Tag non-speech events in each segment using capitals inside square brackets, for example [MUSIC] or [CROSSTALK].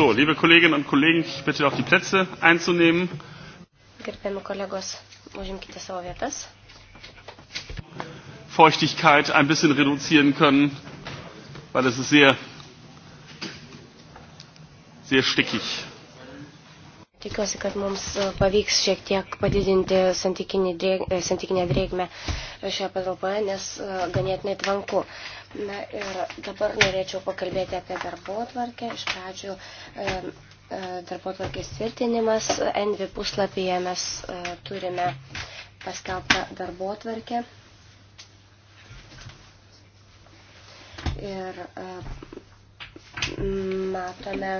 So, liebe Kolleginnen und Kollegen, ich bitte auf die Plätze einzunehmen. Gerbiami kolegos, užimkite savo vietas. Feuchtigkeit ein bisschen reduzieren können, weil es ist sehr, sehr stickig. Tikiuosi, kad mums uh, pavyks šiek tiek padidinti santykinę drėgmę šioje patalpoje, nes e, ganėtinai tvanku. Na ir dabar norėčiau pakalbėti apie darbo tvarkę. Iš pradžių e, e, darbo tvarkės tvirtinimas. Envi puslapyje mes turime paskelbtą darbo tvarkę. Ir matome,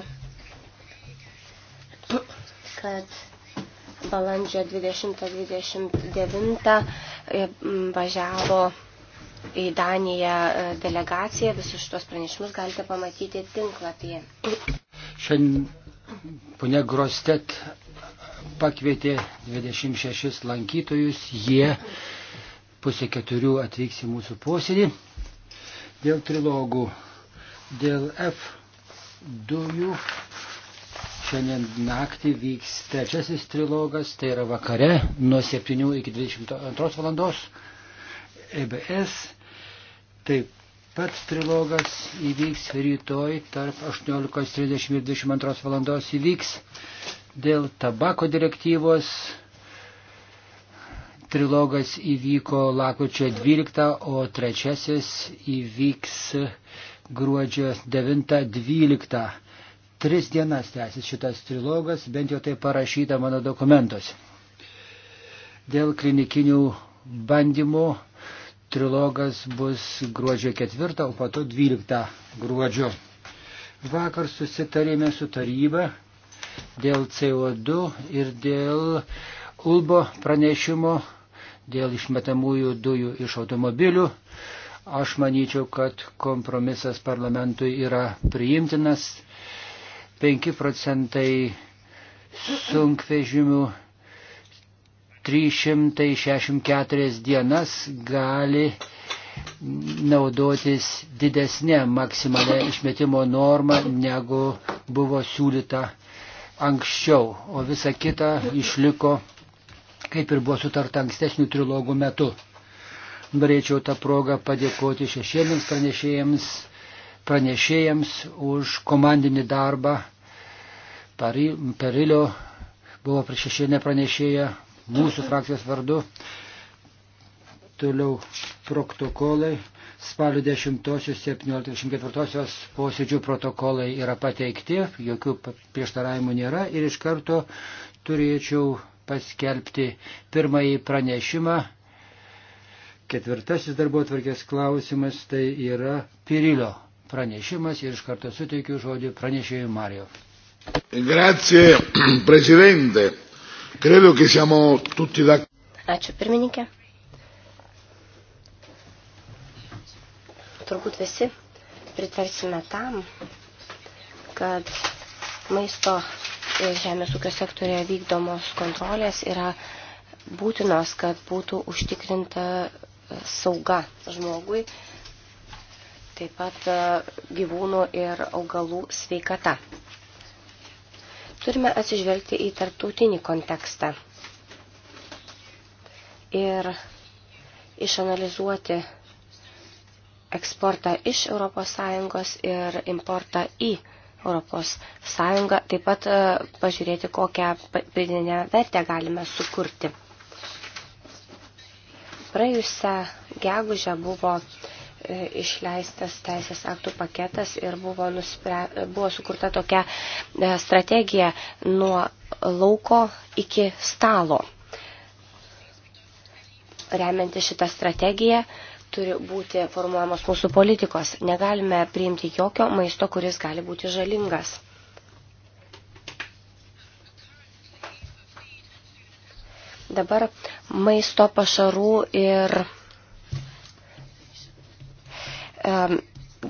kad balandžio 20-29 e, važiavo į Daniją e, delegaciją. Visus šitos pranešimus galite pamatyti tinklapyje. Šiandien ponia Grostet pakvietė 26 lankytojus. Jie pusė keturių atvyks į mūsų posėdį. Dėl trilogų, dėl F dujų Šiandien naktį vyks trečiasis trilogas, tai yra vakare nuo 7 iki 22 valandos. EBS taip pat trilogas įvyks rytoj tarp 18.30 ir 22 valandos įvyks dėl tabako direktyvos. Trilogas įvyko lakučio 12, o trečiasis įvyks gruodžio 9.12. Tris dienas tęsis šitas trilogas, bent jau tai parašyta mano dokumentuose. Dėl klinikinių bandymų trilogas bus gruodžio 4, o po to 12 gruodžio. Vakar susitarėme su taryba dėl CO2 ir dėl Ulbo pranešimo, dėl išmetamųjų dujų iš automobilių. Aš manyčiau, kad kompromisas parlamentui yra priimtinas. 5 procentai sunkvežimių 364 dienas gali naudotis didesnė maksimalė išmetimo norma, negu buvo siūlyta anksčiau, o visa kita išliko, kaip ir buvo sutarta ankstesnių trilogų metu. Norėčiau tą progą padėkoti šešėlėms pranešėjams pranešėjams už komandinį darbą. Perilio buvo priešešinė pranešėja mūsų frakcijos vardu. Toliau protokolai. Spalio 10-17-24 posėdžių protokolai yra pateikti, jokių prieštaravimų nėra ir iš karto turėčiau paskelbti pirmąjį pranešimą. Ketvirtasis darbo tvarkės klausimas tai yra Pirilio pranešimas ir iš karto suteikiu žodį pranešėjui Mario. Grazie, [CLEARS THROAT] prezidente. Credo che siamo tutti d'accordo. Ačiū, pirmininkė. Turbūt visi pritarsime tam, kad maisto ir žemės ūkio sektorėje vykdomos kontrolės yra būtinos, kad būtų užtikrinta sauga žmogui taip pat e, gyvūnų ir augalų sveikata. Turime atsižvelgti į tarptautinį kontekstą ir išanalizuoti eksportą iš ES ir importą į ES, taip pat e, pažiūrėti, kokią pridinę vertę galime sukurti. Praėjusią gegužę buvo E, išleistas teisės aktų paketas ir buvo, nuspre, e, buvo sukurta tokia e, strategija nuo lauko iki stalo. Remianti šitą strategiją turi būti formuojamos mūsų politikos. Negalime priimti jokio maisto, kuris gali būti žalingas. Dabar maisto pašarų ir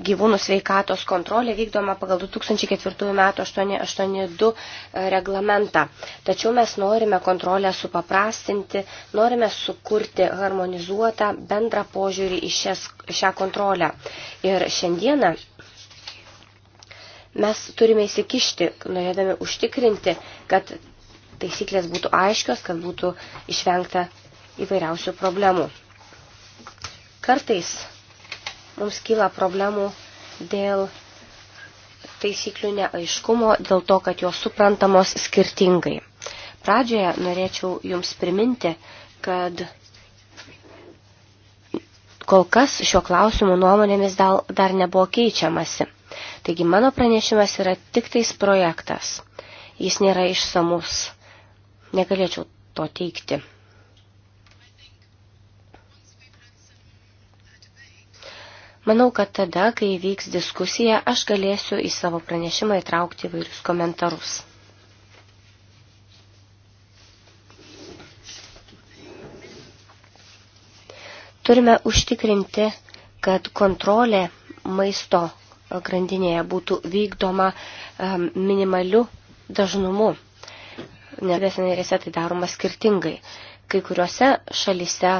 gyvūnų sveikatos kontrolė vykdoma pagal 2004 metų 882 e, reglamentą. Tačiau mes norime kontrolę supaprastinti, norime sukurti harmonizuotą bendrą požiūrį į šias, šią kontrolę. Ir šiandieną mes turime įsikišti, norėdami užtikrinti, kad taisyklės būtų aiškios, kad būtų išvengta įvairiausių problemų. Kartais mums kyla problemų dėl taisyklių neaiškumo, dėl to, kad jos suprantamos skirtingai. Pradžioje norėčiau Jums priminti, kad kol kas šio klausimu nuomonėmis dar nebuvo keičiamasi. Taigi mano pranešimas yra tik tais projektas. Jis nėra išsamus. Negalėčiau to teikti. Manau, kad tada, kai vyks diskusija, aš galėsiu į savo pranešimą įtraukti vairius komentarus. Turime užtikrinti, kad kontrolė maisto grandinėje būtų vykdoma minimaliu dažnumu. Nebės narėse tai daroma skirtingai. Kai kuriuose šalise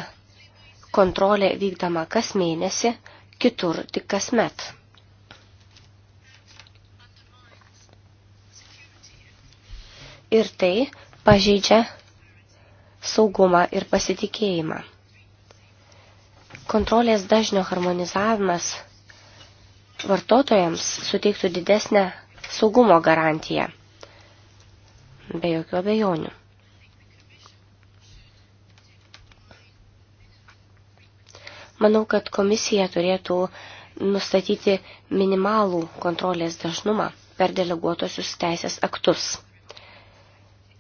kontrolė vykdama kas mėnesį, kitur tik kasmet. Ir tai pažeidžia saugumą ir pasitikėjimą. Kontrolės dažnio harmonizavimas vartotojams suteiktų didesnę saugumo garantiją, be jokių abejonių. Manau, kad komisija turėtų nustatyti minimalų kontrolės dažnumą per deleguotosius teisės aktus.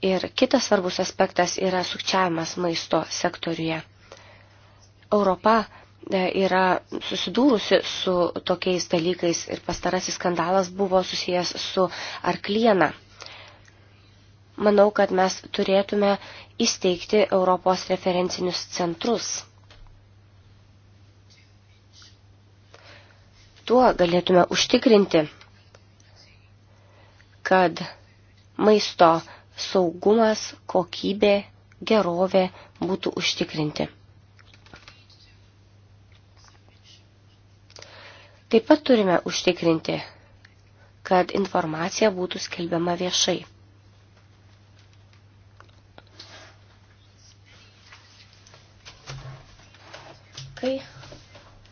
Ir kitas svarbus aspektas yra sukčiavimas maisto sektoriuje. Europa e, yra susidūrusi su tokiais dalykais ir pastarasis skandalas buvo susijęs su arkliena. Manau, kad mes turėtume įsteigti Europos referencinius centrus Tuo galėtume užtikrinti, kad maisto saugumas, kokybė, gerovė būtų užtikrinti. Taip pat turime užtikrinti, kad informacija būtų skelbiama viešai. Kai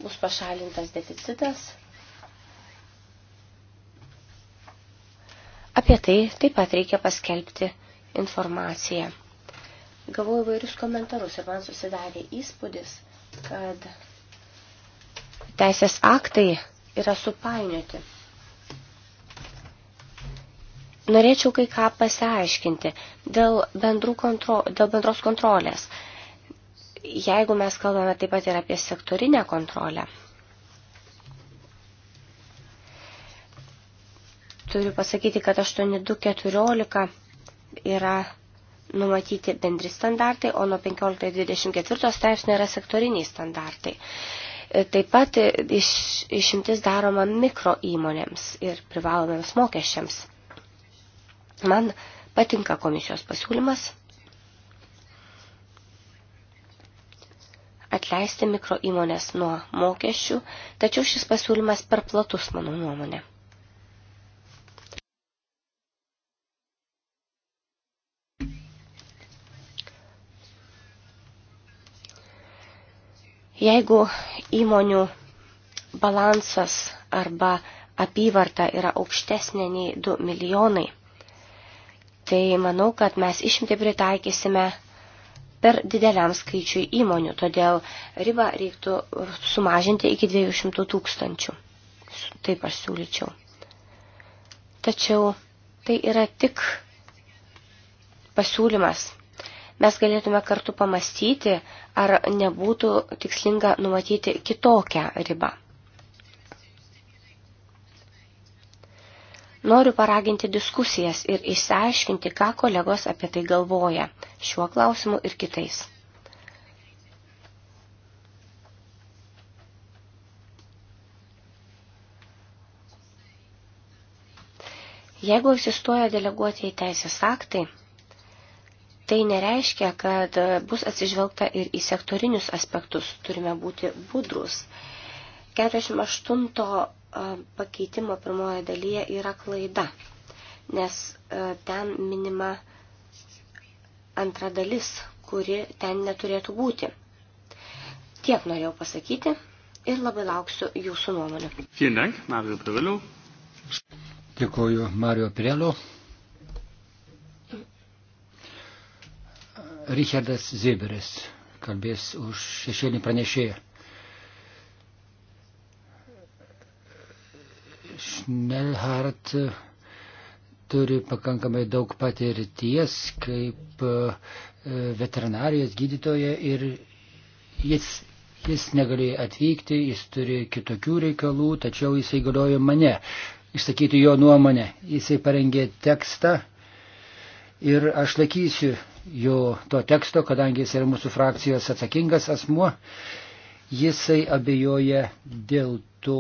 bus pašalintas deficitas. Apie tai taip pat reikia paskelbti informaciją. Gavau įvairius komentarus ir man susidarė įspūdis, kad teisės aktai yra supainioti. Norėčiau kai ką pasiaiškinti dėl, kontro, dėl bendros kontrolės. Jeigu mes kalbame taip pat ir apie sektorinę kontrolę, turiu pasakyti, kad 8214 yra numatyti bendri standartai, o nuo 15-24 straipsnio yra sektoriniai standartai. Taip pat iš, išimtis daroma mikro įmonėms ir privalomiems mokesčiams. Man patinka komisijos pasiūlymas. atleisti mikro įmonės nuo mokesčių, tačiau šis pasiūlymas per platus mano nuomonė. Jeigu įmonių balansas arba apyvarta yra aukštesnė nei 2 milijonai, tai manau, kad mes išimti pritaikysime per dideliam skaičiui įmonių, todėl ribą reiktų sumažinti iki 200 tūkstančių. Taip aš siūlyčiau. Tačiau tai yra tik pasiūlymas. Mes galėtume kartu pamastyti, ar nebūtų tikslinga numatyti kitokią ribą. Noriu paraginti diskusijas ir išsiaiškinti, ką kolegos apie tai galvoja šiuo klausimu ir kitais. Jeigu egzistuoja deleguotieji teisės aktai, tai nereiškia, kad bus atsižvelgta ir į sektorinius aspektus. Turime būti budrus. 48 pakeitimo pirmoje dalyje yra klaida, nes ten minima antra dalis, kuri ten neturėtų būti. Tiek norėjau pasakyti ir labai lauksiu jūsų nuomonių. Dank, Mario Pirillo. Dėkuoju Mario Pirelo. Richardas Ziberis kalbės už šešėlį pranešėją. Šnelhart turi pakankamai daug patirties kaip e, veterinarijos gydytoja ir jis, jis negalėjo atvykti, jis turi kitokių reikalų, tačiau jis įgaliojo mane išsakyti jo nuomonę. Jisai parengė tekstą ir aš laikysiu jo to teksto, kadangi jis yra mūsų frakcijos atsakingas asmuo. Jisai abejoja dėl to,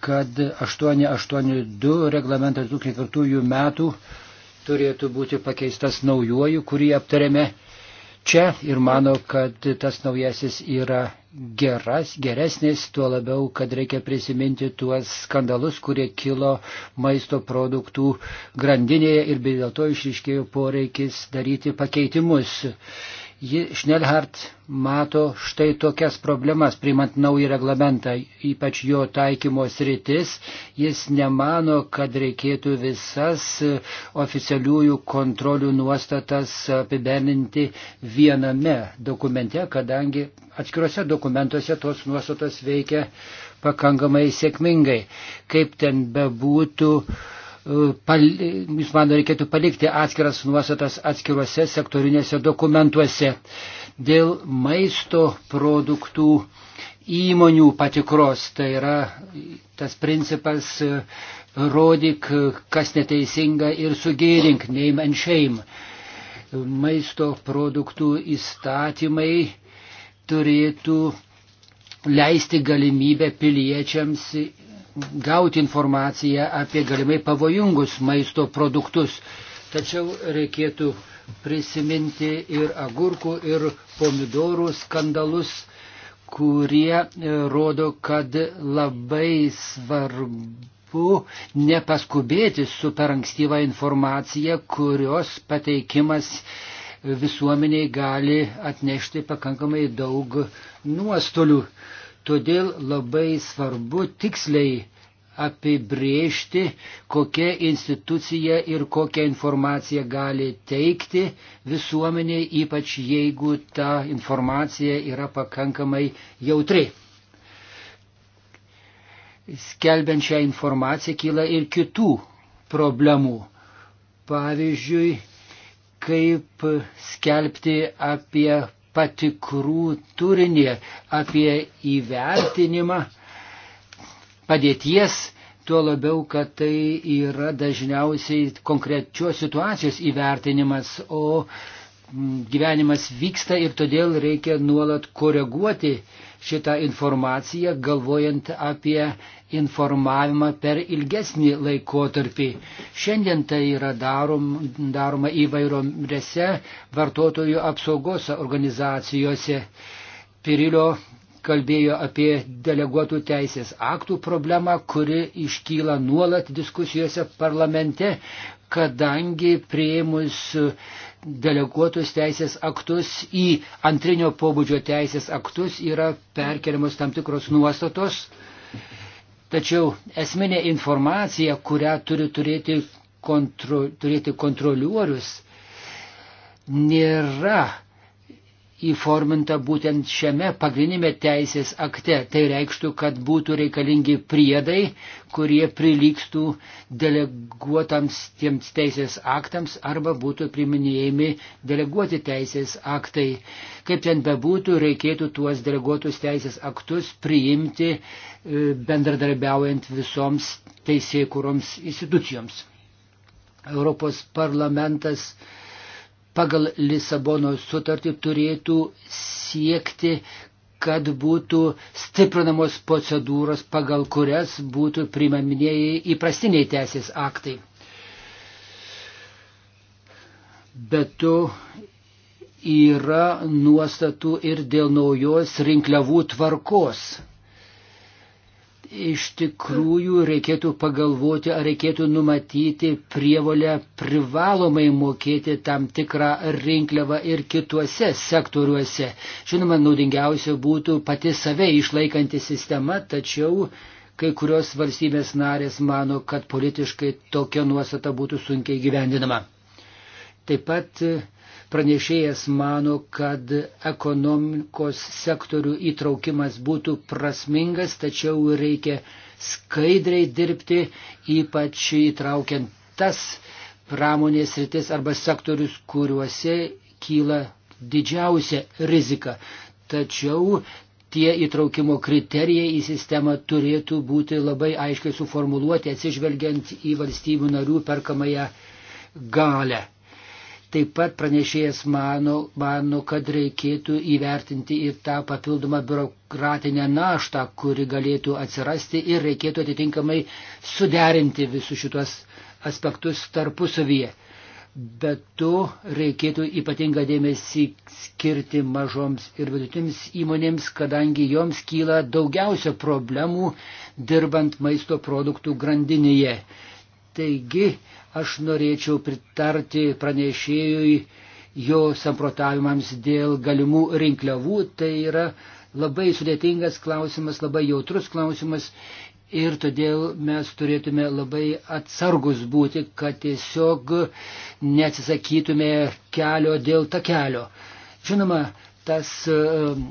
kad 882 reglamentas 2004 metų turėtų būti pakeistas naujuoju, kurį aptarėme čia ir mano, kad tas naujasis yra geras, geresnis, tuo labiau, kad reikia prisiminti tuos skandalus, kurie kilo maisto produktų grandinėje ir be dėl to išriškėjo poreikis daryti pakeitimus. Ji Schnellhardt mato štai tokias problemas, priimant naują reglamentą, ypač jo taikymo sritis. Jis nemano, kad reikėtų visas oficialiųjų kontrolių nuostatas apibendinti viename dokumente, kadangi atskiruose dokumentuose tos nuostatos veikia pakankamai sėkmingai. Kaip ten bebūtų, pal, jūs mano reikėtų palikti atskiras nuostatas atskiruose sektorinėse dokumentuose dėl maisto produktų įmonių patikros. Tai yra tas principas rodyk, kas neteisinga ir sugėrink, name and shame. Maisto produktų įstatymai turėtų leisti galimybę piliečiams gauti informaciją apie galimai pavojingus maisto produktus. Tačiau reikėtų prisiminti ir agurkų, ir pomidorų skandalus, kurie e, rodo, kad labai svarbu nepaskubėti su per ankstyva informacija, kurios pateikimas visuomeniai gali atnešti pakankamai daug nuostolių. Todėl labai svarbu tiksliai apibriežti, kokia institucija ir kokią informaciją gali teikti visuomeniai, ypač jeigu ta informacija yra pakankamai jautri. Skelbiant šią informaciją kyla ir kitų problemų. Pavyzdžiui, kaip skelbti apie patikrų turinį, apie įvertinimą padėties, tuo labiau, kad tai yra dažniausiai konkrečios situacijos įvertinimas, o uh, gyvenimas vyksta ir todėl reikia nuolat koreguoti šitą informaciją, galvojant apie informavimą per ilgesnį laikotarpį. Šiandien tai yra darom, daroma įvairiomrėse vartotojų apsaugos organizacijose. Pirilo kalbėjo apie deleguotų teisės aktų problemą, kuri iškyla nuolat diskusijose parlamente, kadangi prieimus deleguotus teisės aktus į antrinio pobūdžio teisės aktus yra perkeliamos tam tikros nuostatos. Tačiau esminė informacija, kurią turi turėti, kontro, turėti kontroliuorius, nėra įforminta būtent šiame pagrindinėme teisės akte. Tai reikštų, kad būtų reikalingi priedai, kurie prilygstų deleguotams tiems teisės aktams arba būtų priminėjami deleguoti teisės aktai. Kaip ten bebūtų, reikėtų tuos deleguotus teisės aktus priimti e, bendradarbiaujant visoms teisėkuroms institucijoms. Europos parlamentas pagal Lisabono sutartį turėtų siekti, kad būtų stiprinamos procedūros, pagal kurias būtų primaminėjai įprastiniai teisės aktai. Bet to yra nuostatų ir dėl naujos rinkliavų tvarkos iš tikrųjų reikėtų pagalvoti, ar reikėtų numatyti prievolę privalomai mokėti tam tikrą rinkliavą ir kituose sektoriuose. Žinoma, naudingiausia būtų pati save išlaikanti sistema, tačiau kai kurios valstybės narės mano, kad politiškai tokia nuostata būtų sunkiai gyvendinama. Taip pat pranešėjas mano, kad ekonomikos sektorių įtraukimas būtų prasmingas, tačiau reikia skaidriai dirbti, ypač įtraukiant tas pramonės rytis arba sektorius, kuriuose kyla didžiausia rizika. Tačiau tie įtraukimo kriterijai į sistemą turėtų būti labai aiškiai suformuluoti, atsižvelgiant į valstybių narių perkamąją galę. Taip pat pranešėjas mano, mano, kad reikėtų įvertinti ir tą papildomą biurokratinę naštą, kuri galėtų atsirasti ir reikėtų atitinkamai suderinti visus šitos aspektus tarpusavyje. Bet tu reikėtų ypatingą dėmesį skirti mažoms ir vidutėms įmonėms, kadangi joms kyla daugiausia problemų dirbant maisto produktų grandinėje. Taigi Aš norėčiau pritarti pranešėjui jo samprotavimams dėl galimų rinkliavų. Tai yra labai sudėtingas klausimas, labai jautrus klausimas ir todėl mes turėtume labai atsargus būti, kad tiesiog neatsisakytume kelio dėl ta kelio. Žinoma, tas um,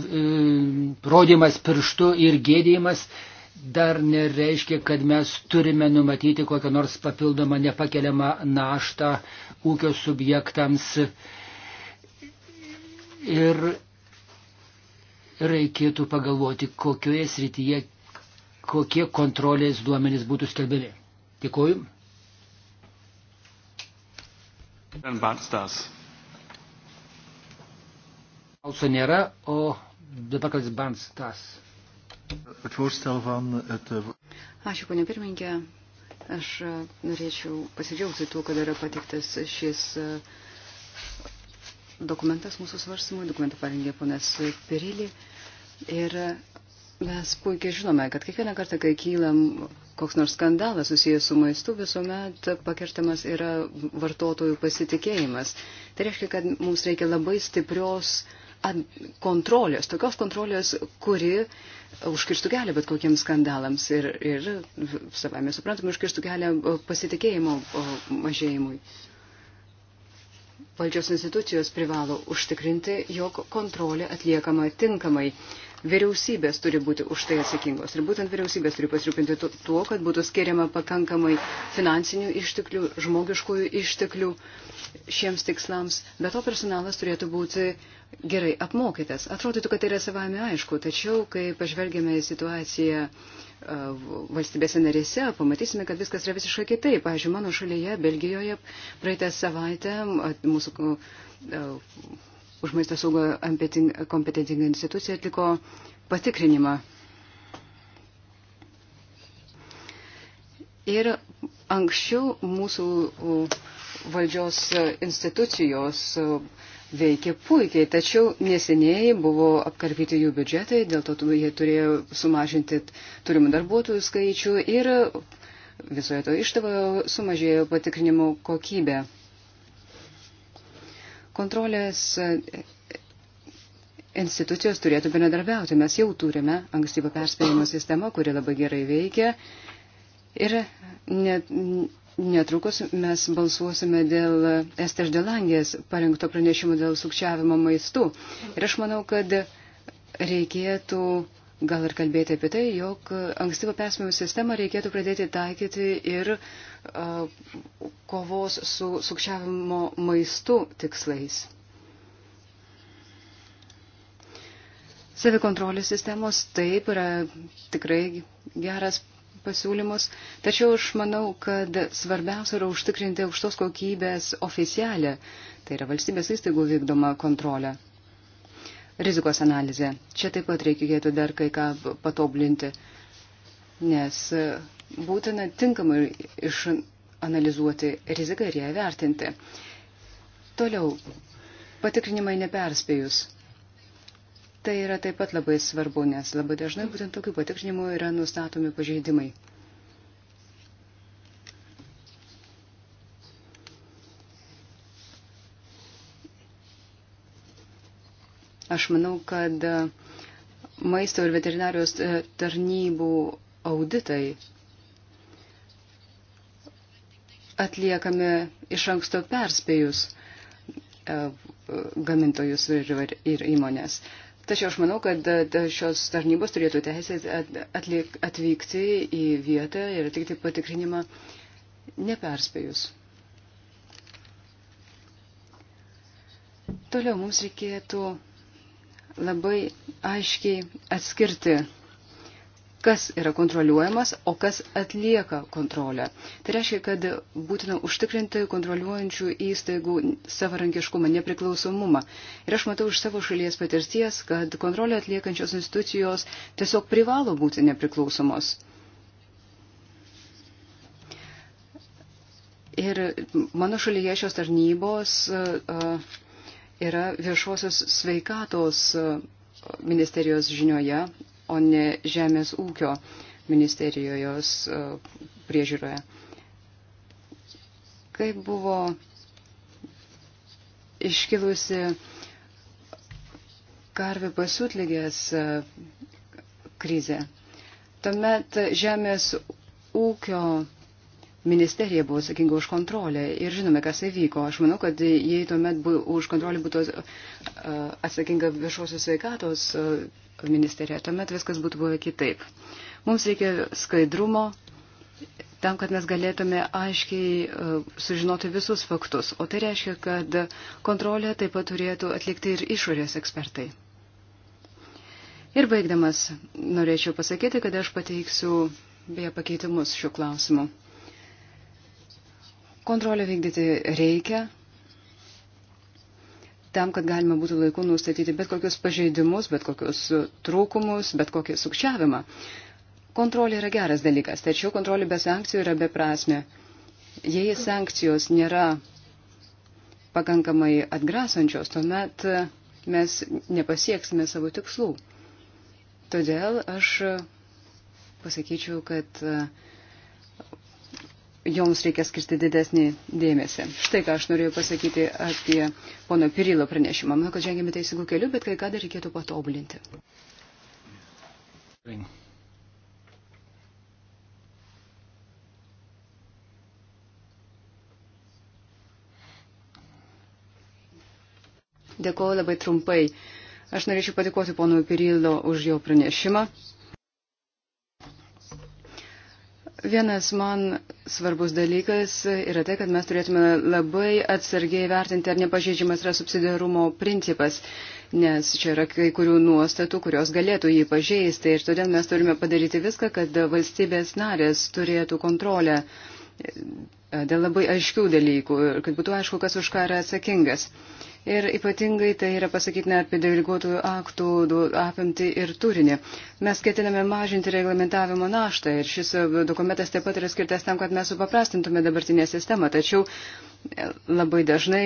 um, rodimas pirštu ir gėdėjimas dar nereiškia, kad mes turime numatyti kokią nors papildomą nepakeliamą naštą ūkio subjektams. Ir reikėtų pagalvoti, kokioje srityje, kokie kontrolės duomenys būtų skelbiami. Dėkuoju. Balso nėra, o dabar kalbės Banstas. Eh, Ačiū, ponia pirmininkė. Aš e, norėčiau pasidžiaugti tuo, kad yra patiktas šis e, dokumentas mūsų svarstymui. Dokumentą parengė ponas Pirilį. Ir e, mes puikiai žinome, kad kiekvieną kartą, kai kylam koks nors skandalas susijęs su maistu, visuomet pakertamas yra vartotojų pasitikėjimas. Tai reiškia, kad mums reikia labai stiprios uh, kontrolės, tokios kontrolės, kuri užkirstų kelią bet kokiems skandalams ir, ir savai mes suprantame, užkirstų kelią pasitikėjimo mažėjimui. Valdžios institucijos privalo užtikrinti, jog kontrolė atliekama tinkamai. Vyriausybės turi būti už tai atsakingos ir būtent vyriausybės turi pasirūpinti tuo, kad būtų skiriama pakankamai finansinių išteklių, žmogiškųjų išteklių šiems tikslams, bet to personalas turėtų būti uh, gerai apmokytas. Atrodytų, kad tai yra savame aišku, tačiau kai pažvelgėme į situaciją valstybėse narėse, pamatysime, kad viskas yra visiškai kitaip. Pavyzdžiui, mano šalyje, Belgijoje, praeitą savaitę mūsų už maisto saugo kompetentinga institucija atliko patikrinimą. Ir anksčiau mūsų valdžios institucijos uh, veikia puikiai, tačiau neseniai buvo apkarpyti jų biudžetai, dėl to jie turėjo sumažinti turimų darbuotojų skaičių ir visoje to ištavoje sumažėjo patikrinimo kokybė. Kontrolės institucijos turėtų bendradarbiauti. Mes jau turime ankstyvo perspėjimo sistemą, kuri labai gerai veikia ir net Netrukus mes balsuosime dėl Ester Delangės parengto pranešimo dėl sukčiavimo maistu. Ir aš manau, kad reikėtų gal ir kalbėti apie tai, jog ankstyvo perspėjimo sistemą reikėtų pradėti taikyti ir uh, kovos su sukčiavimo maistu tikslais. Savikontrolės sistemos taip yra tikrai geras pasiūlymus, tačiau aš manau, kad svarbiausia yra užtikrinti aukštos kokybės oficialią, tai yra valstybės įstaigų vykdomą kontrolę. Rizikos analizė. Čia taip pat reikėtų dar kai ką patoblinti, nes būtina tinkamai išanalizuoti riziką ir ją vertinti. Toliau, patikrinimai neperspėjus. Tai yra taip pat labai svarbu, nes labai dažnai būtent tokių patikrinimų yra nustatomi pažeidimai. Aš manau, kad maisto ir veterinarijos tarnybų auditai atliekami iš anksto perspėjus e, gamintojus ir, ir įmonės. Tačiau aš manau, kad e, šios tarnybos turėtų teisę atlik, atvykti į vietą ir atlikti patikrinimą neperspėjus. Toliau mums reikėtų labai aiškiai atskirti kas yra kontroliuojamas, o kas atlieka kontrolę. Tai reiškia, kad būtina užtikrinti kontroliuojančių įstaigų savarankiškumą, nepriklausomumą. Ir aš matau iš savo šalies patirties, kad kontrolę atliekančios institucijos tiesiog privalo būti nepriklausomos. Ir mano šalyje šios tarnybos yra viešosios sveikatos ministerijos žinioje o ne Žemės ūkio ministerijos e, priežiūroje. Kaip buvo iškilusi karvių pasiutlygės e, krizė. Tuomet Žemės ūkio ministerija buvo atsakinga už kontrolę ir žinome, kas įvyko. Aš manau, kad jei tuomet bu, už kontrolę būtų uh, atsakinga viešosios sveikatos uh, ministerija, tuomet viskas būtų buvę kitaip. Mums reikia skaidrumo tam, kad mes galėtume aiškiai uh, sužinoti visus faktus. O tai reiškia, kad kontrolę taip pat turėtų atlikti ir išorės ekspertai. Ir baigdamas, norėčiau pasakyti, kad aš pateiksiu beje pakeitimus šiuo klausimu. Kontrolę vykdyti reikia tam, kad galima būtų laiku nustatyti bet kokius pažeidimus, bet kokius trūkumus, bet kokį sukčiavimą. Kontrolė yra geras dalykas, tačiau kontrolė be sankcijų yra beprasme. Jei sankcijos nėra pakankamai atgrasančios, tuomet mes nepasieksime savo tikslų. Todėl aš pasakyčiau, kad uh, joms reikia skirti didesnį dėmesį. Štai ką aš norėjau pasakyti apie pono Pirilo pranešimą. Manau, kad žengėme teisingų kelių, bet kai ką dar reikėtų patobulinti. Dėkuoju labai trumpai. Aš norėčiau padėkoti ponui Pirilo už jo pranešimą. Vienas man svarbus dalykas yra tai, kad mes turėtume labai atsargiai vertinti, ar nepažeidžiamas yra subsidiarumo principas, nes čia yra kai kurių nuostatų, kurios galėtų jį pažeisti ir todėl mes turime padaryti viską, kad valstybės narės turėtų kontrolę uh, dėl labai aiškių dalykų ir kad būtų aišku, kas už ką yra atsakingas. Ir ypatingai tai yra pasakytina apie deleguotų aktų apimti ir turinį. Mes ketiname mažinti reglamentavimo naštą ir šis e, dokumentas taip pat yra skirtas tam, kad mes supaprastintume dabartinę sistemą. Tačiau e, labai dažnai,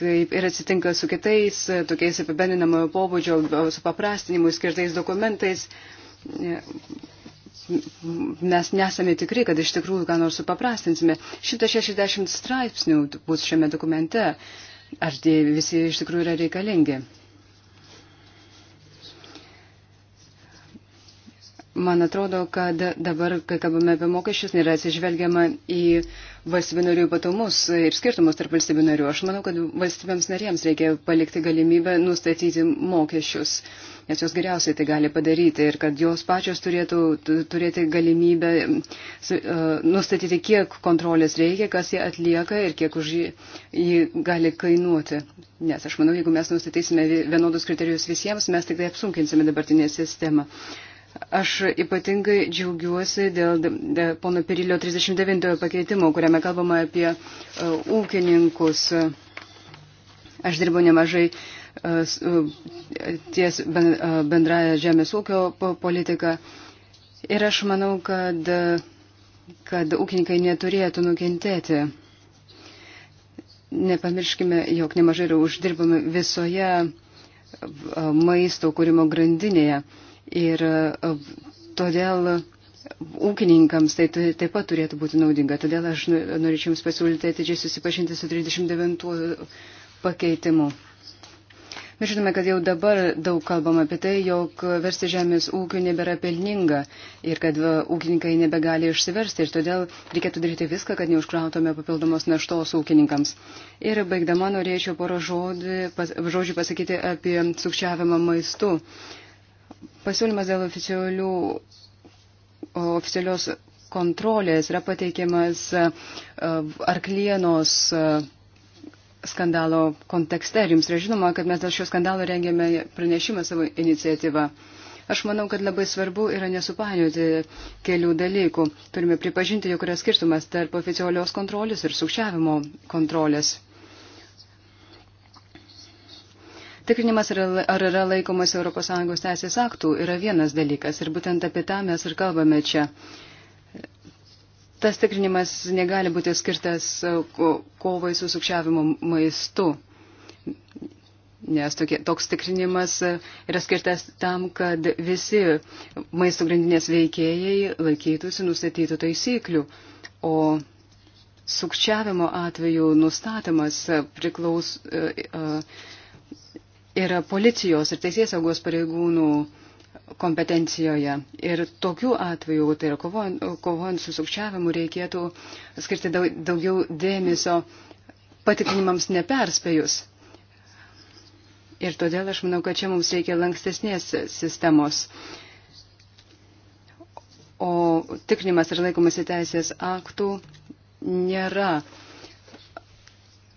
kaip ir atsitinka su kitais e, tokiais apibendinamojo pobūdžio supaprastinimui skirtais dokumentais, mes nesame tikri, kad iš tikrųjų ką nors supaprastinsime. 160 straipsnių bus šiame dokumente. Ar tie visi iš tikrųjų yra reikalingi? Man atrodo, kad dabar, kai kalbame apie mokesčius, nėra atsižvelgiama į valstybių narių ypatumus ir skirtumus tarp valstybių narių. Aš manau, kad valstybėms narėms reikia palikti galimybę nustatyti mokesčius, nes jos geriausiai tai gali padaryti ir kad jos pačios turėtų turėti galimybę e, nustatyti, kiek kontrolės reikia, kas jie atlieka ir kiek už jį, jį gali kainuoti. Nes aš manau, jeigu mes nustatysime vienodus kriterijus visiems, mes tik tai apsunkinsime dabartinę sistemą. Aš ypatingai džiaugiuosi dėl, dėl pono Pirilio 39 pakeitimo, kuriame kalbama apie uh, ūkininkus. Aš dirbu nemažai uh, ties ben, uh, bendraja žemės ūkio politika ir aš manau, kad, kad ūkininkai neturėtų nukentėti. Nepamirškime, jog nemažai yra uždirbama visoje maisto kūrimo grandinėje. Uh, Ir e, todėl ūkininkams tai taip pat turėtų būti naudinga. Todėl aš norėčiau Jums pasiūlyti atidžiai susipažinti su 39 pakeitimu. Mes žinome, kad jau dabar daug kalbam apie tai, jog versti žemės ūkių nebėra pelninga ir kad e, ūkininkai nebegali išsiversti ir todėl reikėtų daryti viską, kad neužkrautume papildomos naštos ūkininkams. Ir baigdama norėčiau poro žodį, pas, žodžių pasakyti apie sukčiavimą maistu. Uh, Pasiūlymas dėl oficialių, oficialios kontrolės yra pateikiamas e, arklienos e, skandalo kontekste. Ir jums yra žinoma, kad mes dėl šio skandalo rengėme pranešimą savo iniciatyvą. Aš manau, kad labai svarbu yra nesupainioti kelių dalykų. Turime pripažinti, jog yra skirtumas tarp oficialios kontrolės ir sukčiavimo kontrolės. Tikrinimas, ar yra laikomas ES teisės aktų, yra vienas dalykas ir būtent apie tą mes ir kalbame čia. Tas tikrinimas negali būti skirtas e, kovai su sukčiavimu maistu, nes tokie, toks tikrinimas e, yra skirtas tam, kad visi maisto grandinės veikėjai laikytųsi nustatytų taisyklių, o sukčiavimo atveju nustatymas e, priklaus. Uh, uh, yra policijos ir teisės saugos pareigūnų kompetencijoje. Ir tokiu atveju, tai yra kovojant, kovojant su sukčiavimu, reikėtų skirti daugiau dėmesio patikrinimams neperspėjus. Ir todėl aš manau, kad čia mums reikia lankstesnės sistemos. O tikrinimas ir laikomasi teisės aktų nėra uh,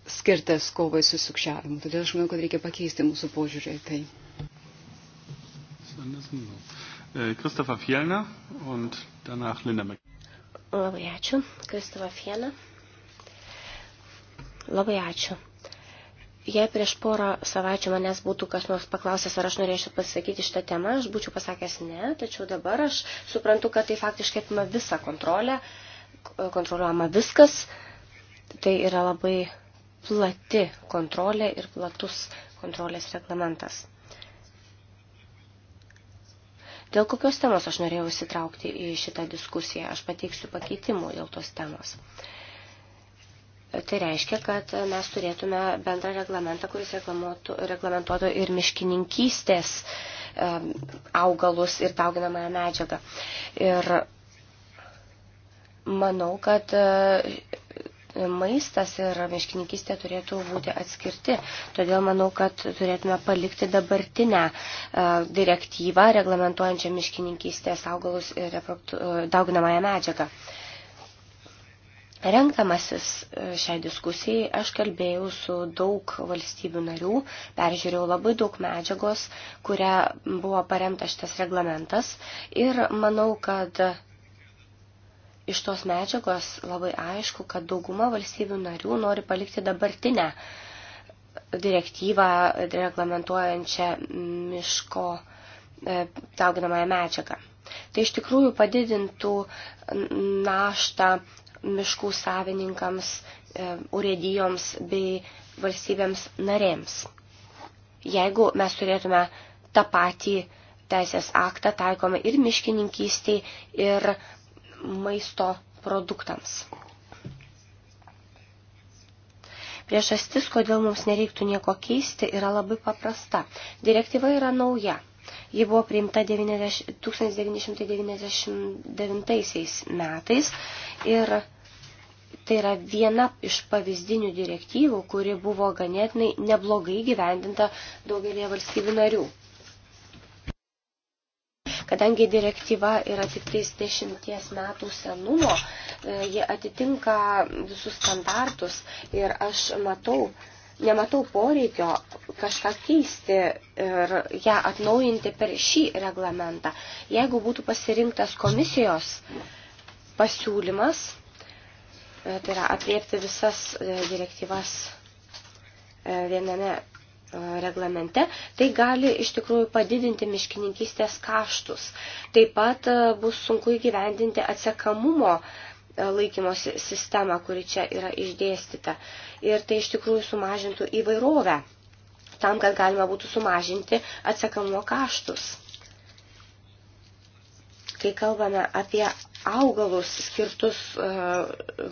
skirtas kovai su sukčiavimu. Todėl aš manau, kad reikia pakeisti mūsų požiūrį į tai. Kristofa äh, Fielna und danach Linda Mek. Labai ačiū. Kristofa Fielna. Labai ačiū. Jei prieš porą savaičių manęs būtų kas nors paklausęs, ar aš norėčiau pasakyti šitą temą, aš būčiau pasakęs ne, tačiau dabar aš suprantu, kad tai faktiškai apima visą kontrolę, kontroliuojama viskas. Tai yra labai plati kontrolė ir platus kontrolės reglamentas. Dėl kokios temos aš norėjau įsitraukti į šitą diskusiją, aš pateiksiu pakeitimų dėl tos temos. Tai reiškia, kad mes turėtume bendrą reglamentą, kuris reglamentuotų ir miškininkystės augalus ir dauginamąją medžiagą. Ir manau, kad maistas ir miškininkystė turėtų būti atskirti. Todėl manau, kad turėtume palikti dabartinę e, direktyvą reglamentuojančią miškininkystės augalus ir e, dauginamąją medžiagą. Renkdamasis e, šiai diskusijai aš kalbėjau su daug valstybių narių, peržiūrėjau labai daug medžiagos, kuria buvo paremta šitas reglamentas ir manau, kad iš tos medžiagos labai aišku, kad dauguma valstybių narių nori palikti dabartinę direktyvą reglamentuojančią miško e, dauginamąją medžiagą. Tai iš tikrųjų padidintų naštą miškų savininkams, e, urėdijoms bei valstybėms narėms. Jeigu mes turėtume tą patį teisės aktą taikome ir miškininkystiai, ir maisto produktams. Priežastis, kodėl mums nereiktų nieko keisti, yra labai paprasta. Direktyva yra nauja. Ji buvo priimta 90, 1999 metais ir tai yra viena iš pavyzdinių direktyvų, kuri buvo ganėtinai neblogai gyvendinta daugelėje valstybių narių. Kadangi direktyva yra tik tais dešimties metų senumo, e, ji atitinka visus standartus ir aš matau, nematau poreikio kažką keisti ir ją atnaujinti per šį reglamentą. Jeigu būtų pasirinktas komisijos pasiūlymas, e, tai yra apriepti visas e, direktyvas viename E, reglamente, tai gali iš tikrųjų padidinti miškininkystės kaštus. Taip pat e, bus sunku įgyvendinti atsekamumo e, laikymosi sistemą, kuri čia yra išdėstyta. Ir tai iš tikrųjų sumažintų įvairovę, tam, kad galima būtų sumažinti atsekamumo kaštus. Kai kalbame apie augalus skirtus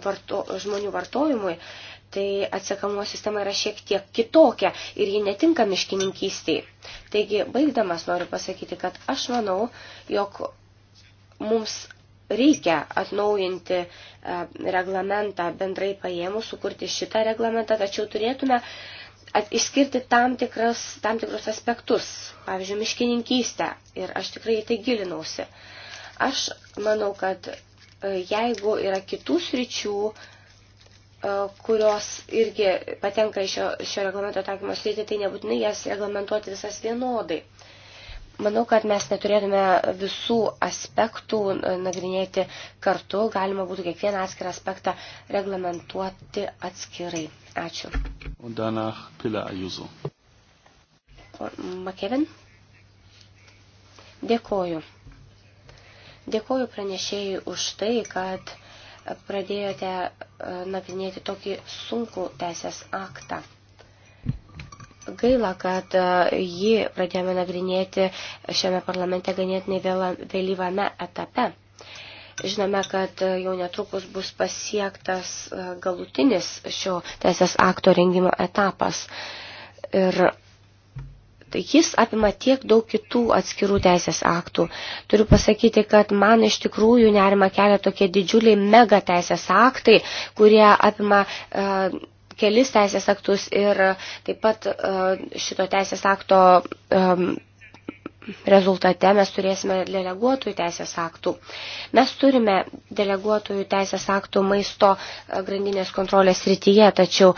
varto, žmonių vartojimui, uh, tai atsekamumo sistema yra šiek tiek kitokia ir ji netinka miškininkystiai. Taigi, baigdamas noriu pasakyti, kad aš manau, jog mums reikia atnaujinti e, reglamentą bendrai paėmus, sukurti šitą reglamentą, tačiau turėtume išskirti tam, tikras, tam tikrus aspektus, pavyzdžiui, miškininkystę. Ir aš tikrai į tai gilinausi. Aš manau, kad e, jeigu yra kitų sričių, E, kurios irgi patenka į šio, šio reglamento taikymo sritį, tai nebūtinai jas reglamentuoti visas vienodai. Manau, kad mes neturėtume visų aspektų nagrinėti kartu, galima būtų kiekvieną atskirą aspektą reglamentuoti atskirai. Ačiū. O danach Pila Ajuzo. Makevin? Dėkoju. Dėkoju pranešėjai už tai, kad pradėjote e, nagrinėti tokį sunkų teisės aktą. Gaila, kad e, jį pradėjome nagrinėti šiame parlamente ganėtinai vėlyvame etape. Žinome, kad e, jau netrukus bus pasiektas galutinis šio teisės akto rengimo etapas. Ir Tai jis apima tiek daug kitų atskirų teisės aktų. Turiu pasakyti, kad man iš tikrųjų nerima kelia tokie didžiuliai mega teisės aktai, kurie apima. Uh, kelis teisės aktus ir taip pat uh, šito teisės akto um, rezultate mes turėsime deleguotojų teisės aktų. Mes turime deleguotojų teisės aktų maisto e, grandinės kontrolės rytyje, tačiau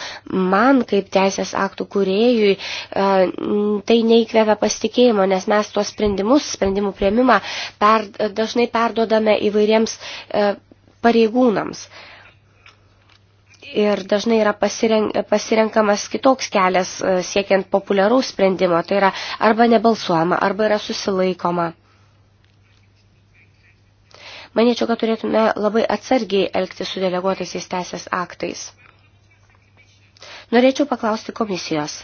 man kaip teisės aktų kuriejui e, tai neįkvėpia pasitikėjimo, nes mes tuos sprendimus, sprendimų prieimimą per, dažnai perdodame įvairiems e, pareigūnams ir dažnai yra pasirenk, pasirenkamas kitoks kelias e, siekiant populiaraus sprendimo, tai yra arba nebalsuojama, arba yra susilaikoma. Manėčiau, kad turėtume labai atsargiai elgti su deleguotaisiais teisės aktais. Norėčiau paklausti komisijos.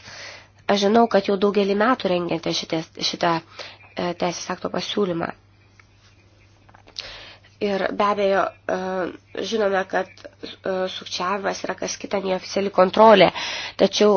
Aš žinau, kad jau daugelį metų rengiate šitą e, teisės akto pasiūlymą. Ir be abejo, e, žinome, kad e, sukčiavimas yra kas kita neoficiali kontrolė, tačiau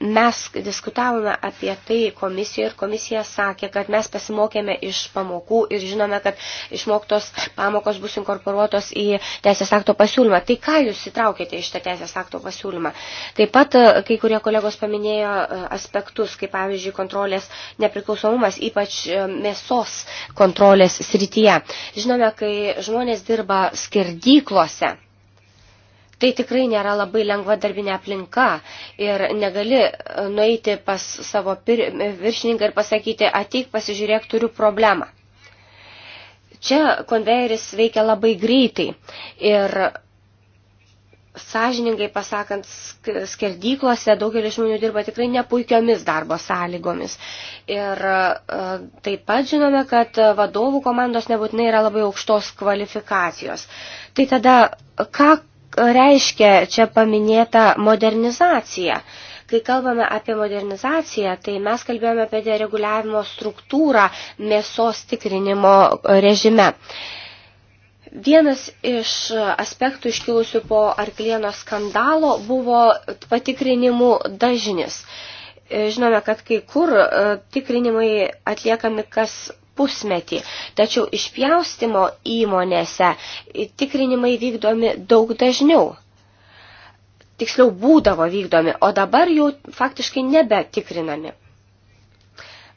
Mes diskutavome apie tai komisijoje ir komisija sakė, kad mes pasimokėme iš pamokų ir žinome, kad išmoktos pamokos bus inkorporuotos į teisės akto pasiūlymą. Tai ką jūs įtraukėte iš tą teisės akto pasiūlymą? Taip pat e, kai kurie kolegos paminėjo e, aspektus, kaip pavyzdžiui kontrolės nepriklausomumas, ypač e, mėsos kontrolės srityje. Žinome, kai žmonės dirba skerdyklose, Tai tikrai nėra labai lengva darbinė aplinka ir negali e, nueiti pas savo pir, viršininką ir pasakyti, ateik pasižiūrėk, turiu problemą. Čia konvejeris veikia labai greitai ir sąžiningai pasakant, skerdyklose daugelis žmonių dirba tikrai nepuikiomis darbo sąlygomis. Ir e, taip pat žinome, kad vadovų komandos nebūtinai yra labai aukštos kvalifikacijos. Tai tada, ką reiškia čia paminėta modernizacija. Kai kalbame apie modernizaciją, tai mes kalbėjome apie dereguliavimo struktūrą mėsos tikrinimo režime. Vienas iš aspektų iškilusių po arklieno skandalo buvo patikrinimų dažnis. Žinome, kad kai kur e, tikrinimai atliekami kas pusmetį. Tačiau išpjaustimo įmonėse tikrinimai vykdomi daug dažniau. Tiksliau būdavo vykdomi, o dabar jau faktiškai nebetikrinami.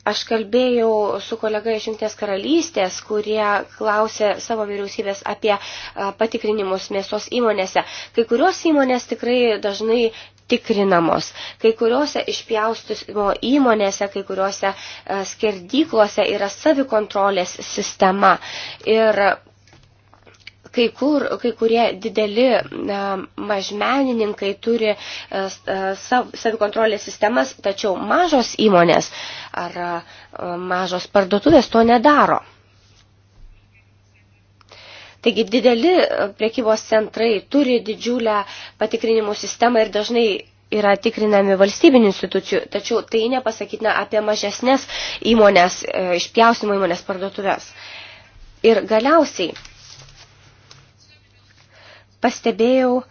Aš kalbėjau su kolega iš Junktinės karalystės, kurie klausė savo vyriausybės apie patikrinimus mėsos įmonėse. Kai kurios įmonės tikrai dažnai tikrinamos. Kai kuriuose išpjaustimo įmonėse, kai kuriuose e, skerdyklose yra savikontrolės sistema. Ir kai, kur, kai kurie dideli e, mažmenininkai turi e, savikontrolės sistemas, tačiau mažos įmonės ar mažos parduotuvės to nedaro. Taigi dideli e, priekybos centrai turi didžiulę patikrinimų sistemą ir dažnai yra tikrinami valstybinių institucijų, tačiau tai nepasakytina apie mažesnės įmonės, e, išpjausimo įmonės parduotuvės. Ir galiausiai pastebėjau e,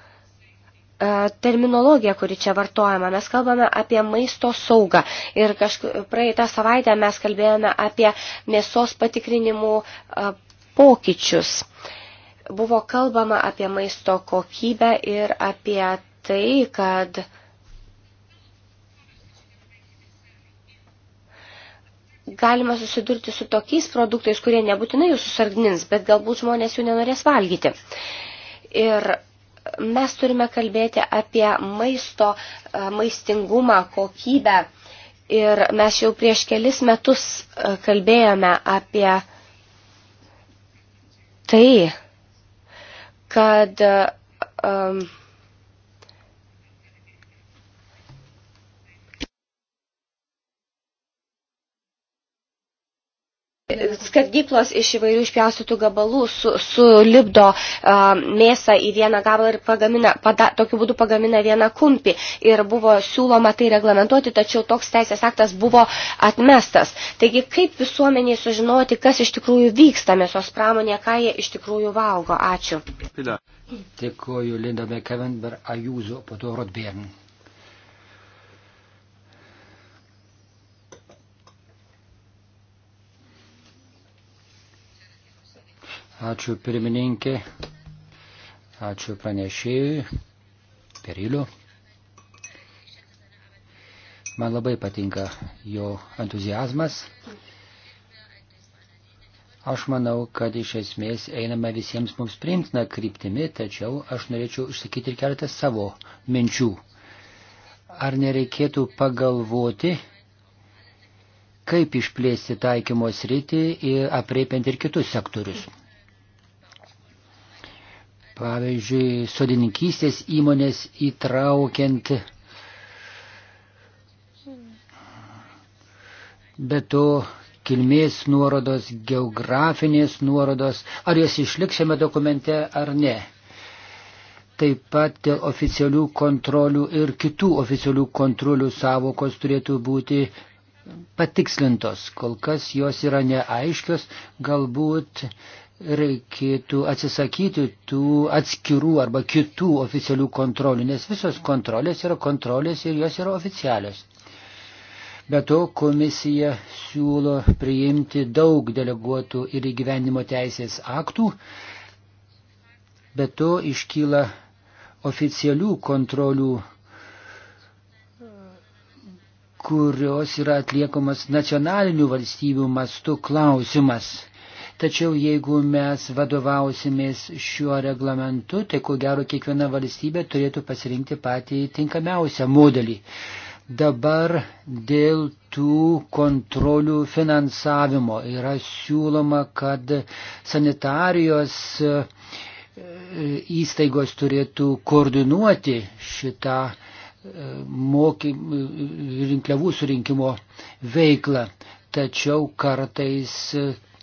terminologija, kuri čia vartojama. Mes kalbame apie maisto saugą. Ir kažk... praeitą savaitę mes kalbėjome apie mėsos patikrinimų pokyčius. Uh, buvo kalbama apie maisto kokybę ir apie tai, kad galima susidurti su tokiais produktais, kurie nebūtinai jūsų sargnins, bet galbūt žmonės jų nenorės valgyti. Ir mes turime kalbėti apie maisto e, maistingumą, kokybę. Ir mes jau prieš kelis metus e, kalbėjome apie tai, kad um, skardyklos iš įvairių išpjaustytų gabalų su, sulipdo a, mėsą į vieną gabalą ir pagamina, pada, tokiu būdu pagamina vieną kumpį. Ir buvo siūloma tai reglamentuoti, tačiau toks teisės aktas buvo atmestas. Taigi, kaip visuomeniai sužinoti, kas iš tikrųjų vyksta mėsos pramonė, ką jie iš tikrųjų valgo. Ačiū. Dėkuoju Linda McKevin, Ajūzo, po to Rodbėrn. Ačiū pirmininkė, ačiū pranešėjui, Periliu. Man labai patinka jo entuzijazmas. Aš manau, kad iš esmės einame visiems mums priimtina kryptimi, tačiau aš norėčiau išsakyti ir keletą savo minčių. Ar nereikėtų pagalvoti, kaip išplėsti taikymo sritį ir apriepiant ir kitus sektorius? Pavyzdžiui, sodininkystės įmonės įtraukiant. Be to, kilmės nuorodos, geografinės nuorodos, ar jos išliks šiame dokumente ar ne. Taip pat dėl oficialių kontrolių ir kitų oficialių kontrolių savokos turėtų būti patikslintos. Kol kas jos yra neaiškios, galbūt reikėtų atsisakyti tų atskirų arba kitų oficialių kontrolių, nes visos kontrolės yra kontrolės ir jos yra oficialios. Be to komisija siūlo priimti daug deleguotų ir įgyvenimo teisės aktų, be to iškyla oficialių kontrolių kurios yra atliekamas nacionalinių valstybių mastų klausimas. Tačiau jeigu mes vadovausimės šiuo reglamentu, tai ko gero kiekviena valstybė turėtų pasirinkti patį tinkamiausią modelį. Dabar dėl tų kontrolių finansavimo yra siūloma, kad sanitarijos e, įstaigos turėtų koordinuoti šitą e, moky, rinkliavų surinkimo veiklą. Tačiau kartais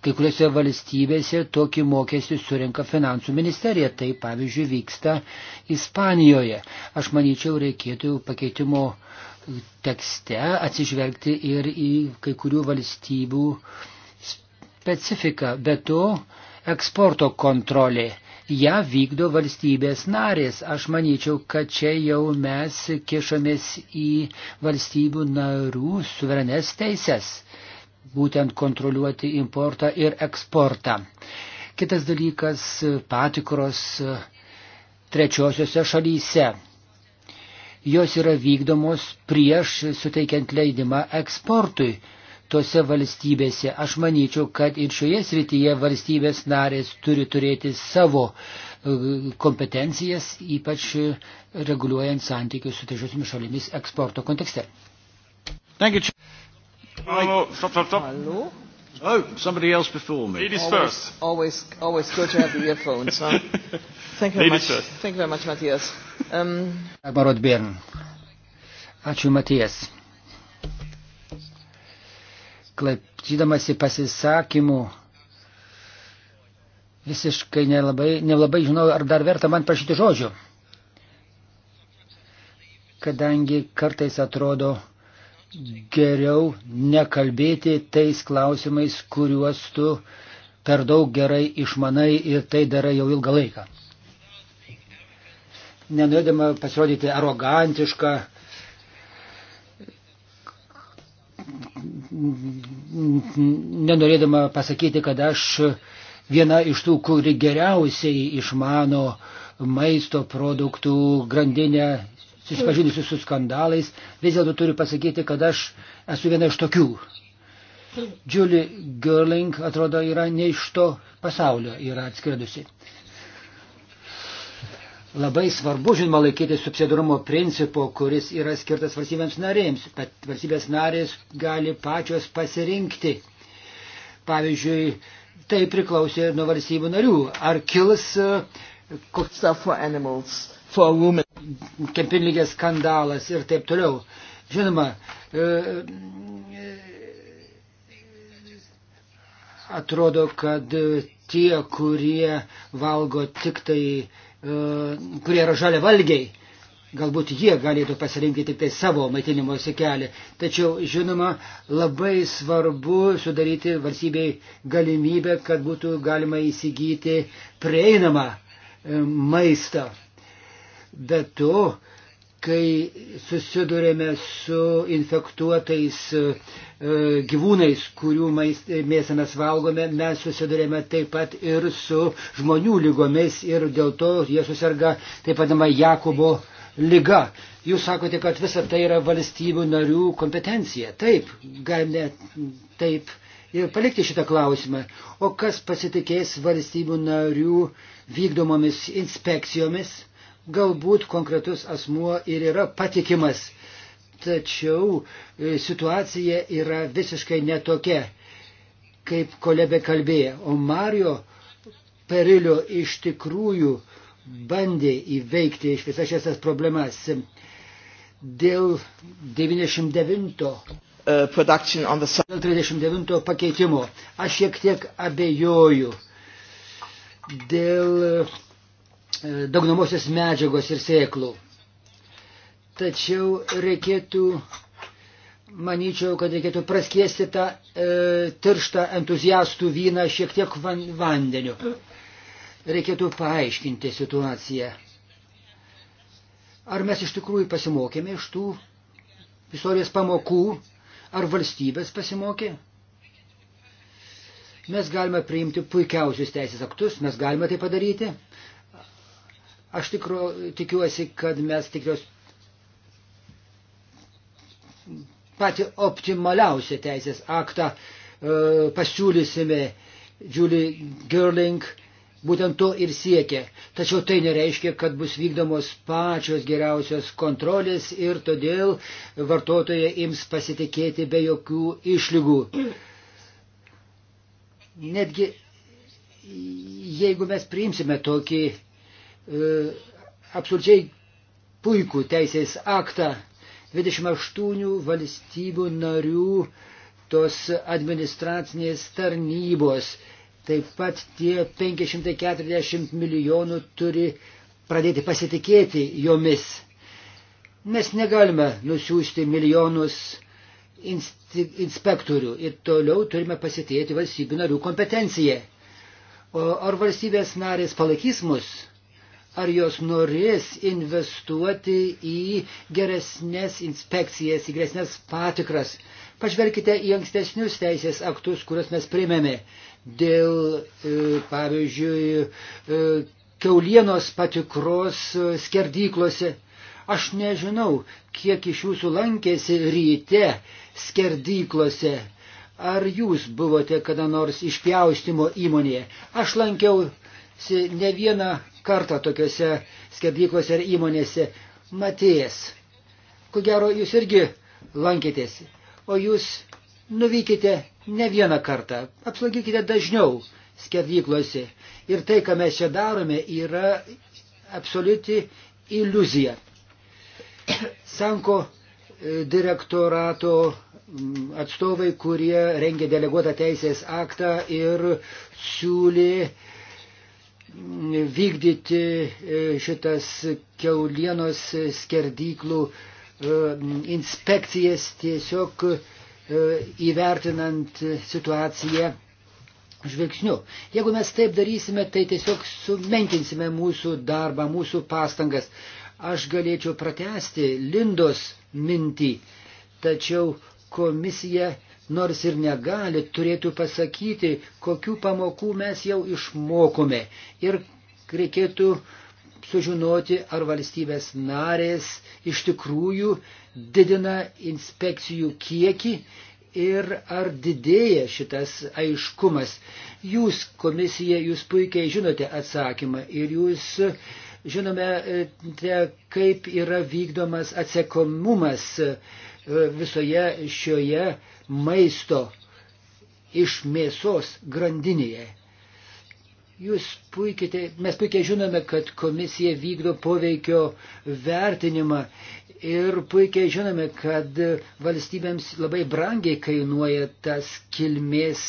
Kai kuriuose valstybėse tokį mokestį surinka finansų ministerija. Tai pavyzdžiui vyksta Ispanijoje. Aš manyčiau, reikėtų pakeitimo tekste atsižvelgti ir į kai kurių valstybių specifiką. Be to, eksporto kontrolė ją ja, vykdo valstybės narės. Aš manyčiau, kad čia jau mes kišamės į valstybių narų suverenes teises būtent kontroliuoti importą ir eksportą. Kitas dalykas - patikros trečiosiuose šalyse. Jos yra vykdomos prieš suteikiant leidimą eksportui tose valstybėse. Aš manyčiau, kad ir šioje srityje valstybės narės turi turėti savo e, kompetencijas, ypač reguliuojant santykius su trečiosiomis šalimis eksporto kontekste. Thank you. Hello. Stop, stop, stop. Hallo? Oh, somebody else before me. Ladies always, first. Always, always good to have the earphones. Huh? [LAUGHS] Thank you very Ladies much. First. Thank you very much, Matthias. Um, Barot Bern. Ačiū, Matijas. Klaipdydamasi pasisakymų, visiškai nelabai, nelabai žinau, ar dar verta man prašyti žodžių. Kadangi kartais atrodo, geriau nekalbėti tais klausimais, kuriuos tu per daug gerai išmanai ir tai darai jau ilgą laiką. Nenorėdama pasirodyti arogantišką, nenorėdama pasakyti, kad aš viena iš tų, kuri geriausiai išmano maisto produktų grandinę, susipažinusių su skandalais, vis dėlto turiu pasakyti, kad aš esu viena iš tokių. Julie Gerling, atrodo, yra ne iš to pasaulio, yra atskridusi. Labai svarbu, žinoma, laikyti subsidarumo principo, kuris yra skirtas valstybėms narėms, bet valstybės narės gali pačios pasirinkti. Pavyzdžiui, tai priklausė nuo valstybių narių. Ar kils e, koks stuff for animals? for women, kempinlygės skandalas ir taip toliau. Žinoma, e, e, atrodo, kad tie, kurie valgo tik tai, e, kurie yra žalia valgiai, galbūt jie galėtų pasirinkti tik tai savo maitinimosi kelią. Tačiau, žinoma, labai svarbu sudaryti valstybei galimybę, kad būtų galima įsigyti prieinamą maistą. Be to, kai susidurėme su infektuotais e, e, gyvūnais, kurių e, mėsą mes valgome, mes susidurėme taip pat ir su žmonių lygomis ir dėl to jie susirga taip vadinama Jakubo lyga. Jūs sakote, kad visa tai yra valstybių narių kompetencija. Taip, galime taip ir palikti šitą klausimą. O kas pasitikės valstybių narių vykdomomis inspekcijomis? galbūt konkretus asmuo ir yra patikimas, tačiau e, situacija yra visiškai netokia, kaip kolebė kalbėjo. O Mario Perilio iš tikrųjų bandė įveikti iš visas šias problemas dėl 99. Uh, the... Dėl 39 pakeitimo. Aš šiek tiek abejoju dėl E, dagnamosios medžiagos ir sėklų. Tačiau reikėtų, manyčiau, kad reikėtų praskiesti tą e, tirštą entuziastų vyną šiek tiek van, vandeniu. Reikėtų paaiškinti situaciją. Ar mes iš tikrųjų pasimokėme iš tų istorijos pamokų, ar valstybės pasimokė? Mes galime priimti puikiausius teisės aktus, mes galime tai padaryti, Aš tikro, tikiuosi, kad mes tikrios patį optimaliausią teisės aktą e, pasiūlysime Julie Gerling, būtent to ir siekia. Tačiau tai nereiškia, kad bus vykdomos pačios geriausios kontrolės ir todėl vartotojai ims pasitikėti be jokių išlygų. Netgi jeigu mes priimsime tokį E, absoliučiai puikų teisės aktą 28 valstybių narių tos administracinės tarnybos. Taip pat tie 540 milijonų turi pradėti pasitikėti jomis. Mes negalime nusiųsti milijonus inspektorių ir toliau turime pasitikėti valstybių narių kompetenciją. O ar valstybės narės palaikys mus? ar jos norės investuoti į geresnės inspekcijas, į geresnės patikras. Pažvelkite į ankstesnius teisės aktus, kuriuos mes primėme dėl, e, pavyzdžiui, e, keulienos patikros e, skerdyklose. Aš nežinau, kiek iš jūsų lankėsi ryte skerdyklose. Ar jūs buvote kada nors išpjaustimo įmonėje? Aš lankiau ne vieną kartą tokiuose skerdyklose ir įmonėse. Matėjas, ko gero jūs irgi lankėtės, o jūs nuvykite ne vieną kartą, apslankykite dažniau skerdyklose. Ir tai, ką mes čia darome, yra absoliuti iliuzija. Sanko e, direktorato mm, atstovai, kurie rengė deleguotą teisės aktą ir siūlė vykdyti e, šitas keulienos skerdyklų e, inspekcijas tiesiog e, įvertinant situaciją žvilgsniu. Jeigu mes taip darysime, tai tiesiog sumenkinsime mūsų darbą, mūsų pastangas. Aš galėčiau pratesti Lindos mintį, tačiau komisija nors ir negali, turėtų pasakyti, kokiu pamokų mes jau išmokome. Ir reikėtų sužinoti, ar valstybės narės iš tikrųjų didina inspekcijų kiekį ir ar didėja šitas aiškumas. Jūs komisija, jūs puikiai žinote atsakymą ir jūs žinome, e, te, kaip yra vykdomas atsekomumas E, visoje šioje maisto iš mėsos grandinėje. Jūs puikiai, mes puikiai žinome, kad komisija vykdo poveikio vertinimą ir puikiai žinome, kad valstybėms labai brangiai kainuoja tas kilmės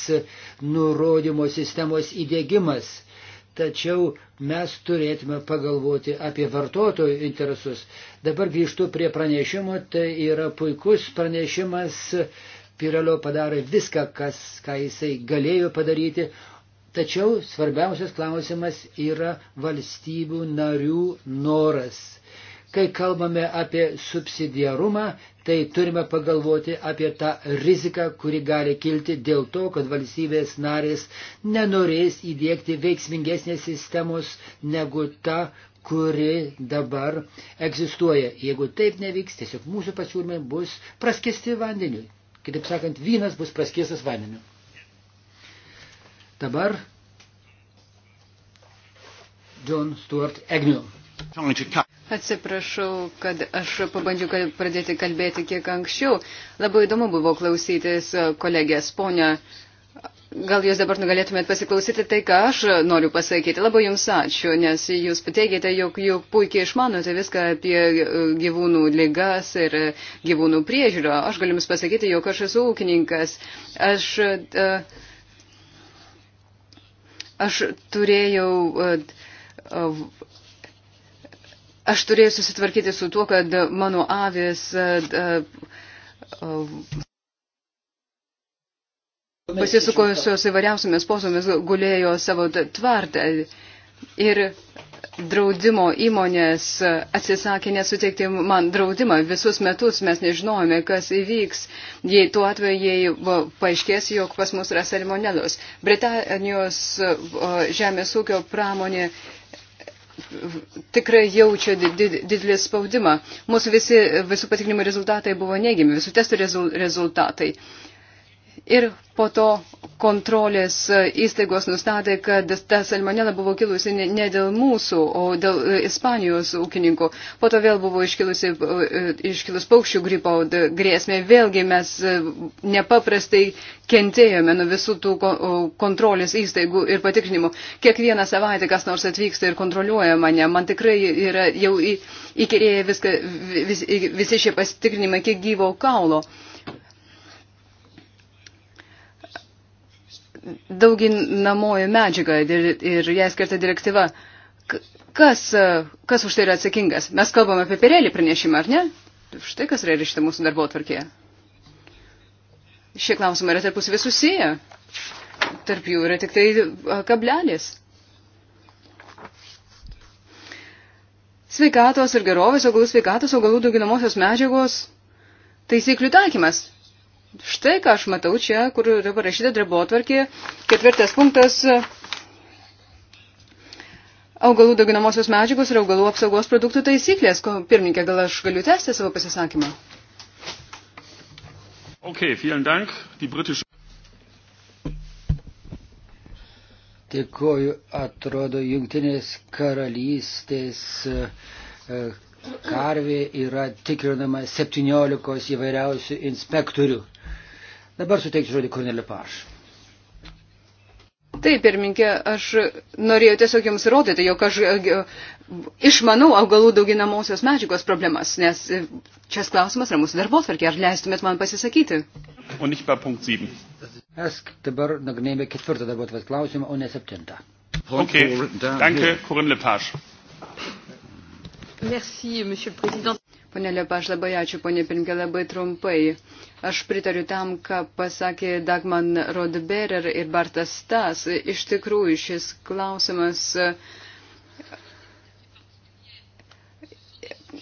nurodymo sistemos įdėgymas. Tačiau mes turėtume pagalvoti apie vartotojų interesus. Dabar grįžtu prie pranešimo, tai yra puikus pranešimas, Pirelio padarė viską, kas, ką jisai galėjo padaryti, tačiau svarbiausias klausimas yra valstybių narių noras. Kai kalbame apie subsidiarumą, tai turime pagalvoti apie tą riziką, kuri gali kilti dėl to, kad valstybės narės nenorės įdėkti veiksmingesnės sistemos negu ta, kuri dabar egzistuoja. Jeigu taip nevyks, tiesiog mūsų pasiūlymai bus praskesti vandeniu. Kitaip sakant, vynas bus praskestas vandeniu. Dabar John Stuart Agnew. Atsiprašau, kad aš pabandžiau pradėti kalbėti kiek anksčiau. Labai įdomu buvo klausytis e, kolegės ponio. Gal jūs dabar galėtumėt pasiklausyti tai, ką aš noriu pasakyti. Labai jums ačiū, nes jūs pateikėte, jog jau puikiai išmanote viską apie e, gyvūnų ligas ir e, gyvūnų priežiūrą. Aš galiu jums pasakyti, jog aš esu ūkininkas. Aš, aš turėjau Aš turėjau susitvarkyti su tuo, kad mano avis e, e, pasisukojusios įvairiausiamis posomis gulėjo savo tvartą. Ir draudimo įmonės atsisakė nesuteikti man draudimą. Visus metus mes nežinojome, kas įvyks, jei tuo atveju jei paaiškės, jog pas mus yra salmonelos. Britanijos e, žemės ūkio pramonė tikrai jaučia didelį spaudimą. Mūsų visi, visų patikrinimų rezultatai buvo neigiami, visų testų rezultatai ir po to kontrolės įstaigos nustatė, kad ta salmonela buvo kilusi ne dėl mūsų, o dėl e, Ispanijos ūkininkų. Po to vėl buvo iškilusi, e, e, iškilus paukščių gripo grėsmė. Vėlgi mes nepaprastai kentėjome nuo visų tų kontrolės įstaigų ir patikrinimų. Kiekvieną savaitę kas nors atvyksta ir kontroliuoja mane. Man tikrai yra jau įkirėję viską, vis, visi šie pasitikrinimai, kiek gyvo kaulo. dauginamoji medžiaga ir, ir jai skirta direktyva. Kas, e, kas už tai yra atsakingas? Mes kalbame apie perėlį pranešimą, ar ne? Štai kas yra ryšta mūsų darbo atvarkėje. Šie klausimai yra tarpusavį susiję. Tarp jų yra tik tai e, kablelis. Sveikatos ir gerovės augalų sveikatos augalų dauginamosios medžiagos taisyklių taikymas. Štai ką aš matau čia, kur yra parašyta darbotvarkė. Ketvirtas punktas. Augalų dauginamosios medžiagos ir augalų apsaugos produktų taisyklės. Pirmininkė, gal aš galiu tęsti savo pasisakymą? Okay, vielen Dank. Die britische Dėkoju, atrodo, jungtinės karalystės e, karvė yra tikrinama 17 įvairiausių inspektorių. Dabar suteiksiu žodį Kornelį Paš. Taip, pirminkė, aš norėjau tiesiog jums įrodyti, jog aš e, išmanau augalų dauginamosios medžiagos problemas, nes e, šias klausimas yra mūsų darbos varkė. Ar leistumėt man pasisakyti? Mes dabar nagrinėjame ketvirtą darbo atvės klausimą, o ne septintą. Okay. Danke, Corinne Lepage. Merci, Monsieur le Président. Pone Lepaš, labai ačiū, ponė Pirinkė, labai trumpai. Aš pritariu tam, ką pasakė Dagman Rodberer ir Bartas Stas. Iš tikrųjų, šis klausimas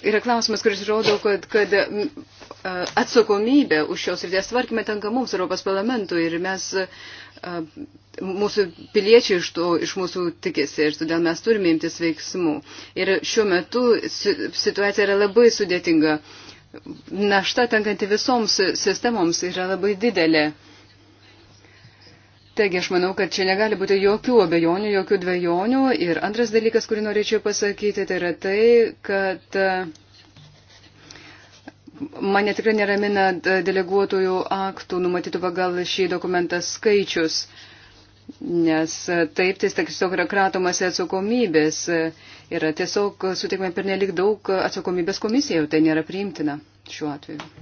yra klausimas, kuris rodo, kad, kad atsakomybė už šios ryties tvarkymą tenka mums Europos parlamentui ir mes mūsų piliečiai iš, to, iš mūsų tikisi ir todėl mes turime imtis veiksmų. Ir šiuo metu situacija yra labai sudėtinga. Našta tenkanti visoms sistemoms yra labai didelė. Taigi aš manau, kad čia negali būti jokių abejonių, jokių dvejonių. Ir antras dalykas, kurį norėčiau pasakyti, tai yra tai, kad uh, mane tikrai neramina uh, deleguotojų aktų numatytų pagal šį dokumentą skaičius. Uh, nes e, taip tai tiesiog yra kratomasi atsakomybės, e, yra tiesiog sutikime per nelik daug atsakomybės komisijai, tai nėra priimtina šiuo atveju.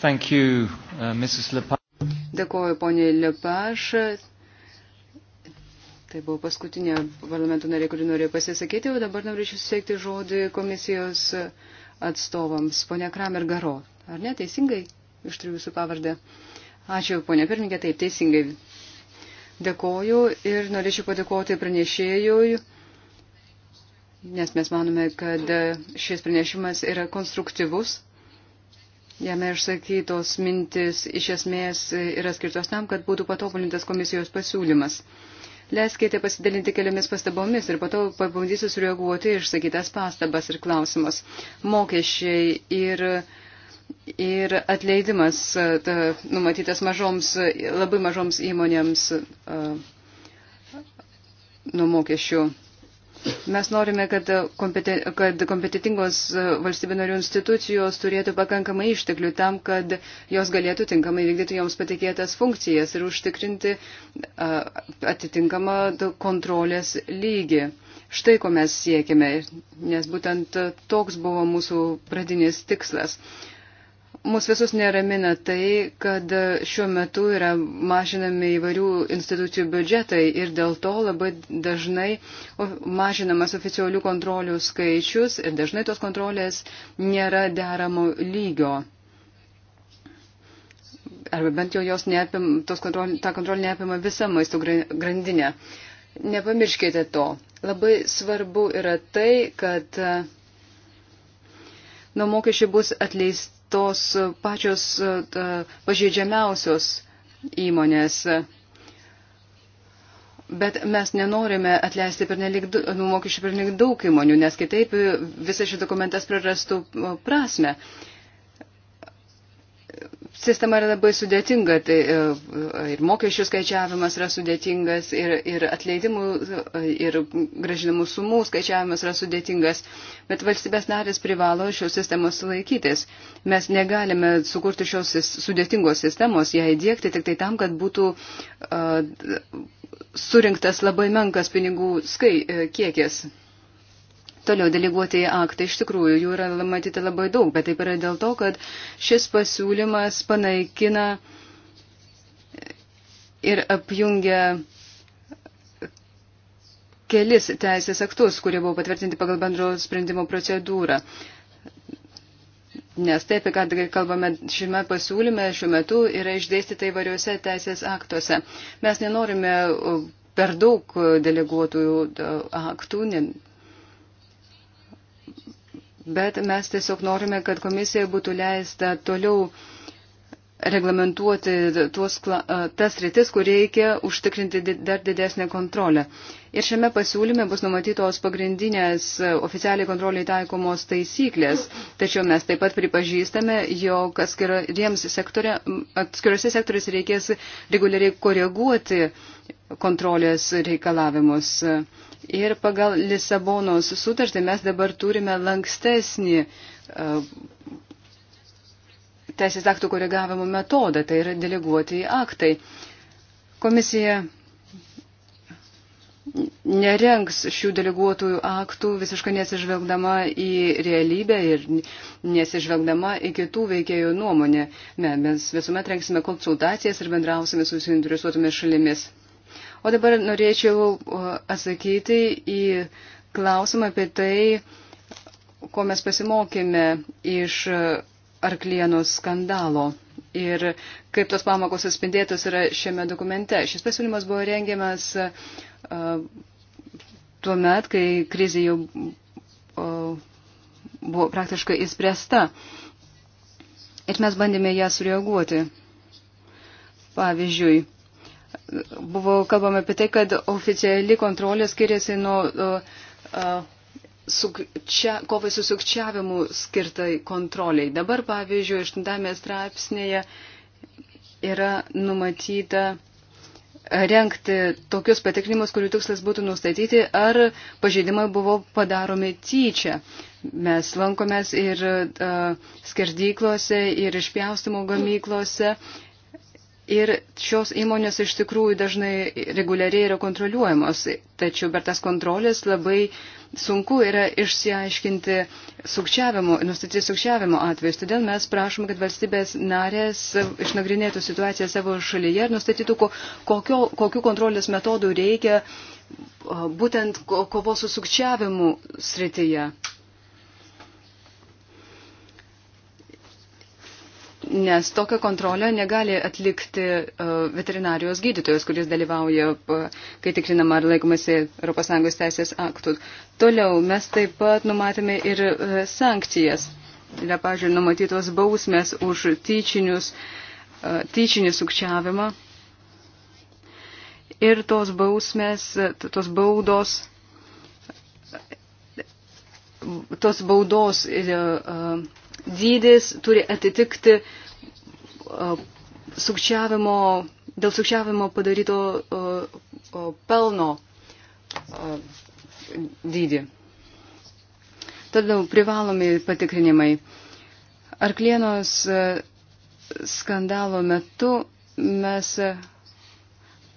Thank you, uh, Mrs. Lepage. Dėkuoju, ponė Lepage. Tai buvo paskutinė parlamento narė, kuri norėjo pasisakyti, o dabar norėčiau susiekti žodį komisijos atstovams. Pone Kramer Garo, ar ne teisingai išturiu jūsų pavardę? Uh, Ačiū, ponia pirmininkė, taip teisingai. Dėkoju ir norėčiau padėkoti pranešėjui, nes mes manome, kad šis pranešimas yra konstruktyvus. Jame išsakytos mintis iš esmės yra skirtos tam, kad būtų patobulintas komisijos pasiūlymas. Leiskite pasidalinti keliomis pastabomis ir po to pabandysiu sureaguoti išsakytas pastabas ir klausimus. Mokesčiai ir uh, Ir atleidimas e, ta, numatytas mažoms, labai mažoms įmonėms e, nuo mokesčių. Mes norime, kad, kompeti, kad kompetitingos e, valstybių narių institucijos turėtų pakankamai išteklių tam, kad jos galėtų tinkamai vykdyti joms patikėtas funkcijas ir užtikrinti atitinkamą kontrolės lygį. Štai ko mes siekime, nes būtent toks buvo mūsų pradinis tikslas. Mūsų visus neramina tai, kad šiuo metu yra mažinami įvairių institucijų biudžetai ir dėl to labai dažnai mažinamas oficialių kontrolių skaičius ir dažnai tos kontrolės nėra deramo lygio. Arba bent jau jos neapima, kontrol, tą kontrolę neapima visa maisto grandinė. Nepamirškite to. Labai svarbu yra tai, kad e, nuo mokesčių bus atleisti tos pačios e, pažeidžiamiausios įmonės. Bet mes nenorime atleisti per nelik, mokesčių per nelik daug įmonių, nes kitaip visas šis dokumentas prarastų prasme. Uh, Sistema yra labai sudėtinga, tai e, ir mokesčių skaičiavimas yra sudėtingas, ir, ir atleidimų, e, ir gražinamų sumų skaičiavimas yra sudėtingas, bet valstybės narės privalo šios sistemos laikytis. Mes negalime sukurti šios sudėtingos sistemos, ją įdėkti tik tai tam, kad būtų uh, surinktas labai menkas pinigų skai, kiekis. Uh, Toliau deleguoti aktai, iš tikrųjų, jų yra matyti labai daug, bet taip yra dėl to, kad šis pasiūlymas panaikina ir apjungia kelis teisės aktus, kurie buvo patvirtinti pagal bendro sprendimo procedūrą. Nes taip, ką kalbame šiame pasiūlyme, šiuo metu yra išdėstyta įvairiuose teisės aktuose. Mes nenorime per daug deleguotų aktų, bet mes tiesiog norime, kad komisija būtų leista toliau reglamentuoti tuos, tas rytis, kur reikia užtikrinti dar didesnę kontrolę. Ir šiame pasiūlyme bus numatytos pagrindinės oficialiai kontroliai taikomos taisyklės, tačiau mes taip pat pripažįstame, jog sektorė, atskiriuose sektoriuose reikės reguliariai koreguoti kontrolės reikalavimus. Ir pagal Lisabonos sutartį mes dabar turime lankstesnį e, teisės aktų koregavimo metodą, tai yra deleguoti į aktai. Komisija nerengs šių deleguotųjų aktų visiškai nesižvelgdama į realybę ir nesižvelgdama į kitų veikėjų nuomonę. Ne, mes visuomet renksime konsultacijas ir bendrausime su suinteresuotomis šalimis. O dabar norėčiau atsakyti į klausimą apie tai, ko mes pasimokėme iš arklienų skandalo ir kaip tos pamokos atspindėtos yra šiame dokumente. Šis pasiūlymas buvo rengiamas tuo met, kai krizė jau buvo praktiškai įspręsta. Ir mes bandėme ją sureaguoti. Pavyzdžiui, buvo kalbama apie tai, kad oficiali kontrolė skiriasi nuo e, e, sukčia, kovai su sukčiavimu skirtai kontroliai. Dabar, pavyzdžiui, 8 straipsnėje yra numatyta renkti tokius patikrinimus, kurių tikslas būtų nustatyti, ar pažeidimai buvo padaromi tyčia. Mes lankomės ir uh, skerdyklose, ir išpjaustimo gamyklose, Ir šios įmonės iš tikrųjų dažnai reguliariai yra kontroliuojamos, tačiau per tas kontrolės labai sunku yra išsiaiškinti sukčiavimo, nustatyti sukčiavimo atvejus. Todėl mes prašome, kad valstybės narės išnagrinėtų situaciją savo šalyje ir nustatytų, kokio, kokiu kontrolės metodų reikia būtent kovos su sukčiavimu srityje. nes tokią kontrolę negali atlikti e, veterinarijos gydytojas, kuris dalyvauja, e, kai tikrinama ar laikomasi ES teisės aktų. Toliau mes taip pat numatėme ir e, sankcijas. Yra, pažiūrėjau, numatytos bausmės už tyčinius, tyčinį sukčiavimą. Ir tos bausmės, tos baudos, tos baudos. Uh, dydis turi atitikti sukčiavimo, dėl sukčiavimo padaryto pelno dydį. Tada privalomi patikrinimai. Arklienos e, skandalo metu mes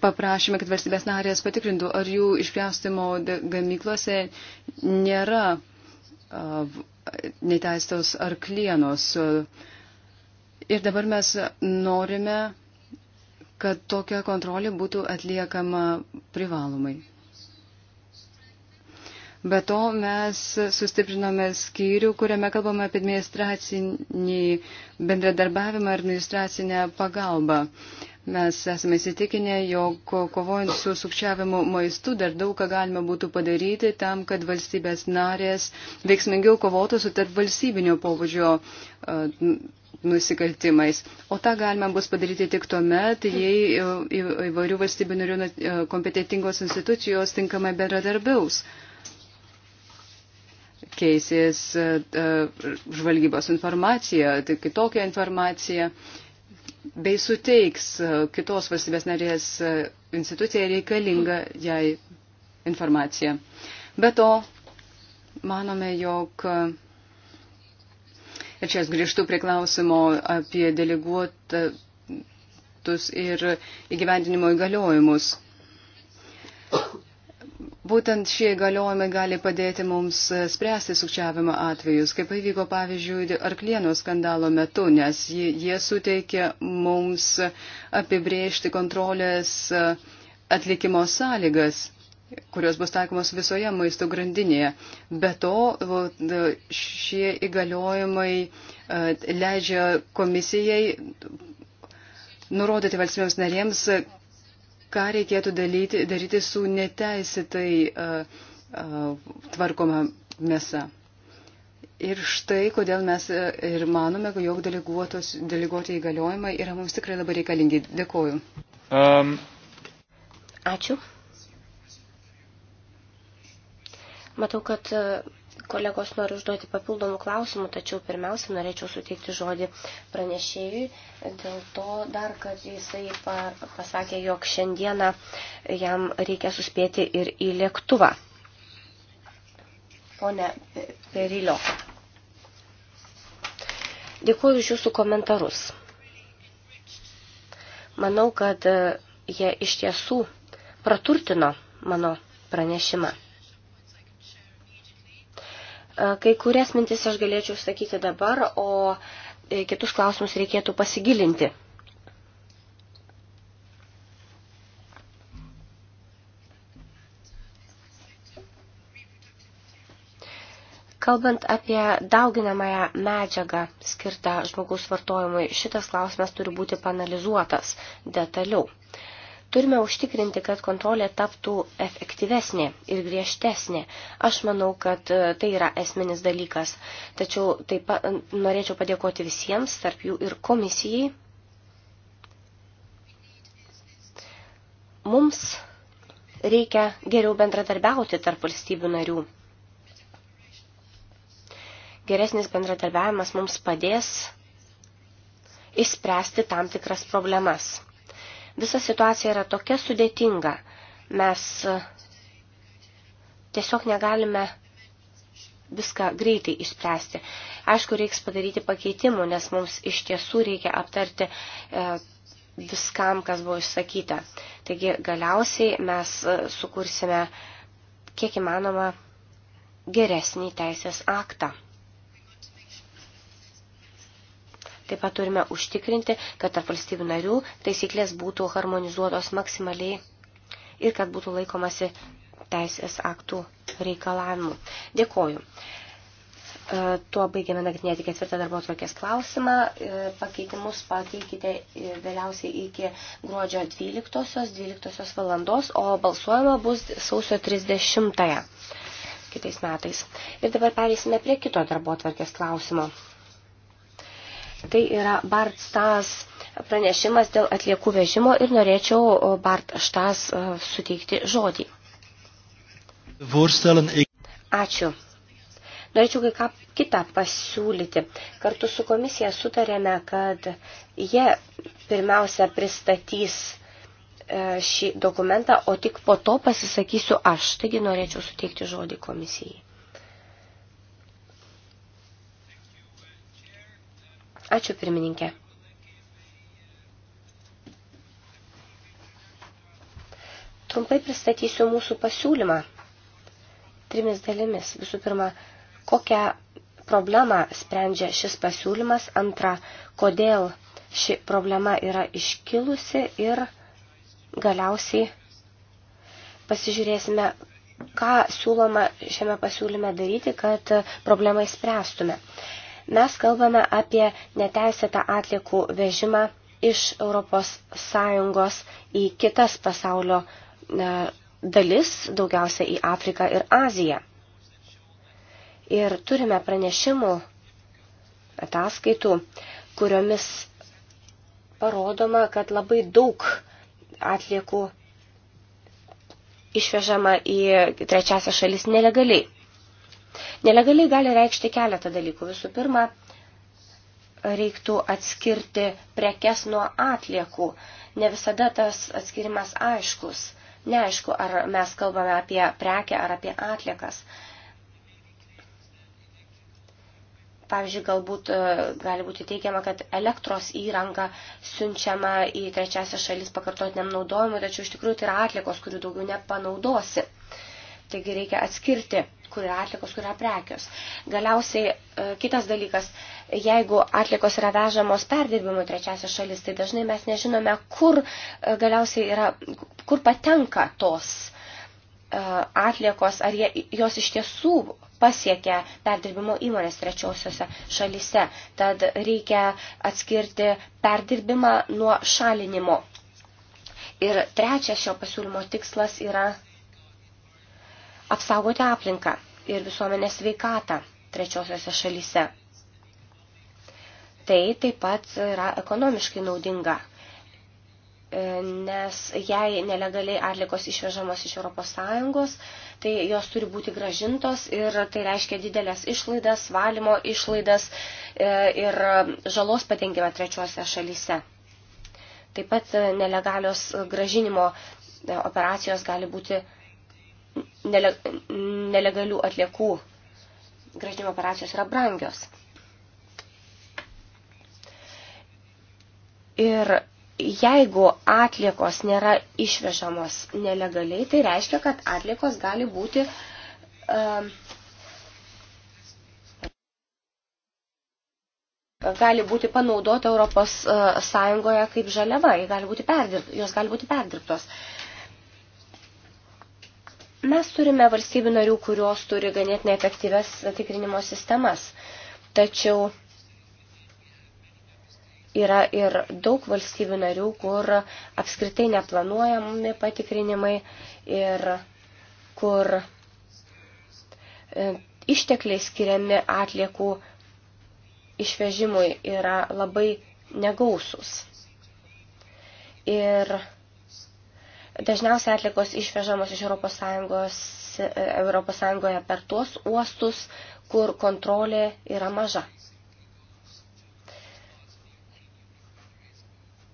paprašėme, kad valstybės narės patikrintų, ar jų išpjaustimo gamyklose nėra neteistos arklienos. Ir dabar mes norime, kad tokia kontrolė būtų atliekama privalomai. Be to mes sustiprinome skyrių, kuriame kalbame apie administracinį bendradarbiavimą ir administracinę pagalbą. Uh, Mes esame įsitikinę, jog kovojant su sukčiavimu maistu dar daug ką galima būtų padaryti tam, kad valstybės narės veiksmingiau kovotų su tarp valstybinio pobūdžio nusikaltimais. O tą galima bus padaryti tik tuo met, jei įvairių valstybių narių kompetitingos institucijos tinkamai bendradarbiaus keisės žvalgybos informacija, tai kitokia informacija. Uh, bei suteiks e, kitos valstybės narės e, institucijai reikalingą jai informaciją. Be to, manome, jog e, ir čia aš grįžtu prie klausimo apie deleguotus ir įgyvendinimo įgaliojimus. Būtent šie įgaliojimai gali padėti mums e, spręsti sukčiavimo atvejus, kaip pavyko pavyzdžiui arklienų skandalo metu, nes jie, jie suteikia mums apibriežti kontrolės e, atlikimo sąlygas kurios bus taikomos visoje maisto grandinėje. Be to, šie įgaliojimai e, leidžia komisijai nurodyti valstybėms narėms, ką reikėtų dalyti, daryti su neteisėtai uh, uh, tvarkoma mėsa. Ir štai kodėl mes ir manome, jog deleguoti įgaliojimai yra mums tikrai labai reikalingi. Dėkoju. Um. Ačiū. Matau, kad Kolegos noriu užduoti papildomų klausimų, tačiau pirmiausia norėčiau suteikti žodį pranešėjui dėl to dar, kad jisai pasakė, jog šiandieną jam reikia suspėti ir į lėktuvą. Pone Perilio. Dėkuoju už jūsų komentarus. Manau, kad jie iš tiesų praturtino mano pranešimą. E, kai kurias mintis aš galėčiau sakyti dabar, o e, kitus klausimus reikėtų pasigilinti. Kalbant apie dauginamąją medžiagą skirtą žmogaus vartojimui, šitas klausimas turi būti panalizuotas detaliau. Turime užtikrinti, kad kontrolė taptų efektyvesnė ir griežtesnė. Aš manau, kad e, tai yra esminis dalykas. Tačiau taip pat norėčiau padėkoti visiems, tarp jų ir komisijai. Mums reikia geriau bendradarbiauti tarp valstybių narių. Geresnis bendradarbiavimas mums padės išspręsti tam tikras problemas. Visa situacija yra tokia sudėtinga. Mes e, tiesiog negalime viską greitai išspręsti. Aišku, reiks padaryti pakeitimų, nes mums iš tiesų reikia aptarti e, viskam, kas buvo išsakyta. Taigi galiausiai mes e, sukursime kiek įmanoma geresnį teisės aktą. Taip pat turime užtikrinti, kad tarp valstybių narių taisyklės būtų harmonizuotos maksimaliai ir kad būtų laikomasi teisės aktų reikalavimų. Dėkoju. E, tuo baigiame nagrinėti ketvirtą darbo atvarkės klausimą. E, pakeitimus pateikite e, vėliausiai iki gruodžio 12, 12 valandos, o balsuojama bus sausio 30 kitais metais. Ir dabar perėsime prie kito darbo atvarkės klausimo. Tai yra Bart Stas pranešimas dėl atliekų vežimo ir norėčiau Bart Štas e, suteikti žodį. Ačiū. Norėčiau kai ką kitą pasiūlyti. Kartu su komisija sutarėme, kad jie pirmiausia pristatys e, šį dokumentą, o tik po to pasisakysiu aš. Taigi norėčiau suteikti žodį komisijai. Ačiū pirmininkė. Trumpai pristatysiu mūsų pasiūlymą trimis dalimis. Visų pirma, kokią problemą sprendžia šis pasiūlymas, antra, kodėl ši problema yra iškilusi ir galiausiai pasižiūrėsime, ką siūloma šiame pasiūlyme daryti, kad problemą įspręstume. Mes kalbame apie neteisėtą atliekų vežimą iš ES į kitas pasaulio dalis, daugiausia į Afriką ir Aziją. Ir turime pranešimų ataskaitų, kuriomis parodoma, kad labai daug atliekų išvežama į trečiasią šalis nelegaliai. Nelegaliai gali reikšti keletą dalykų. Visų pirma, reiktų atskirti prekes nuo atliekų. Ne visada tas atskirimas aiškus. Neaišku, ar mes kalbame apie prekę ar apie atliekas. Pavyzdžiui, galbūt e, gali būti teigiama, kad elektros įranga siunčiama į trečiasią šalis pakartotiniam naudojimui, tačiau iš tikrųjų tai yra atliekos, kurių daugiau nepanaudosi. Taigi reikia atskirti kur yra atlikos, kur yra prekios. Galiausiai e, kitas dalykas, jeigu atlikos yra vežamos perdirbimui trečiasios šalis, tai dažnai mes nežinome, kur e, galiausiai yra, kur patenka tos e, atliekos, ar jie, jos iš tiesų pasiekia perdirbimo įmonės trečiosiose šalyse. Tad reikia atskirti perdirbimą nuo šalinimo. Ir trečias šio pasiūlymo tikslas yra apsaugoti aplinką ir visuomenės sveikatą trečiosiose šalyse. Tai taip pat yra ekonomiškai naudinga, e, nes jei nelegaliai atlikos išvežamos iš ES, tai jos turi būti gražintos ir tai reiškia didelės išlaidas, valymo išlaidas e, ir žalos padengimą trečiose šalyse. Taip pat e, nelegalios gražinimo operacijos gali būti nelegalių atliekų gražinimo operacijos yra brangios. Ir jeigu atliekos nėra išvežamos nelegaliai, tai reiškia, kad atliekos gali būti um, gali būti panaudota Europos uh, Sąjungoje kaip žaliava, gali būti perdirb, jos gali būti perdirbtos. Uh, Mes turime valstybių narių, kurios turi ganėtinai efektyves tikrinimo sistemas, tačiau yra ir daug valstybių narių, kur apskritai neplanuojami patikrinimai ir kur e, ištekliai skiriami atliekų išvežimui yra labai negausus. Ir Dažniausiai atlikos išvežamos iš ES, ES per tuos uostus, kur kontrolė yra maža.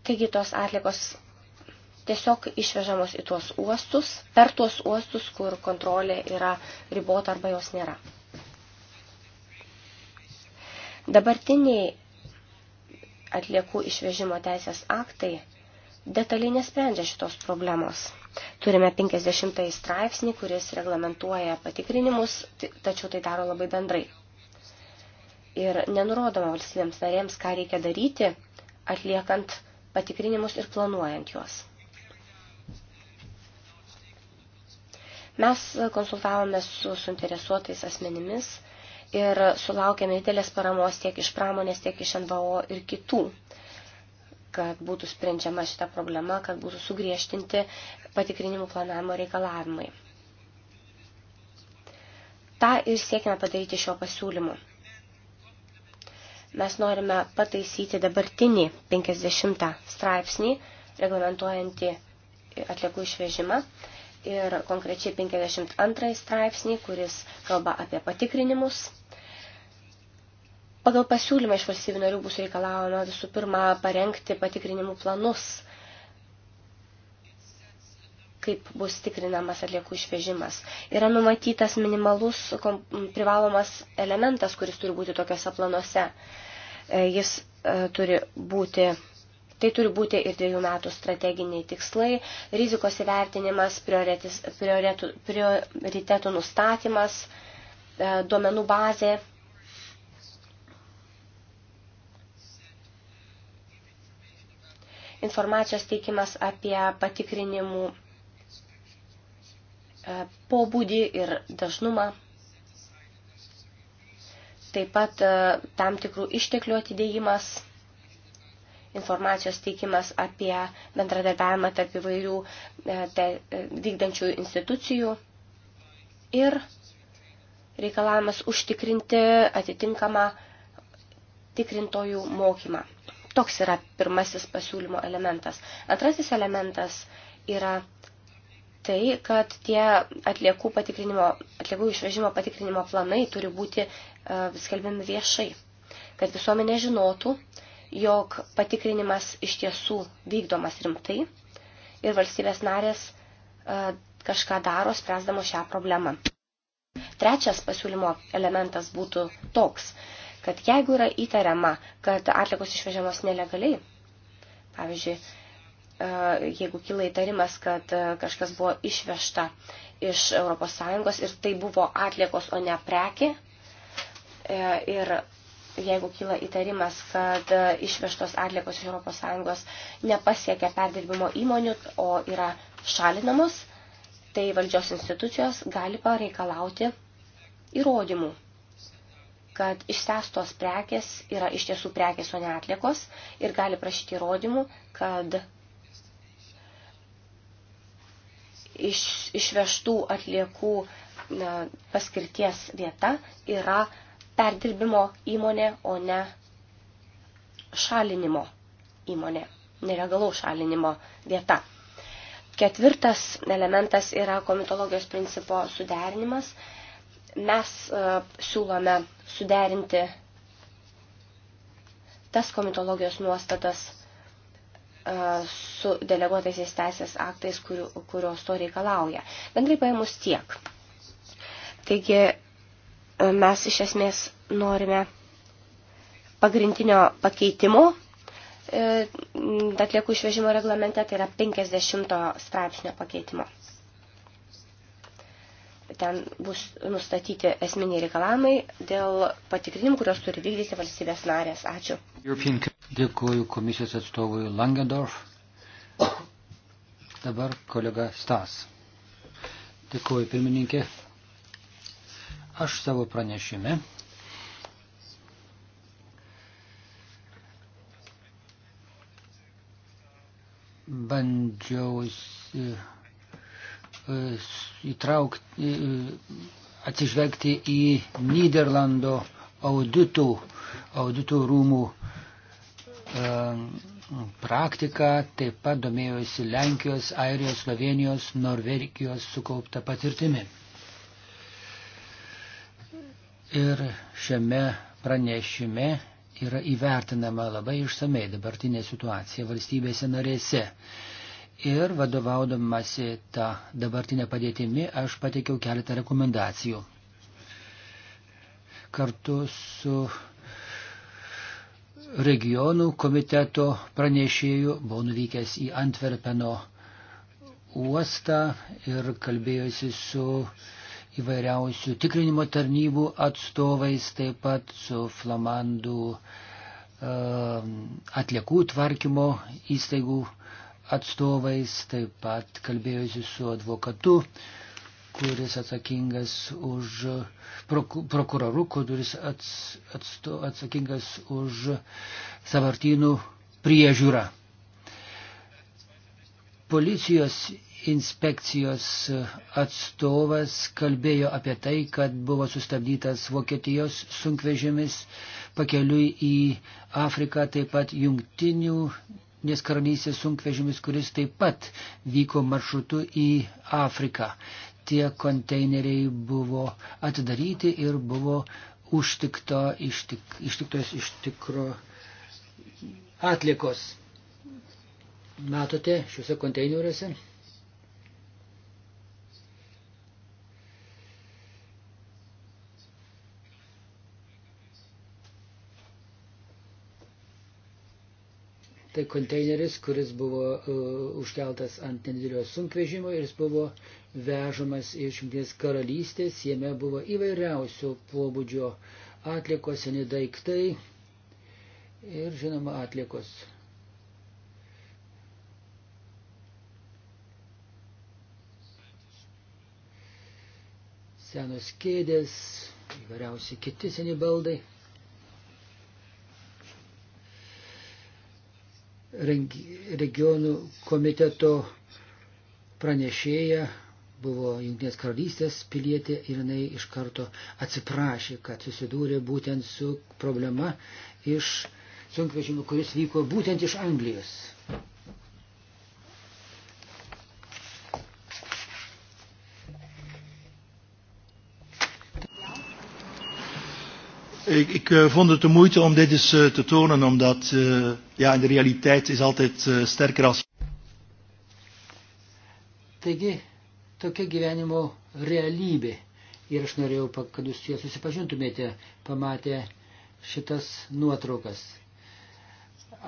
Taigi tos atlikos tiesiog išvežamos į tuos uostus, per tuos uostus, kur kontrolė yra ribota arba jos nėra. Dabartiniai atliekų išvežimo teisės aktai detaliai nesprendžia šitos problemos. Turime 50 straipsnį, kuris reglamentuoja patikrinimus, tačiau tai daro labai bendrai. Ir nenurodoma valstybėms narėms, ką reikia daryti, atliekant patikrinimus ir planuojant juos. Mes konsultavome su suinteresuotais asmenimis ir sulaukėme didelės paramos tiek iš pramonės, tiek iš NVO ir kitų kad būtų sprendžiama šita problema, kad būtų sugriežtinti patikrinimų planavimo reikalavimai. Ta ir siekime padaryti šio pasiūlymu. Mes norime pataisyti dabartinį 50 straipsnį, reglamentuojantį atliekų išvežimą, ir konkrečiai 52 straipsnį, kuris kalba apie patikrinimus Pagal pasiūlymą iš valstybių narių bus reikalaujama visų pirma parengti patikrinimų planus, kaip bus tikrinamas atliekų išvežimas. Yra numatytas minimalus kom, privalomas elementas, kuris turi būti tokiuose planuose. E, jis e, turi būti, tai turi būti ir dviejų metų strateginiai tikslai, rizikos įvertinimas, prioritetų nustatymas, e, duomenų bazė informacijos teikimas apie patikrinimų e, pobūdį ir dažnumą. Taip pat e, tam tikrų išteklių atidėjimas, informacijos teikimas apie bendradarbiavimą tarp įvairių e, te, vykdančių institucijų ir reikalavimas užtikrinti atitinkamą tikrintojų mokymą. Toks yra pirmasis pasiūlymo elementas. Antrasis elementas yra tai, kad tie atliekų, atliekų išvežimo patikrinimo planai turi būti uh, skelbiami viešai, kad visuomenė žinotų, jog patikrinimas iš tiesų vykdomas rimtai ir valstybės narės uh, kažką daro, spręsdamo šią problemą. Trečias pasiūlymo elementas būtų toks. Uh, kad jeigu yra įtariama, kad atlikos išvežamos nelegaliai, pavyzdžiui, e, jeigu kyla įtarimas, kad e, kažkas buvo išvežta iš ES ir tai buvo atliekos, o ne prekė, e, ir jeigu kyla įtarimas, kad išvežtos atliekos iš ES nepasiekia perdirbimo įmonių, o yra šalinamos, tai valdžios institucijos gali pareikalauti įrodymų kad išsestos prekės yra iš tiesų prekės, o ne atlikos ir gali prašyti įrodymų, kad iš, išvežtų atliekų na, paskirties vieta yra perdirbimo įmonė, o ne šalinimo įmonė, neregalau šalinimo vieta. Ketvirtas elementas yra komitologijos principo suderinimas mes e, siūlome suderinti tas komitologijos nuostatas e, su deleguotaisiais teisės aktais, kuriu, kurios to reikalauja. Bendrai paėmus tiek. Taigi e, mes iš esmės norime pagrindinio pakeitimo atlieku išvežimo reglamente, tai yra 50 straipsnio pakeitimo ten bus nustatyti esminiai reikalavimai dėl patikrinimų, kurios turi vykdyti valstybės narės. Ačiū. European... Dėkuoju komisijos atstovui Langendorf. Dabar kolega Stas. Dėkuoju pirmininkė. Aš savo pranešime bandžiausi įtraukti, atsižvelgti į Niderlando auditų, auditų rūmų praktiką, taip pat domėjosi Lenkijos, Airijos, Slovenijos, Norvegijos sukaupta patirtimi. Ir šiame pranešime yra įvertinama labai išsamei dabartinė situacija valstybėse narėse ir vadovaudamasi tą dabartinę padėtimi aš pateikiau keletą rekomendacijų. Kartu su regionų komiteto pranešėjų buvau nuvykęs į Antverpeno uostą ir kalbėjusi su įvairiausių tikrinimo tarnybų atstovais, taip pat su flamandų ehm, atliekų tvarkymo įstaigų atstovais, taip pat kalbėjusi su advokatu, kuris atsakingas už prokuroru, kuris ats, atsto, atsakingas už savartynų priežiūrą. Policijos inspekcijos atstovas kalbėjo apie tai, kad buvo sustabdytas Vokietijos sunkvežimis pakeliui į Afriką, taip pat jungtinių nes karalystės sunkvežimis, kuris taip pat vyko maršrutu į Afriką. Tie konteineriai buvo atidaryti ir buvo užtikto, ištik, ištiktos iš tikro atlikos. Matote šiuose konteineriuose Tai konteineris, kuris buvo uh, užkeltas ant nedidelio sunkvežimo ir jis buvo vežamas iš Junktinės karalystės, jame buvo įvairiausio pobūdžio atlikos, seni daiktai ir žinoma atlikos. Senos kėdės, įvairiausi kiti seni baldai. regionų komiteto pranešėja buvo Junktinės karalystės pilietė ir jinai iš karto atsiprašė, kad susidūrė būtent su problema iš sunkvežimių, kuris vyko būtent iš Anglijos. ik, ik uh, vond het de moeite om dit eens uh, te tonen, omdat uh, ja, de realiteit is altijd uh, sterker als. Taigi, tokia gyvenimo realybė. Ir aš norėjau, kad jūs čia susipažintumėte, pamatę šitas nuotraukas.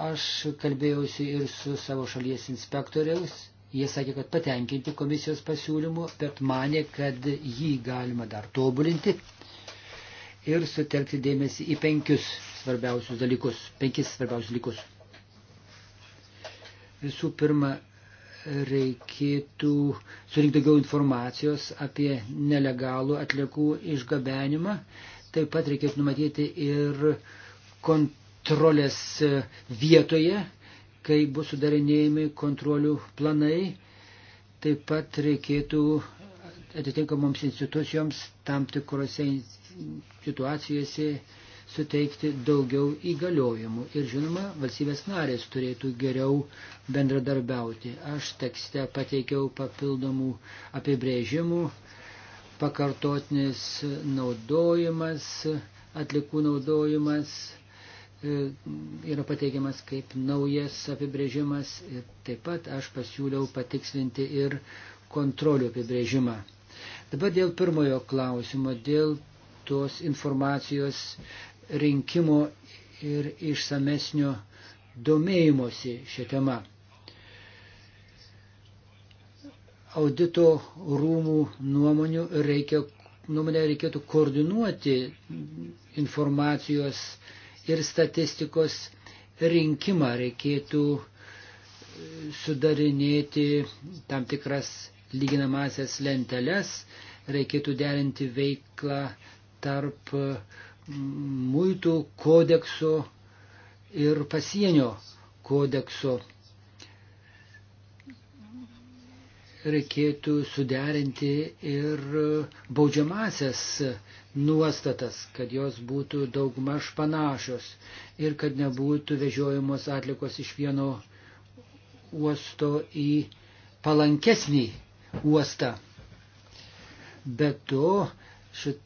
Aš kalbėjausi ir su savo šalies inspektoriaus. Jie sakė, kad patenkinti komisijos pasiūlymu, bet mane, kad jį galima dar tobulinti ir sutelkti dėmesį į penkius svarbiausius dalykus, penkis svarbiausius dalykus. Visų pirma, reikėtų surinkti daugiau informacijos apie nelegalų atliekų išgabenimą. Taip pat reikėtų numatyti ir kontrolės vietoje, kai bus sudarinėjami kontrolių planai. Taip pat reikėtų atitinkamoms institucijoms tam tikrose situacijose suteikti daugiau įgaliojimų. Ir žinoma, valstybės narės turėtų geriau bendradarbiauti. Aš tekste pateikiau papildomų apibrėžimų, pakartotinis naudojimas, atlikų naudojimas e, yra pateikiamas kaip naujas apibrėžimas ir taip pat aš pasiūliau patikslinti ir kontrolių apibrėžimą. Dabar dėl pirmojo klausimo, dėl tos informacijos rinkimo ir išsamesnio domėjimosi šią temą. Audito rūmų nuomonių reikia, nuomonė reikėtų koordinuoti informacijos ir statistikos rinkimą, reikėtų e, sudarinėti tam tikras lyginamasias lenteles, reikėtų derinti veiklą tarp muitų kodekso ir pasienio kodekso. Reikėtų suderinti ir baudžiamasias nuostatas, kad jos būtų daugmaž panašios ir kad nebūtų vežiojamos atlikos iš vieno uosto į palankesnį uostą. Bet to šit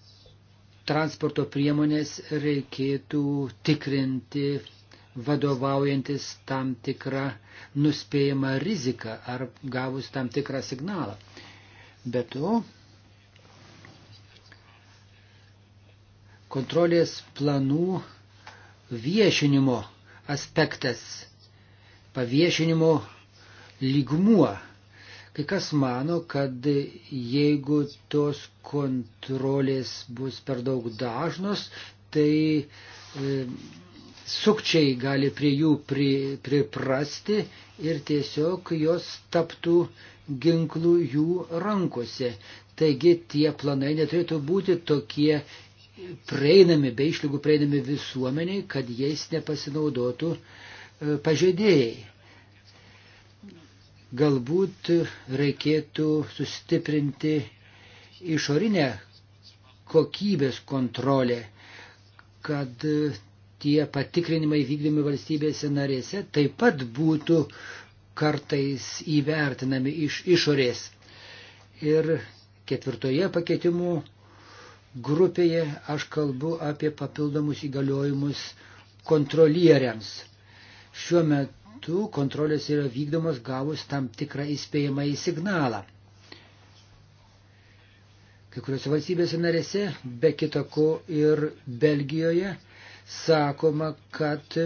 transporto priemonės reikėtų tikrinti vadovaujantis tam tikrą nuspėjimą riziką ar gavus tam tikrą signalą. Be to, kontrolės planų viešinimo aspektas, paviešinimo lygmuo Kai kas mano, kad jeigu tos kontrolės bus per daug dažnos, tai e, sukčiai gali prie jų pri, priprasti ir tiesiog jos taptų ginklų jų rankose. Taigi tie planai neturėtų būti tokie prieinami, be išlygų prieinami visuomeniai, kad jais nepasinaudotų e, pažeidėjai. Galbūt reikėtų sustiprinti išorinę kokybės kontrolę, kad tie patikrinimai vykdymi valstybėse narėse taip pat būtų kartais įvertinami iš išorės. Ir ketvirtoje pakeitimų grupėje aš kalbu apie papildomus įgaliojimus kontrolieriams. Šiuo metu metu kontrolės yra vykdomos gavus tam tikrą įspėjimąjį signalą. Kai kuriuose valstybėse narėse, be kitako ir Belgijoje, sakoma, kad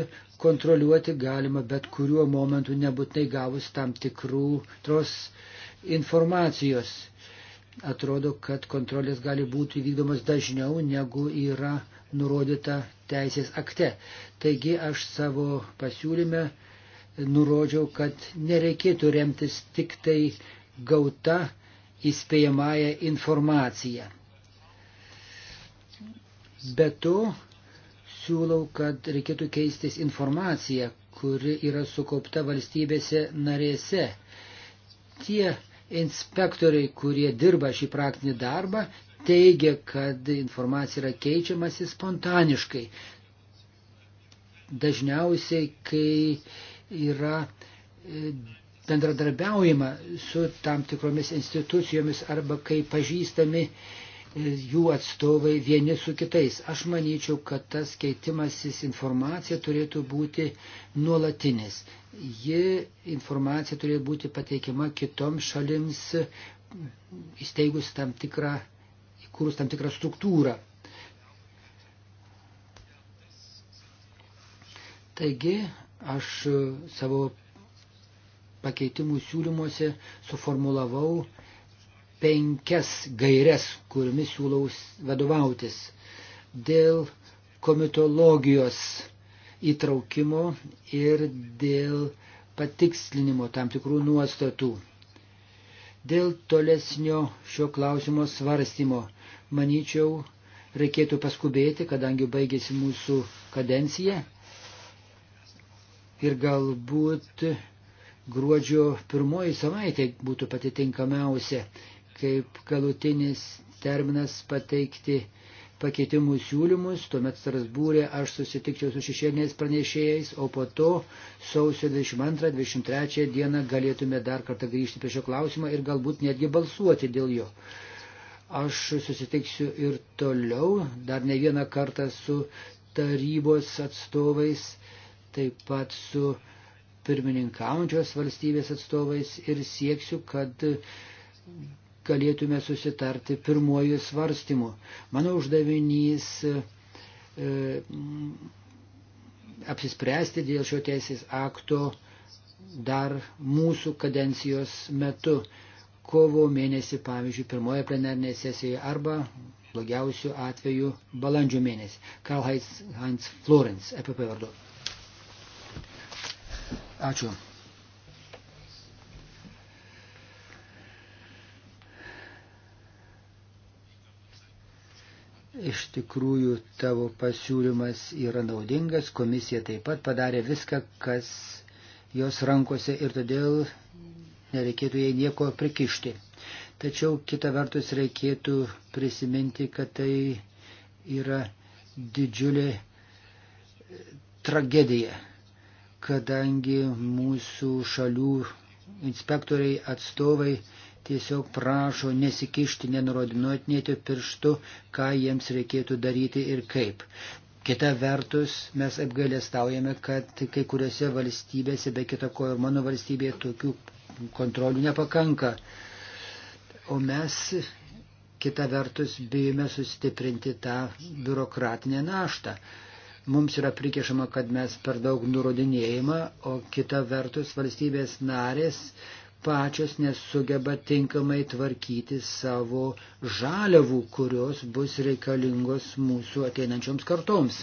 kontroliuoti galima bet kuriuo momentu nebūtinai gavus tam tikrų tros informacijos. Atrodo, kad kontrolės gali būti vykdomas dažniau negu yra nurodyta teisės akte. Taigi aš savo pasiūlyme nurodžiau, kad nereikėtų remtis tik tai gauta įspėjamąją informaciją. Be to, siūlau, kad reikėtų keistis informacija, kuri yra sukaupta valstybėse narėse. Tie inspektoriai, kurie dirba šį praktinį darbą, teigia, kad informacija yra keičiamasi spontaniškai. Dažniausiai, kai yra e, bendradarbiaujama su tam tikromis institucijomis arba kai pažįstami e, jų atstovai vieni su kitais. Aš manyčiau, kad tas keitimasis informacija turėtų būti nuolatinis. Ji informacija turėtų būti pateikiama kitoms šalims, įsteigus tam tikrą, įkūrus tam tikrą struktūrą. Taigi Aš e, savo pakeitimų siūlymuose suformulavau penkias gairias, kuriomis siūlau vadovautis. Dėl komitologijos įtraukimo ir dėl patikslinimo tam tikrų nuostatų. Dėl tolesnio šio klausimo svarstymo, manyčiau, reikėtų paskubėti, kadangi baigėsi mūsų kadencija ir galbūt gruodžio pirmoji savaitė būtų pati tinkamiausia, kaip galutinis terminas pateikti pakeitimų siūlymus, tuomet Strasbūrė aš susitikčiau su šešėliniais pranešėjais, o po to sausio 22-23 dieną galėtume dar kartą grįžti prie šio klausimo ir galbūt netgi balsuoti dėl jo. Aš susitiksiu ir toliau, dar ne vieną kartą su tarybos atstovais taip pat su pirmininkaujančios valstybės atstovais ir sieksiu, kad galėtume susitarti pirmojų svarstymų. Mano uždavinys e, apsispręsti dėl šio teisės akto dar mūsų kadencijos metu. Kovo mėnesį, pavyzdžiui, pirmoje plenarnėje sesijoje arba blogiausių atveju balandžio mėnesį. Karl Heinz Florence, EPP vardu. Ačiū. Iš tikrųjų, tavo pasiūlymas yra naudingas, komisija taip pat padarė viską, kas jos rankose ir todėl nereikėtų jai nieko prikišti. Tačiau kita vertus reikėtų prisiminti, kad tai yra didžiulė e, tragedija kadangi mūsų šalių inspektoriai, atstovai tiesiog prašo nesikišti, nenurodinėti pirštu, ką jiems reikėtų daryti ir kaip. Kita vertus, mes apgailestaujame, kad kai kuriuose valstybėse, be kita ko ir mano valstybėje, tokių kontrolių nepakanka. O mes, kita vertus, bijome sustiprinti tą biurokratinę naštą mums yra prikešama, kad mes per daug nurodinėjimą, o kita vertus valstybės narės pačios nesugeba tinkamai tvarkyti savo žaliavų, kurios bus reikalingos mūsų ateinančioms kartoms.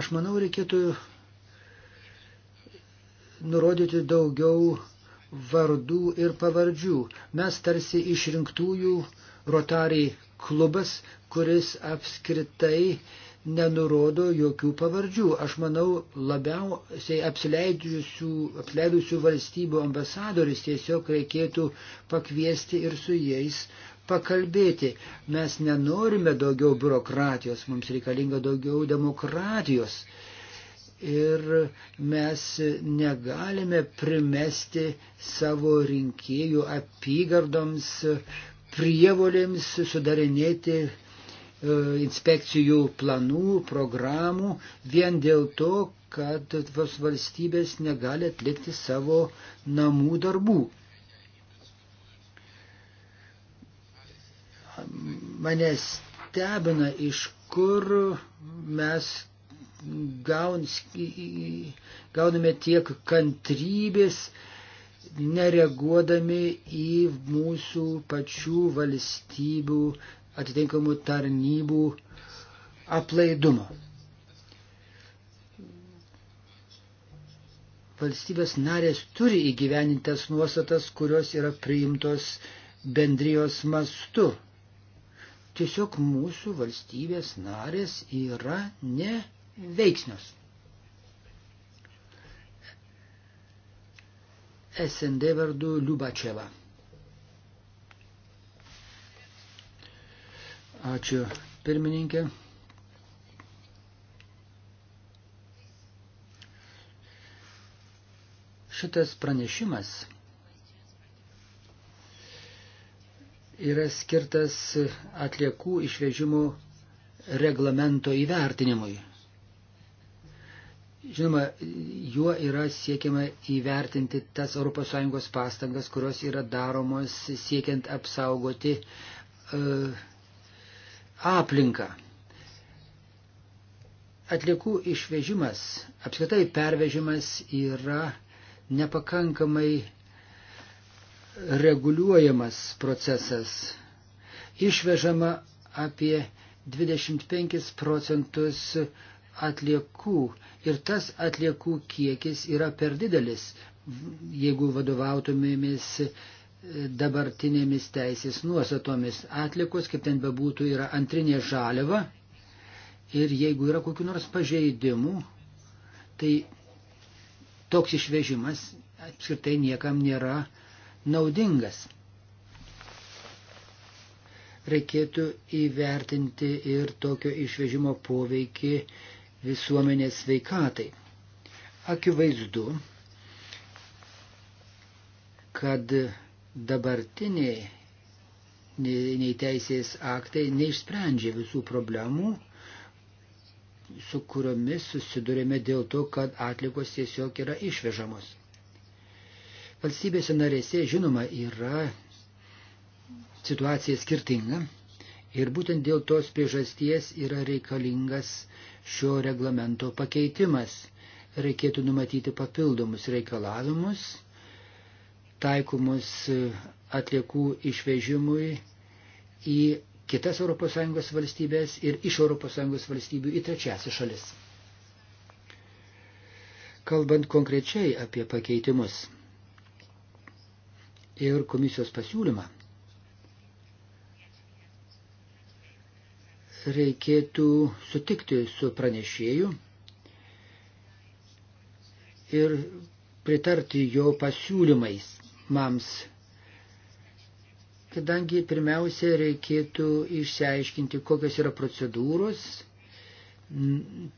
Aš manau, reikėtų nurodyti daugiau vardų ir pavardžių. Mes tarsi išrinktųjų Rotary klubas, kuris apskritai uh, nenurodo jokių pavardžių. Aš manau, labiausiai apsileidusių valstybių ambasadorius tiesiog reikėtų pakviesti ir su jais pakalbėti. Mes nenorime daugiau biurokratijos, mums reikalinga daugiau demokratijos. Ir mes negalime primesti savo rinkėjų apygardoms prievolėms sudarinėti E, inspekcijų planų, programų, vien dėl to, kad tos valstybės negali atlikti savo namų darbų. Mane stebina, iš kur mes gaun, gauname tiek kantrybės, nereaguodami į mūsų pačių valstybių atitinkamų tarnybų aplaidumo. Valstybės narės turi įgyvenintas nuostatas, kurios yra priimtos bendrijos mastu. Tiesiog mūsų valstybės narės yra neveiksnios. SND vardu Liubačeva. Ačiū pirmininkė. Šitas pranešimas yra skirtas atliekų išvežimų reglamento įvertinimui. Žinoma, juo yra siekiama įvertinti tas ES pastangas, kurios yra daromos siekiant apsaugoti uh, aplinką. Atliekų išvežimas, apskritai pervežimas yra nepakankamai reguliuojamas procesas. Išvežama apie 25 procentus atliekų ir tas atliekų kiekis yra per didelis, jeigu vadovautumėmės dabartinėmis teisės nuostatomis. Atlikos, kaip ten bebūtų, yra antrinė žaliava ir jeigu yra kokiu nors pažeidimu, tai toks išvežimas apskritai niekam nėra naudingas. Reikėtų įvertinti ir tokio išvežimo poveikį visuomenės sveikatai. Akivaizdu, kad dabartiniai nei teisės aktai neišsprendžia visų problemų, su kuriomis susidurėme dėl to, kad atlikos tiesiog yra išvežamos. Valstybėse narėse, žinoma, yra situacija skirtinga ir būtent dėl tos priežasties yra reikalingas šio reglamento pakeitimas. Reikėtų numatyti papildomus reikalavimus taikomus atliekų išvežimui į kitas ES valstybės ir iš ES valstybių į trečiasias šalis. Kalbant konkrečiai apie pakeitimus ir komisijos pasiūlymą, reikėtų sutikti su pranešėju ir pritarti jo pasiūlymais mams. Kadangi pirmiausia reikėtų išsiaiškinti, kokios yra procedūros,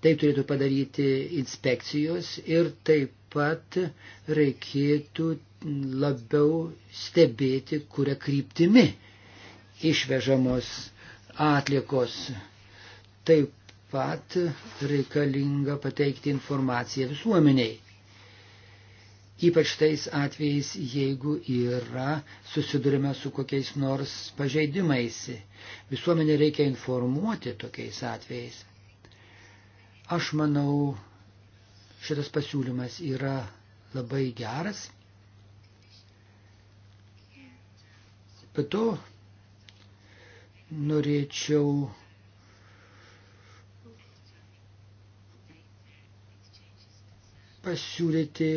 tai turėtų padaryti inspekcijos ir taip pat reikėtų labiau stebėti, kuria kryptimi išvežamos atlikos. Taip pat reikalinga pateikti informaciją visuomeniai ypač tais atvejais, jeigu yra susidurime su kokiais nors pažeidimais. Visuomenė reikia informuoti tokiais atvejais. Aš manau, šitas pasiūlymas yra labai geras. Bet to norėčiau pasiūlyti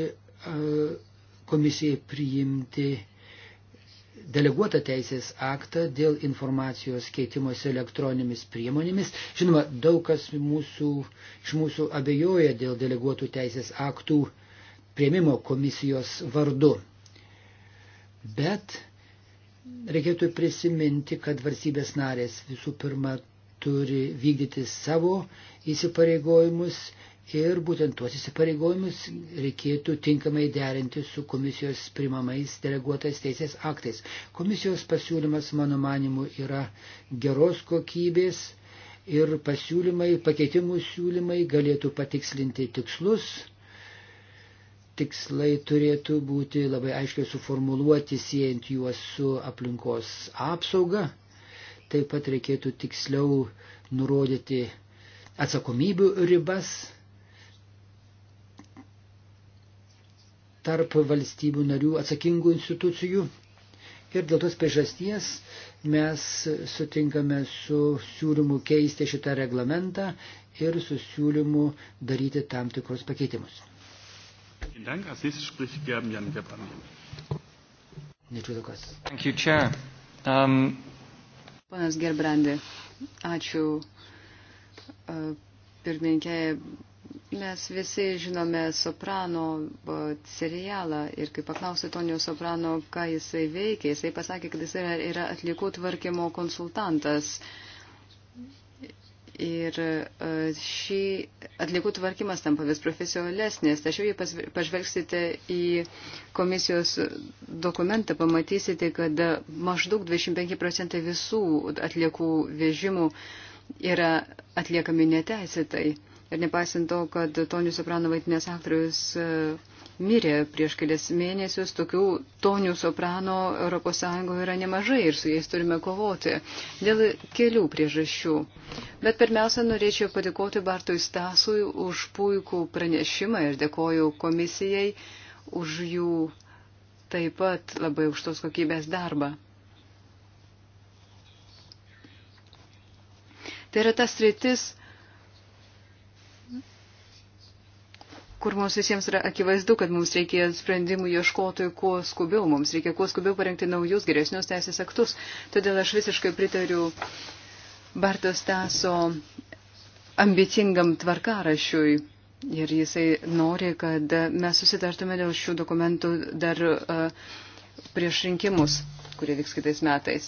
komisijai priimti deleguotą teisės aktą dėl informacijos keitimosi elektroninėmis priemonėmis. Žinoma, daug kas mūsų, iš mūsų abejoja dėl deleguotų teisės aktų prieimimo komisijos vardu. Bet reikėtų prisiminti, kad valstybės narės visų pirma turi vykdyti savo įsipareigojimus ir būtent tuos įsipareigojimus reikėtų tinkamai derinti su komisijos primamais deleguotais teisės aktais. Komisijos pasiūlymas, mano manimu, yra geros kokybės ir pasiūlymai, pakeitimų siūlymai galėtų patikslinti tikslus. Tikslai turėtų būti labai aiškiai suformuluoti, siejant juos su aplinkos apsauga. Taip pat reikėtų tiksliau nurodyti atsakomybių ribas tarp valstybių narių atsakingų institucijų. Ir dėl tos priežasties mes sutinkame su siūlymu keisti šitą reglamentą ir su siūlymu daryti tam tikrus pakeitimus. Um... Panas Gerbrandi, ačiū. Uh, pirmininkė Mes visi žinome Soprano e, serialą ir kai paklausė Tonio Soprano, ką jisai veikia, jisai pasakė, kad jisai yra atlikų tvarkymo konsultantas. Ir e, šį atlikų tvarkymas tampa vis profesionalesnis. Tačiau jei pažvelgsite į komisijos dokumentą, pamatysite, kad maždaug 25 procentai visų atliekų vežimų yra atliekami neteisėtai. Ir nepaisant to, kad Tonių Soprano vaidinės aktorius e, mirė prieš kelias mėnesius, tokių Tonių Soprano ES yra nemažai ir su jais turime kovoti dėl kelių priežasčių. Bet pirmiausia, norėčiau padėkoti Bartui Stasui už puikų pranešimą ir dėkoju komisijai už jų taip pat labai aukštos kokybės darbą. Tai yra tas rytis, kur mums visiems yra akivaizdu, kad mums reikia sprendimų ieškotojų kuo skubiau, mums reikia kuo skubiau parengti naujus, geresnius teisės aktus. Todėl aš visiškai pritariu Bartos Taso ambicingam tvarkarašiui. Ir jisai nori, kad mes susitartume dėl šių dokumentų dar uh, prieš rinkimus, kurie vyks kitais metais.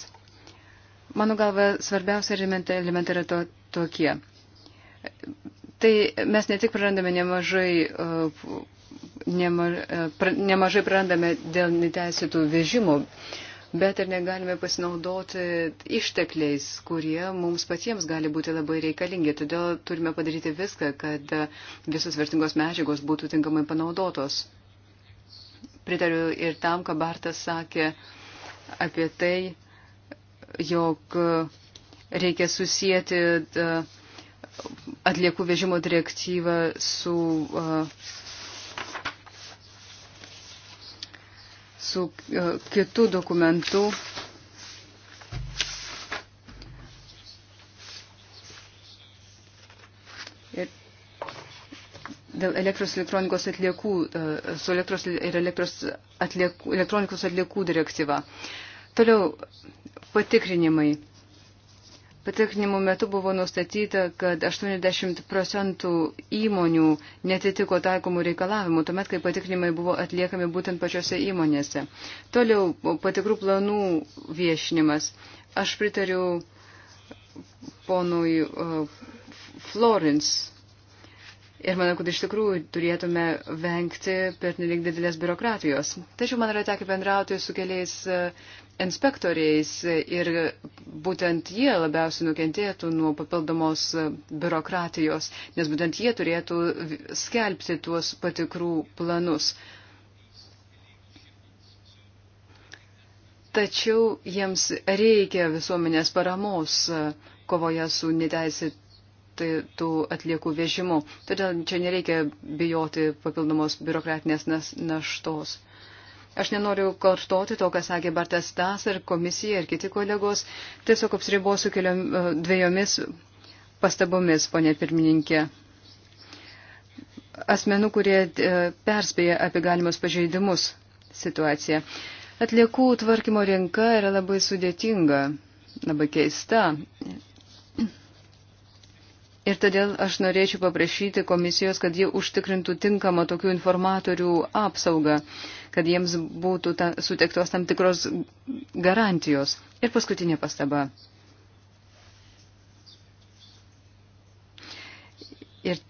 Mano galva, svarbiausia elementai yra to, tokie tai mes ne tik prarandame nemažai, uh, nema, uh, pra, nemažai prarandame dėl neteisėtų vežimų, bet ir negalime pasinaudoti ištekliais, kurie mums patiems gali būti labai reikalingi. Todėl turime padaryti viską, kad uh, visos vertingos medžiagos būtų tinkamai panaudotos. Pritariu ir tam, ką Bartas sakė apie tai, jog reikia susijęti. Uh, atliekų vežimo direktyvą su, su kitų dokumentų. Ir dėl elektros elektronikos atliekų, su elektros ir elektros atliekų, elektronikos atliekų direktyva. Toliau patikrinimai. Patikrinimų metu buvo nustatyta, kad 80 procentų įmonių netitiko taikomų reikalavimų, tuomet, kai patikrinimai buvo atliekami būtent pačiose įmonėse. Toliau patikrų planų viešinimas. Aš pritariu ponui uh, Florence. Ir manau, kad iš tikrųjų turėtume vengti per nelik didelės biurokratijos. Tačiau man yra tekę bendrauti su keliais uh, inspektoriais ir būtent jie labiausiai nukentėtų nuo papildomos biurokratijos, nes būtent jie turėtų skelbti tuos patikrų planus. Tačiau jiems reikia visuomenės paramos kovoje su neteisėtų atliekų vežimu. Todėl čia nereikia bijoti papildomos biurokratinės naštos. Nes Aš nenoriu kartoti to, ką sakė Bartas Tas ir komisija ir kiti kolegos. Tiesiog apsiribosiu keliom, e, dviejomis pastabomis, ponė pirmininkė. Asmenų, kurie e, perspėja apie galimus pažeidimus situaciją. Atliekų tvarkymo rinka yra labai sudėtinga, labai keista. Ir todėl aš norėčiau paprašyti komisijos, kad jie užtikrintų tinkamą tokių informatorių apsaugą, kad jiems būtų ta, sutektos tam tikros garantijos. Ir paskutinė pastaba. Ir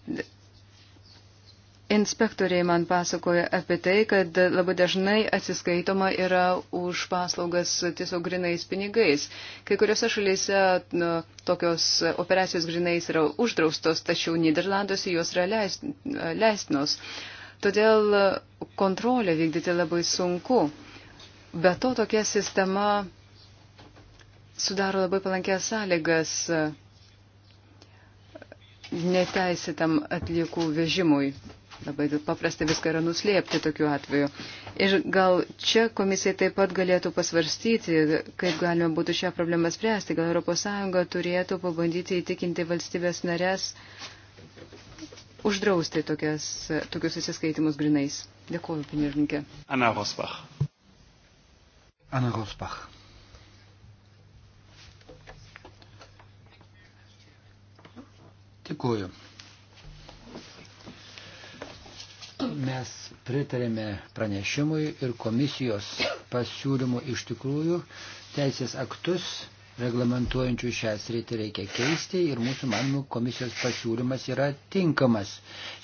Inspektoriai man pasakoja apie tai, kad labai dažnai atsiskaitoma yra už paslaugas tiesiog grinais pinigais. Kai kuriuose šalyse nu, tokios operacijos grinais yra uždraustos, tačiau Niderlanduose jos yra leist, leistinos. Todėl kontrolę vykdyti labai sunku. Be to tokia sistema sudaro labai palankęs sąlygas neteisėtam atliekų vežimui Labai paprasta viską yra nuslėpti tokiu atveju. Ir gal čia komisija taip pat galėtų pasvarstyti, kaip galima būtų šią problemą spręsti. Gal ES turėtų pabandyti įtikinti valstybės narės uždrausti tokias, tokius atsiskaitimus grinais. Dėkuoju, pinirininkė. Ana Rosbach. Ana Rosbach. Dėkuoju. Mes pritarėme pranešimui ir komisijos pasiūlymų iš tikrųjų teisės aktus reglamentuojančių šią sritį reikia keisti ir mūsų manimų komisijos pasiūlymas yra tinkamas.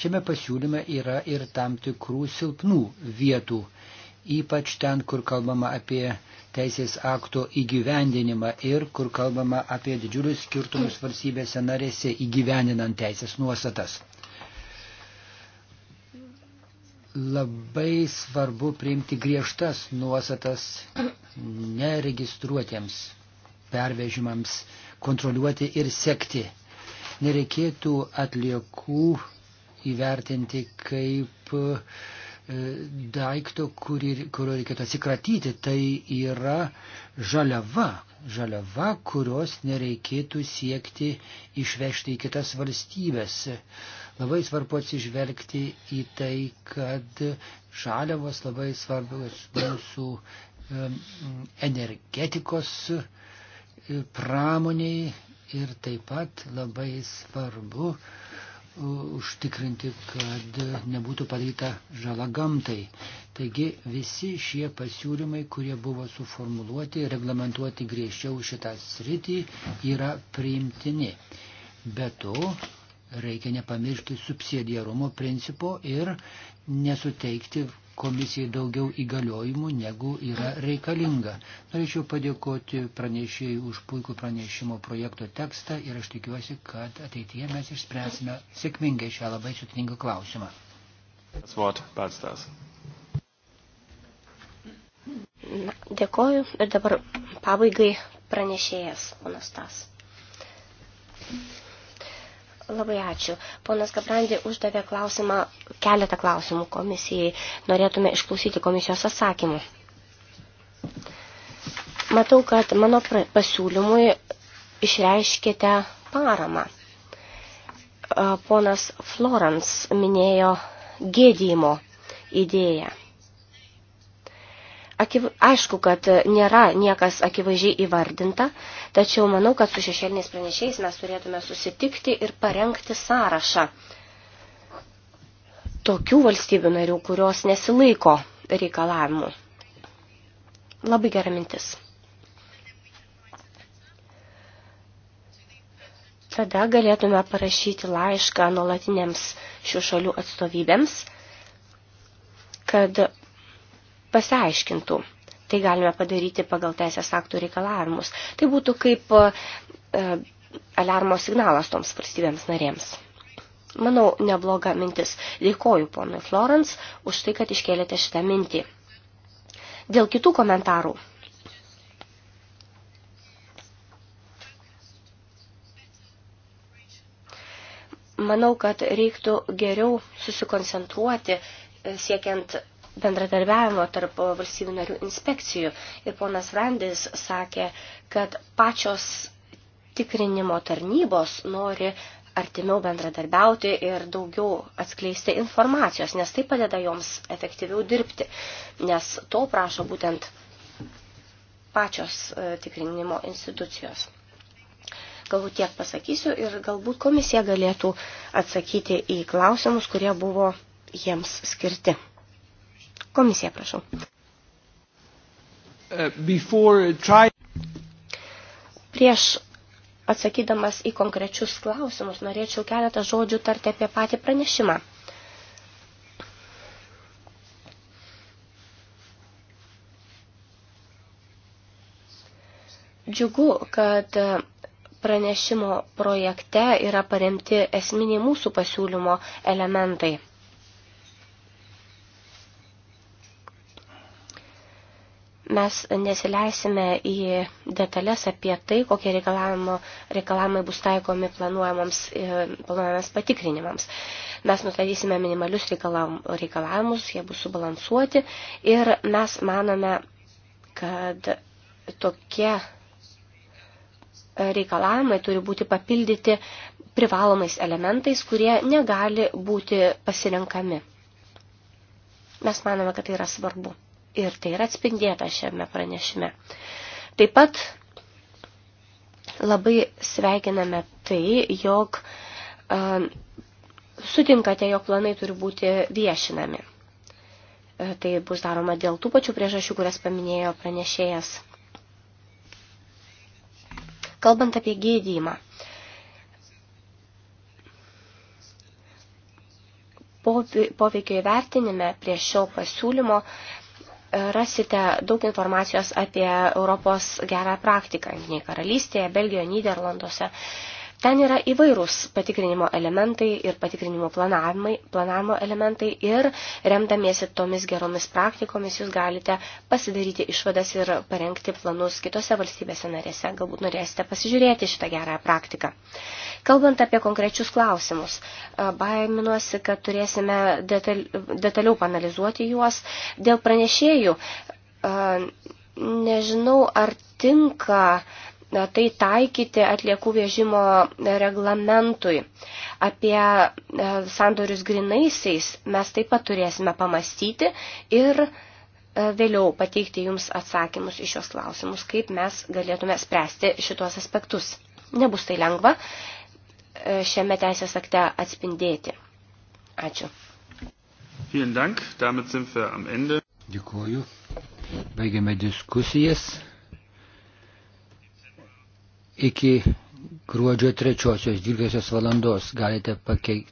Šiame pasiūlyme yra ir tam tikrų silpnų vietų, ypač ten, kur kalbama apie teisės akto įgyvendinimą ir kur kalbama apie didžiulius skirtumus valstybėse narėse įgyvendinant teisės nuostatas labai svarbu priimti griežtas nuostatas neregistruotiems pervežimams kontroliuoti ir sekti. Nereikėtų atliekų įvertinti kaip e, daikto, kurio reikėtų atsikratyti. Tai yra žaliava, žaliava, kurios nereikėtų siekti išvežti į kitas valstybės. Labai svarbu atsižvelgti į tai, kad žaliavos labai svarbios mūsų energetikos e, pramoniai ir taip pat labai svarbu užtikrinti, kad nebūtų padaryta žala gamtai. Taigi visi šie pasiūlymai, kurie buvo suformuluoti, reglamentuoti griežčiau šitą sritį, yra priimtini. Be to, reikia nepamiršti subsidiarumo principo ir nesuteikti komisijai daugiau įgaliojimų, negu yra reikalinga. Norėčiau padėkoti pranešėjai už puikų pranešimo projekto tekstą ir aš tikiuosi, kad ateityje mes išspręsime sėkmingai šią labai sudėtingą klausimą. Na, dėkoju ir dabar pabaigai pranešėjas, ponas Tas. Thank you. Labai ačiū. Ponas Kaprandi uždavė klausimą, keletą klausimų komisijai. Norėtume išklausyti komisijos atsakymų. Matau, kad mano pasiūlymui išreiškite paramą. Ponas Florence minėjo gėdymo idėją akiv... aišku, kad nėra niekas akivaizdžiai įvardinta, tačiau manau, kad su šešėliniais pranešėjais mes turėtume susitikti ir parengti sąrašą tokių valstybių narių, kurios nesilaiko reikalavimų. Labai gera mintis. Tada galėtume parašyti laišką nuolatiniams šių šalių atstovybėms, kad pasiaiškintų. Tai galime padaryti pagal teisės aktų reikalavimus. Tai būtų kaip e, aliarmo signalas toms valstybėms narėms. Manau, nebloga mintis. Dėkoju ponui Florence už tai, kad iškėlėte šitą mintį. Dėl kitų komentarų. Manau, kad reiktų geriau susikoncentruoti e, siekiant bendradarbiavimo tarp valstybių narių inspekcijų. Ir ponas Vrandis sakė, kad pačios tikrinimo tarnybos nori artimiau bendradarbiauti ir daugiau atskleisti informacijos, nes tai padeda joms efektyviau dirbti, nes to prašo būtent pačios e, tikrinimo institucijos. Galbūt tiek pasakysiu ir galbūt komisija galėtų atsakyti į klausimus, kurie buvo jiems skirti. Komisija, prašau. Uh, uh, Prieš atsakydamas į konkrečius klausimus, norėčiau keletą žodžių tarti apie patį pranešimą. Džiugu, kad pranešimo projekte yra paremti esminiai mūsų pasiūlymo elementai – Mes nesileisime į detalės apie tai, kokie reikalavimai bus taikomi planuojamams, e, planuojamams patikrinimams. Mes nustatysime minimalius reikalavimus, jie bus subalansuoti ir mes manome, kad tokie e, reikalavimai turi būti papildyti privalomais elementais, kurie negali būti pasirenkami. Mes manome, kad tai yra svarbu. Ir tai yra atspindėta šiame pranešime. Taip pat labai sveikiname tai, jog a, sutinkate, jog planai turi būti viešinami. A, tai bus daroma dėl tų pačių priežasčių, kurias paminėjo pranešėjas. Kalbant apie gėdymą. Poveikio įvertinime prie šio pasiūlymo rasite daug informacijos apie Europos gerą praktiką, Jungtinėje karalystėje, Belgijoje, Niderlanduose. Ten yra įvairūs patikrinimo elementai ir patikrinimo planavimo elementai ir remdamiesi tomis geromis praktikomis jūs galite pasidaryti išvadas ir parengti planus kitose valstybėse narėse. Galbūt norėsite pasižiūrėti šitą gerą praktiką. Kalbant apie konkrečius klausimus, baiminuosi, kad turėsime detal, detaliau panalizuoti juos. Dėl pranešėjų, nežinau, ar tinka tai taikyti atliekų vežimo reglamentui. Apie e, sandorius grinaisiais mes taip pat turėsime pamastyti ir e, vėliau pateikti jums atsakymus iš šios klausimus, kaip mes galėtume spręsti šitos aspektus. Nebus tai lengva e, šiame teisės akte atspindėti. Ačiū. Vielen Dank, damit sind wir am Ende. Dėkuoju. Baigiame diskusijas iki gruodžio 3-12 valandos galite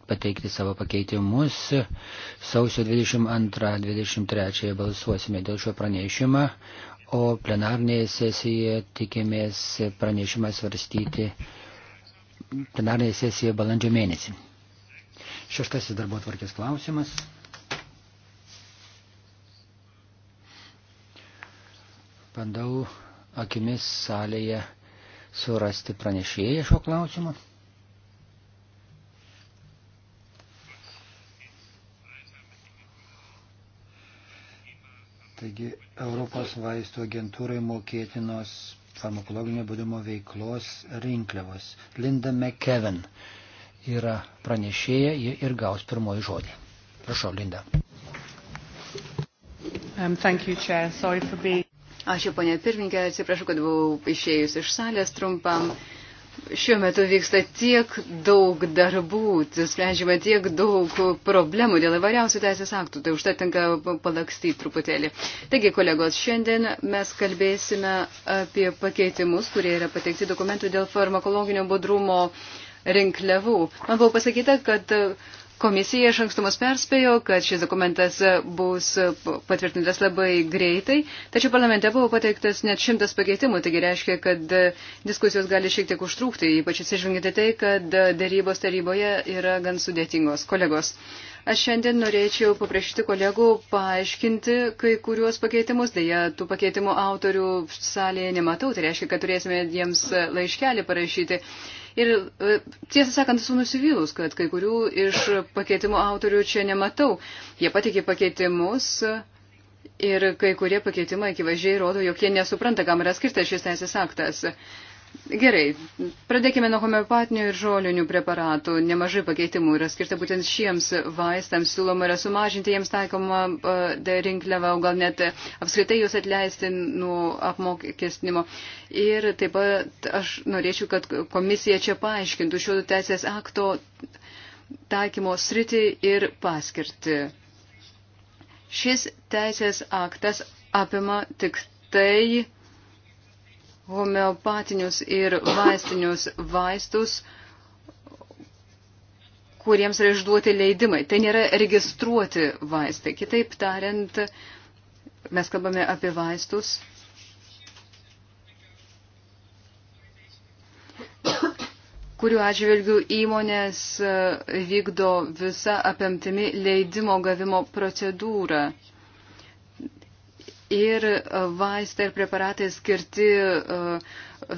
pateikti savo pakeitimus. Sausio 22-23 balsuosime dėl šio pranešimą, o plenarnėje sesijoje tikimės pranešimą svarstyti plenarnėje sesijoje balandžio mėnesį. Šeštasis darbo tvarkės klausimas. Bandau akimis salėje surasti pranešėją šio klausimo. Taigi Europos vaistų agentūrai mokėtinos farmakologinio būdimo veiklos rinkliavos. Linda McKevin yra pranešėja ir gaus pirmoji žodį. Prašau, Linda. Um, thank you, Chair. Sorry for being... Ačiū, ponė pirmininkė, atsiprašau, kad buvau išėjus iš salės trumpam. Šiuo metu vyksta tiek daug darbų, sprendžiama tiek daug problemų dėl įvairiausių teisės aktų, tai užtat tenka palakstyti truputėlį. Taigi, kolegos, šiandien mes kalbėsime apie pakeitimus, kurie yra pateikti dokumentų dėl farmakologinio budrumo rinkliavų. Man buvo pasakyta, kad uh, Komisija iš ankstumas perspėjo, kad šis dokumentas bus patvirtintas labai greitai, tačiau parlamente buvo pateiktas net šimtas pakeitimų, taigi reiškia, kad diskusijos gali šiek tiek užtrūkti, ypač atsižvengite tai, kad darybos taryboje yra gan sudėtingos. Kolegos, aš šiandien norėčiau paprašyti kolegų paaiškinti kai kuriuos pakeitimus, dėja tų pakeitimų autorių salėje nematau, tai reiškia, kad turėsime jiems laiškelį parašyti. Ir e, tiesą sakant, esu nusivylus, kad kai kurių iš pakeitimų autorių čia nematau. Jie patikė pakeitimus. Ir kai kurie pakeitimai akivaizdžiai rodo, jog jie nesupranta, kam yra skirtas šis teisės aktas. Gerai, pradėkime nuo homeopatinių ir žolinių preparatų. Nemažai pakeitimų yra skirta būtent šiems vaistams. Siūloma yra sumažinti jiems taikomą e, rinkliavą, gal net apskritai jūs atleisti nuo apmokestinimo. Ir taip pat aš norėčiau, kad komisija čia paaiškintų šio teisės akto taikymo sritį ir paskirti. Šis teisės aktas apima tik tai homeopatinius ir vaistinius vaistus, kuriems yra išduoti leidimai. Tai nėra registruoti vaistai. Kitaip tariant, mes kalbame apie vaistus. kuriuo atžvilgiu įmonės vykdo visą apimtimi leidimo gavimo procedūrą ir vaistai ir preparatai skirti e,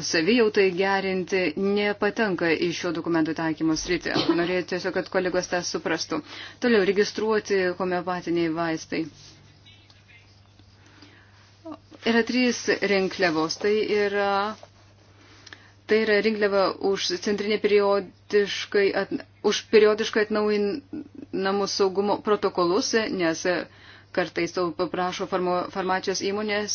savijautai gerinti nepatenka į šio dokumento taikymo sritį. Norėjau tiesiog, kad kolegos tą suprastų. Toliau registruoti homeopatiniai vaistai. Yra trys rinkliavos. Tai yra, tai yra rinkliava už centrinė periodiškai, at, už periodiškai atnaujinamus saugumo protokolus, nes uh, kartais to paprašo farmacijos įmonės.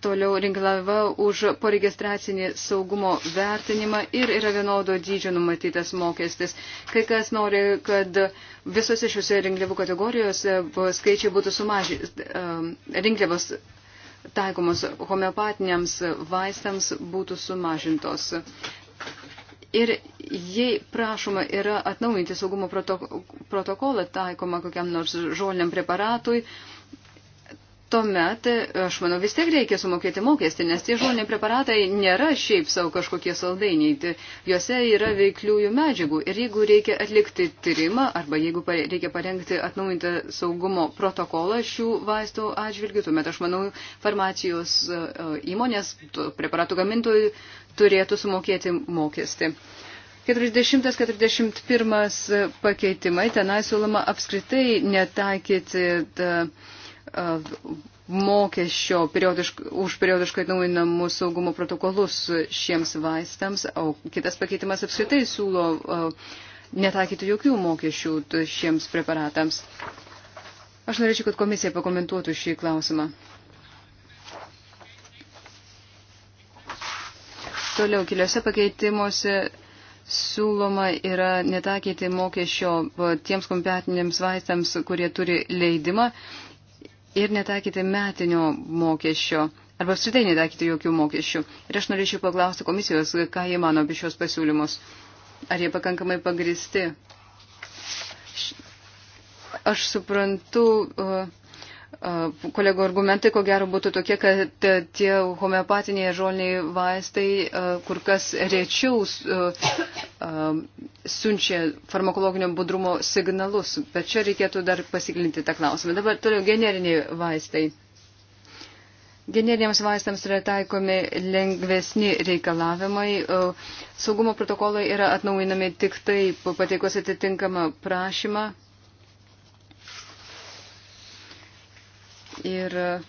Toliau rinklava už poregistracinį saugumo vertinimą ir yra vienodo dydžio numatytas mokestis. Kai kas nori, kad visose šiuose rinkliavų kategorijose skaičiai būtų sumažinti, um, rinkliavos taikomos homeopatiniams vaistams būtų sumažintos. Ir jei prašoma yra atnaujinti saugumo protokolą taikomą kokiam nors žoliniam preparatui, tuomet, aš manau, vis tiek reikia sumokėti mokestį, nes tie žoliniai preparatai nėra šiaip savo kažkokie saldainiai, tai juose yra veikliųjų medžiagų. Ir jeigu reikia atlikti tyrimą arba jeigu reikia parengti atnaujintą saugumo protokolą šių vaistų atžvilgių, tuomet aš manau, farmacijos e, įmonės, preparatų gamintojų turėtų sumokėti mokestį. 40-41 pakeitimai tenai siūloma apskritai netaikyti da, mokesčio periodišk, už periodiškai atnaujinamus saugumo protokolus šiems vaistams, o kitas pakeitimas apskritai siūlo netaikyti jokių mokesčių šiems preparatams. Aš norėčiau, kad komisija pakomentuotų šį klausimą. Toliau keliose pakeitimuose siūloma yra netakyti mokesčio tiems kompetiniams vaistams, kurie turi leidimą ir netakyti metinio mokesčio. Arba apskritai netakyti jokių mokesčių. Ir aš norėčiau paklausti komisijos, ką jie mano apie šios pasiūlymus. Ar jie pakankamai pagristi? Aš suprantu. Uh, Kolego argumentai, ko gero, būtų tokie, kad tie homeopatiniai žoliniai vaistai kur kas rečiau siunčia farmakologinio budrumo signalus, bet čia reikėtų dar pasiglinti tą klausimą. Dabar toliau generiniai vaistai. Generiniams vaistams yra taikomi lengvesni reikalavimai. Saugumo protokolai yra atnaujinami tik taip pateikus atitinkamą prašymą. Ir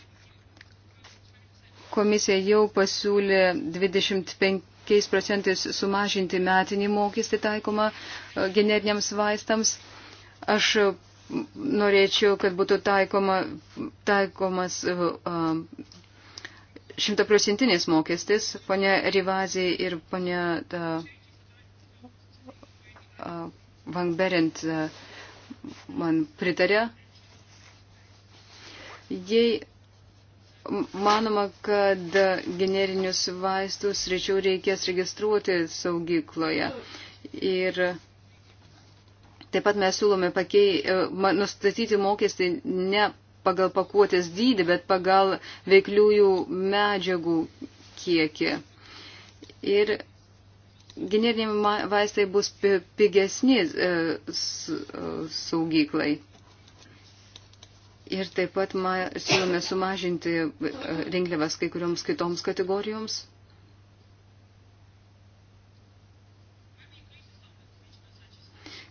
komisija jau pasiūlė 25 procentais sumažinti metinį mokestį taikomą e, generiniams vaistams. Aš norėčiau, kad būtų taikoma, taikomas e, šimtaprocentinis mokestis. Pone Rivazė ir pone Vangberint e, man pritarė Jei manoma, kad generinius vaistus rečiau reikės registruoti saugykloje. Ir taip pat mes siūlome pakei, e, nustatyti mokestį ne pagal pakuotės dydį, bet pagal veikliųjų medžiagų kiekį. Ir generiniai vaistai bus pigesni e, e, saugyklai. Ir taip pat ma, siūlome sumažinti e, rinkliavas kai kurioms kitoms kategorijoms.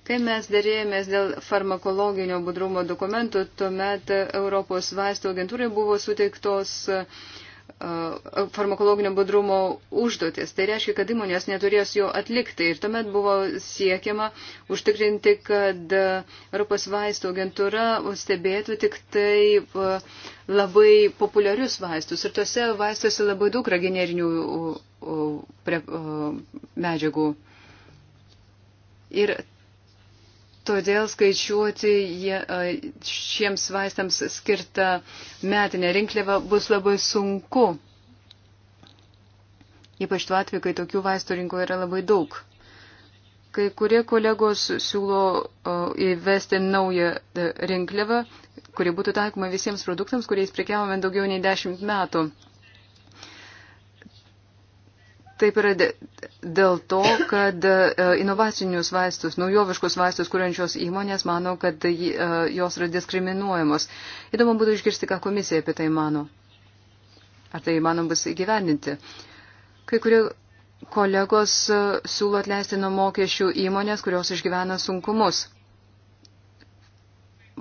Kai mes dėrėjomės dėl farmakologinio budrumo dokumentų, tuomet Europos vaistų agentūrai buvo suteiktos uh, E, farmakologinio budrumo užduotis. Tai reiškia, kad įmonės neturės jo atlikti. Ir tuomet buvo siekiama užtikrinti, kad Europos vaistų agentūra stebėtų tik tai e, labai populiarius vaistus. Ir tuose vaistuose labai daug yra generinių e, medžiagų. Ir todėl skaičiuoti jie, šiems vaistams skirtą metinę rinkliavą bus labai sunku. Ypač tuo atveju, kai tokių vaistų rinkoje yra labai daug. Kai kurie kolegos siūlo įvesti naują e, rinkliavą, kuri būtų taikoma visiems produktams, kuriais prekiavome daugiau nei dešimt metų. Taip yra dėl to, kad e, inovacinius vaistus, naujoviškus vaistus kuriančios įmonės mano, kad e, jos yra diskriminuojamos. Įdomu būtų išgirsti, ką komisija apie tai mano. Ar tai įmanom bus įgyvendinti. Kai kurie kolegos e, siūlo atleisti nuo mokesčių įmonės, kurios išgyvena sunkumus.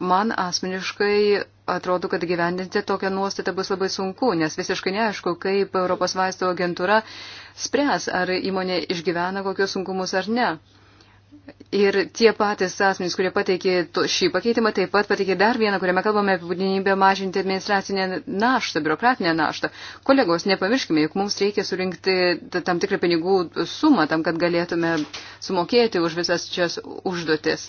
Man asmeniškai atrodo, kad gyvendinti tokią nuostatą bus labai sunku, nes visiškai neaišku, kaip Europos vaisto agentūra spręs, ar įmonė išgyvena kokius sunkumus ar ne. Ir tie patys asmenys, kurie pateikė šį pakeitimą, taip pat pateikė dar vieną, kuriame kalbame apie būtinybę mažinti administracinę naštą, biurokratinę naštą. Kolegos, nepamirškime, juk mums reikia surinkti tam tikrą pinigų sumą tam, kad galėtume sumokėti už visas šias užduotis.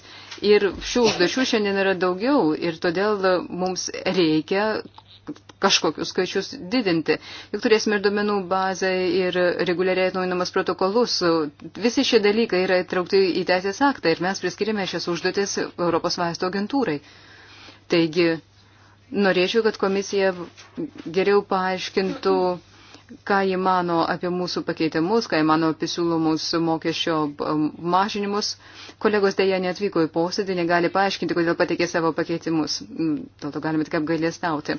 Ir šių užduočių šiandien yra daugiau ir todėl mums reikia kažkokius skaičius didinti. Juk turėsime ir domenų bazę ir reguliariai atnaujinamas protokolus. Visi šie dalykai yra įtraukti į teisės aktą ir mes priskirime šias užduotis Europos vaisto agentūrai. Taigi, norėčiau, kad komisija geriau paaiškintų ką jie mano apie mūsų pakeitimus, ką jie mano apie siūlomus mokesčio um, mažinimus. Kolegos dėja neatvyko į posėdį, negali paaiškinti, kodėl pateikė savo pakeitimus. Mm, dėl to galime tik apgailėstauti.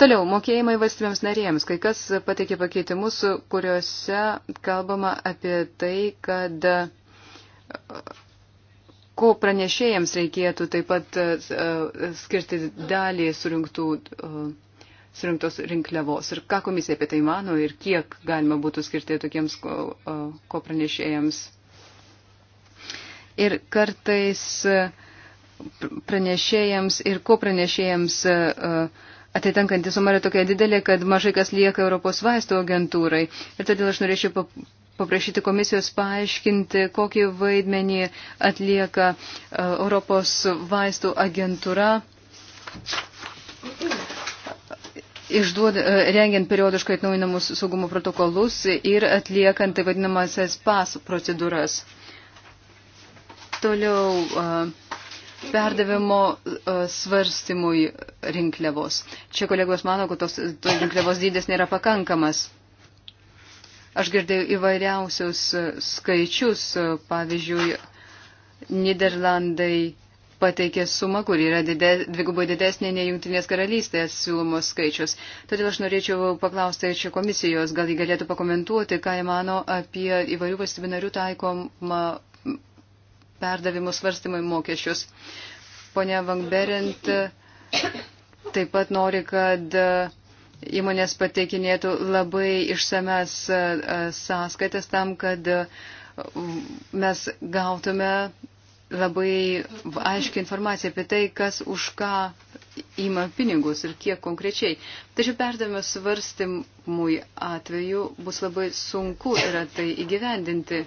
Toliau, mokėjimai valstybėms narėjams. Kai kas pateikė pakeitimus, kuriuose kalbama apie tai, kad uh, ko pranešėjams reikėtų taip pat uh, skirti dalį surinktų. Uh, surinktos rinkliavos ir ką komisija apie tai mano ir kiek galima būtų skirti tokiems kopranešėjams. Ko ir kartais e, pranešėjams ir kopranešėjams e, e, atitenkanti suma yra tokia didelė, kad mažai kas lieka Europos vaistų agentūrai. Ir todėl aš norėčiau paprašyti komisijos paaiškinti, kokį vaidmenį atlieka Europos vaistų agentūra išduod, e, rengiant periodiškai atnaujinamus saugumo protokolus ir atliekant tai vadinamasias pas procedūras. Toliau e, perdavimo e, svarstymui rinkliavos. Čia kolegos mano, kad tos to rinkliavos dydis nėra pakankamas. Aš girdėjau įvairiausius skaičius, pavyzdžiui, Niderlandai pateikė sumą, kur yra dide, dvigubai didesnė nei Junktinės karalystės siūlomos skaičius. Todėl aš norėčiau paklausti čia komisijos, gal jį galėtų pakomentuoti, ką jie mano apie įvairių valstybių narių taikomą perdavimų svarstymai mokesčius. Pone Vangberint taip pat nori, kad įmonės pateikinėtų labai išsames e, sąskaitas tam, kad e, mes gautume labai aiškiai informacija apie tai, kas už ką ima pinigus ir kiek konkrečiai. Tačiau perdavimo svarstymui atveju bus labai sunku yra tai įgyvendinti.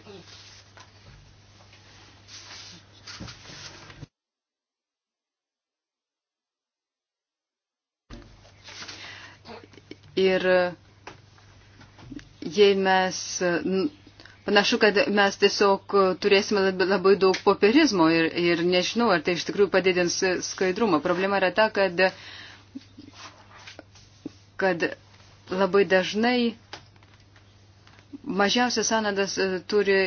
Ir jei mes Panašu, kad mes tiesiog turėsime labai daug popierizmo ir, ir nežinau, ar tai iš tikrųjų padidins skaidrumą. Problema yra ta, kad, kad labai dažnai mažiausias sąnadas e, turi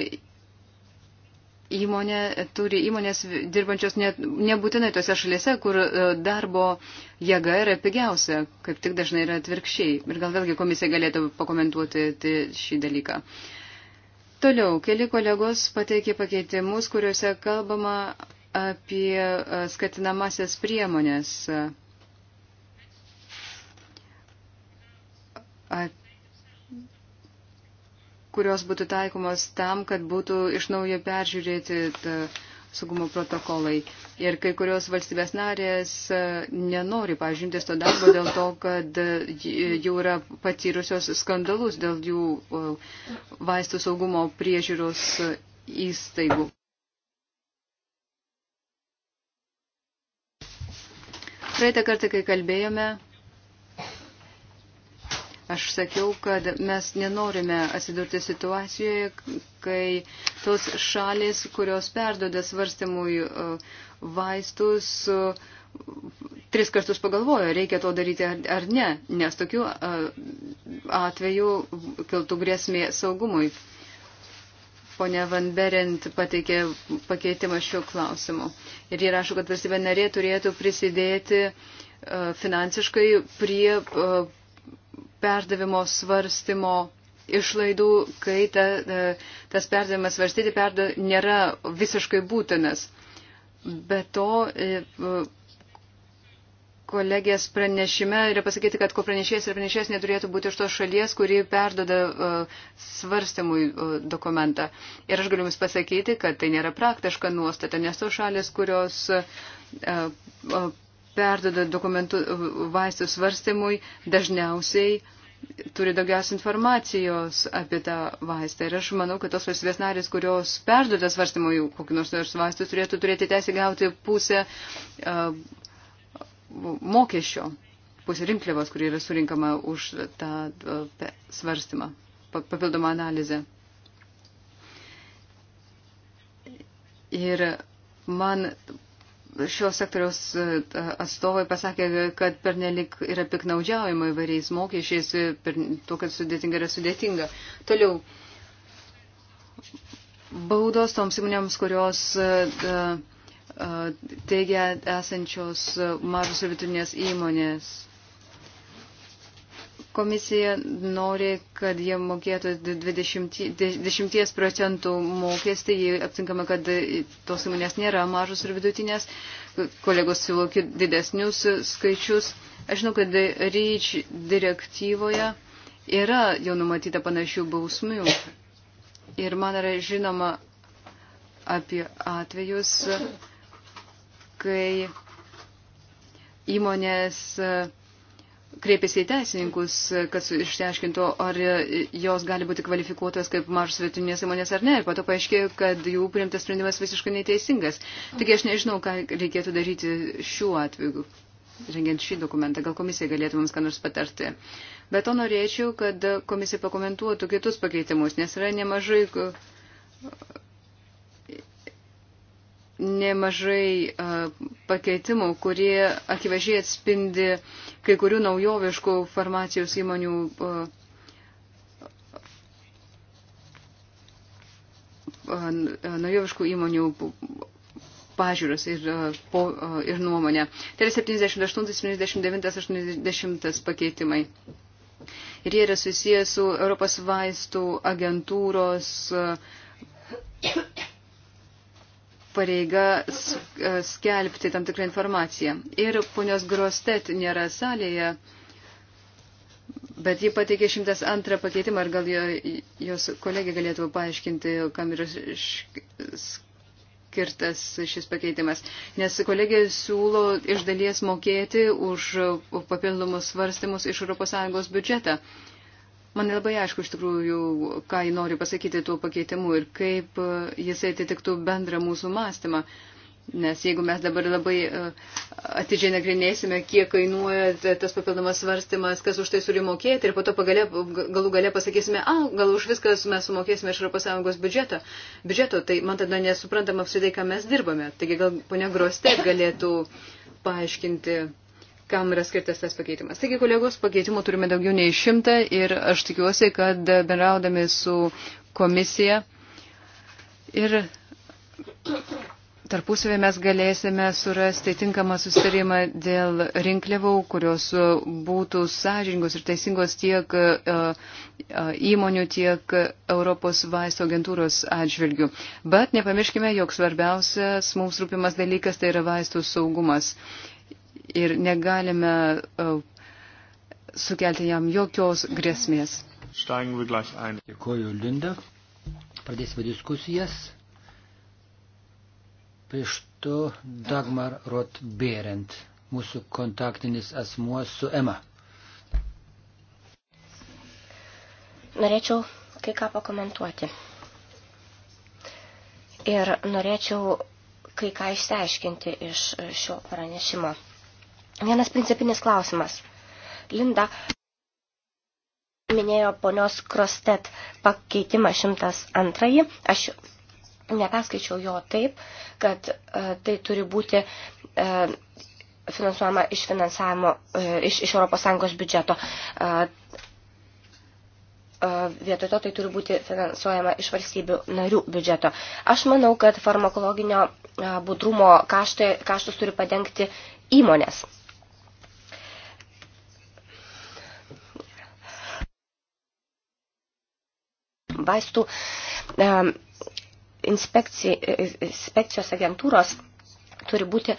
įmonė, turi įmonės dirbančios net, nebūtinai tose šalyse, kur e, darbo jėga yra pigiausia, kaip tik dažnai yra atvirkščiai. Ir gal vėlgi komisija galėtų pakomentuoti tai šį dalyką. Uh, Toliau, keli kolegos pateikė pakeitimus, kuriuose kalbama apie e, skatinamasias priemonės, kurios būtų taikomos tam, kad būtų iš naujo peržiūrėti. Ta, saugumo protokolai. Ir kai kurios valstybės narės e, nenori pažintis to darbo dėl to, kad e, jau yra patyrusios skandalus dėl jų e, vaistų saugumo priežiūros įstaigų. Praeitą kartą, kai kalbėjome, Aš sakiau, kad mes nenorime atsidurti situacijoje, kai tos šalis, kurios perdoda svarstymui e, vaistus, e, tris kartus pagalvojo, reikia to daryti ar, ar ne, nes tokiu e, atveju kiltų grėsmė saugumui. Pone Van Berent pateikė pakeitimą šiuo klausimu. Ir jie rašo, kad valstybė narė turėtų prisidėti finansiškai prie perdavimo svarstymo išlaidų, kai ta, e, tas perdavimas svarstyti perda, nėra visiškai būtinas. Be to, e, e, kolegės pranešime yra pasakyti, kad ko pranešėjas ir pranešėjas neturėtų būti iš tos šalies, kuri perdoda svarstymui dokumentą. Ir aš galiu Jums pasakyti, kad tai nėra praktiška nuostata, nes tos šalis, kurios perdoda dokumentų vaistų svarstymui, dažniausiai turi daugiausiai informacijos apie tą vaistą. Ir aš manau, kad tos valstybės narės, kurios perduoda svarstymui kokį nors nors vaistų, turėtų turėti teisę gauti pusę uh, mokesčio, pusę rinkliavos, kuri yra surinkama už tą uh, svarstymą, papildomą analizę. Ir man šios sektoriaus e, atstovai pasakė, kad pernelik yra piknaudžiaujama įvairiais mokesčiais, per to, kad sudėtinga yra sudėtinga. Toliau, baudos toms įmonėms, kurios e, e, teigia esančios mažos ir vidutinės įmonės. Komisija nori, kad jie mokėtų 20, 10 procentų mokestį, jei aptinkama, kad tos įmonės nėra mažos ir vidutinės, kolegos siūlo didesnius skaičius. Aš žinau, kad REACH direktyvoje yra jau numatyta panašių bausmių. Ir man yra žinoma apie atvejus, kai įmonės uh, kreipėsi į teisininkus, kad išteiškintų, ar jos gali būti kvalifikuotos kaip mažos vietinės įmonės ar ne. Ir pato paaiškėjo, kad jų priimtas sprendimas visiškai neteisingas. Tik aš nežinau, ką reikėtų daryti šiuo atveju, rengiant šį dokumentą. Gal komisija galėtų mums ką nors patarti. Bet to norėčiau, kad komisija pakomentuotų kitus pakeitimus, nes yra nemažai nemažai pakeitimų, kurie akivaizdžiai atspindi kai kurių naujoviškų farmacijos įmonių naujoviškų įmonių pažiūros ir, po, ir nuomonę. Tai yra 78, 79, 80 pakeitimai. Ir jie yra susijęs su Europos vaistų agentūros pareiga e, skelbti tam tikrą informaciją. Ir ponios Grostet nėra salėje, bet ji pateikė 102 pakeitimą ir gal jos kolegė galėtų paaiškinti, kam yra skirtas šis pakeitimas. Nes kolegė siūlo iš dalies mokėti už papildomus svarstymus iš ES biudžetą. Man labai aišku iš tikrųjų, ką jį nori pasakyti tuo pakeitimu ir kaip e, jisai atitiktų bendrą mūsų mąstymą. Nes jeigu mes dabar labai e, atidžiai nagrinėsime, kiek kainuoja tas papildomas svarstymas, kas už tai turi mokėti ir po to pagalė, galų gale pasakysime, a, gal už viskas mes sumokėsime iš Europos Sąjungos biudžeto, biudžeto, tai man tada nesuprantam apsidai, ką mes dirbame. Taigi gal ponia Grostet galėtų paaiškinti kam yra skirtas tas pakeitimas. Taigi, kolegos, pakeitimų turime daugiau nei šimtą ir aš tikiuosi, kad bendraudami su komisija ir tarpusavė mes galėsime surasti tinkamą sustarimą dėl rinkliavų, kurios būtų sąžingos ir teisingos tiek e, e, įmonių, tiek Europos vaisto agentūros atžvilgių. Bet nepamirškime, jog svarbiausias mums rūpimas dalykas tai yra vaistų saugumas ir negalime e, sukelti jam jokios grėsmės. Dėkoju, Linda. Pradėsime diskusijas. Prieš to Dagmar Rotberent, mūsų kontaktinis asmuo su Ema. Norėčiau kai ką pakomentuoti. Ir norėčiau kai ką išsiaiškinti iš šio pranešimo. Vienas principinis klausimas. Linda minėjo ponios Krostet pakeitimą 102. Aš neperskaičiau jo taip, kad e, tai turi būti e, finansuojama iš finansavimo, e, iš, iš ES biudžeto. E, e, Vietoj to tai turi būti finansuojama iš valstybių narių biudžeto. Aš manau, kad farmakologinio e, budrumo kaštai, kaštus turi padengti įmonės. vaistų inspekcijos agentūros turi būti.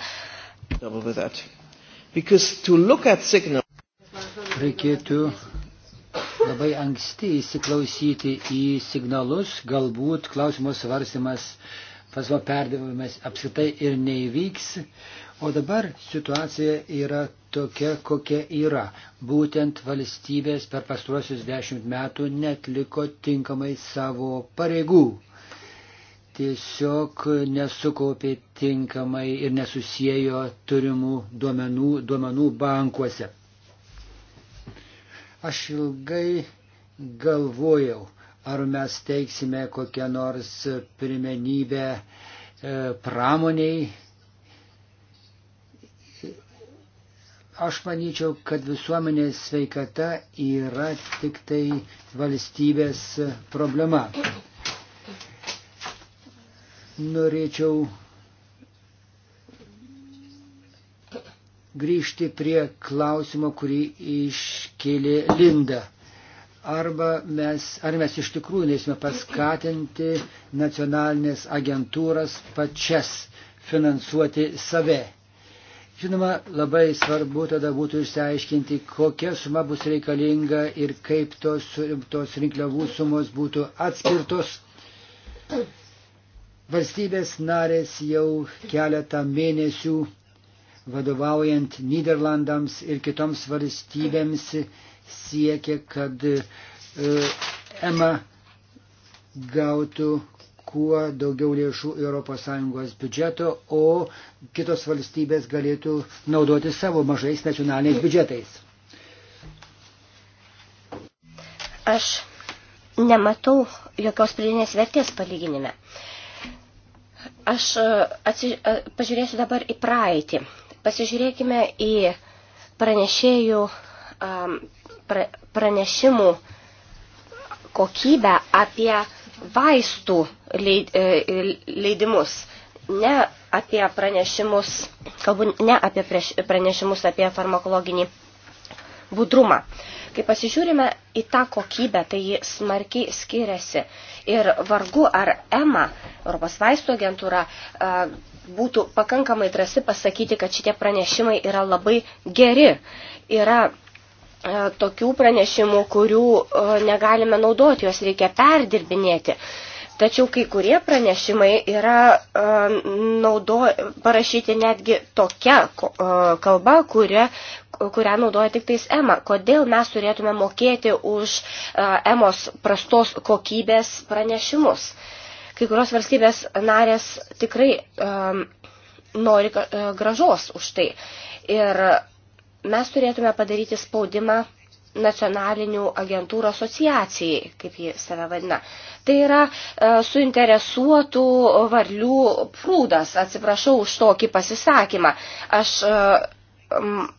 Reikėtų labai anksti įsiklausyti į signalus, galbūt klausimo svarstymas, pasvo perdavimas apskritai ir neįvyks, O dabar situacija yra tokia, kokia yra. Būtent valstybės per pastruosius dešimt metų netliko tinkamai savo pareigų. Tiesiog nesukaupė tinkamai ir nesusijėjo turimų duomenų, duomenų bankuose. Aš ilgai galvojau, ar mes teiksime kokią nors pirmenybę e, pramoniai, Aš manyčiau, kad visuomenės sveikata yra tik tai valstybės problema. Norėčiau grįžti prie klausimo, kurį iškėlė Linda. Arba mes, ar mes iš tikrųjų neįsime paskatinti nacionalinės agentūras pačias finansuoti save. Žinoma, labai svarbu tada būtų išsiaiškinti, kokia suma bus reikalinga ir kaip tos, tos rinkliavų sumos būtų atskirtos. Valstybės narės jau keletą mėnesių vadovaujant Niderlandams ir kitoms valstybėms siekia, kad e, EMA gautų kuo daugiau lėšų ES biudžeto, o kitos valstybės galėtų naudoti savo mažais nacionaliniais biudžetais. Aš nematau jokios pridinės vertės palyginime. Aš e, atsiž... E, pažiūrėsiu dabar į praeitį. Pasižiūrėkime į pranešėjų pra... pranešimų kokybę apie vaistų e, leidimus, ne apie pranešimus, kalbu ne apie pranešimus apie farmakologinį budrumą. Kai pasižiūrime į tą kokybę, tai ji smarkiai skiriasi. Ir vargu ar EMA, Europos vaistų agentūra, e, būtų pakankamai drasi pasakyti, kad šitie pranešimai yra labai geri. Yra E, tokių pranešimų, kurių e, negalime naudoti, juos reikia perdirbinėti. Tačiau kai kurie pranešimai yra e, naudo, parašyti netgi tokia kalba, kuria, kurią naudoja tik tais EMA. Kodėl mes turėtume mokėti už EMOS prastos kokybės pranešimus? Kai kurios valstybės narės tikrai um, nori gražos už tai. Ir mes turėtume padaryti spaudimą nacionalinių agentūrų asociacijai, kaip ji save vadina. Tai yra e, suinteresuotų varlių prūdas, atsiprašau už tokį pasisakymą. Aš e, m,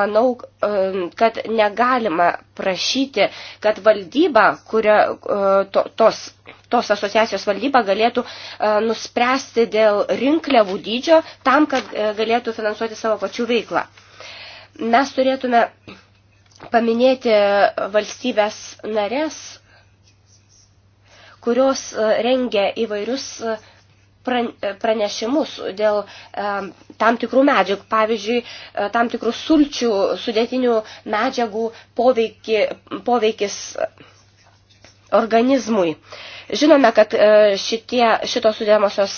manau, e, kad negalima prašyti, kad valdyba, kurio, e, to, tos, tos asociacijos valdyba galėtų e, nuspręsti dėl rinkliavų dydžio tam, kad galėtų finansuoti savo pačių veiklą. Mes turėtume paminėti valstybės narės, kurios e, rengia įvairius e, e, pranešimus dėl tam tikrų medžiagų, pavyzdžiui, tam tikrų sulčių, sudėtinių medžiagų poveiki, poveikis organizmui. Žinome, kad šitie, šitos sudėmosios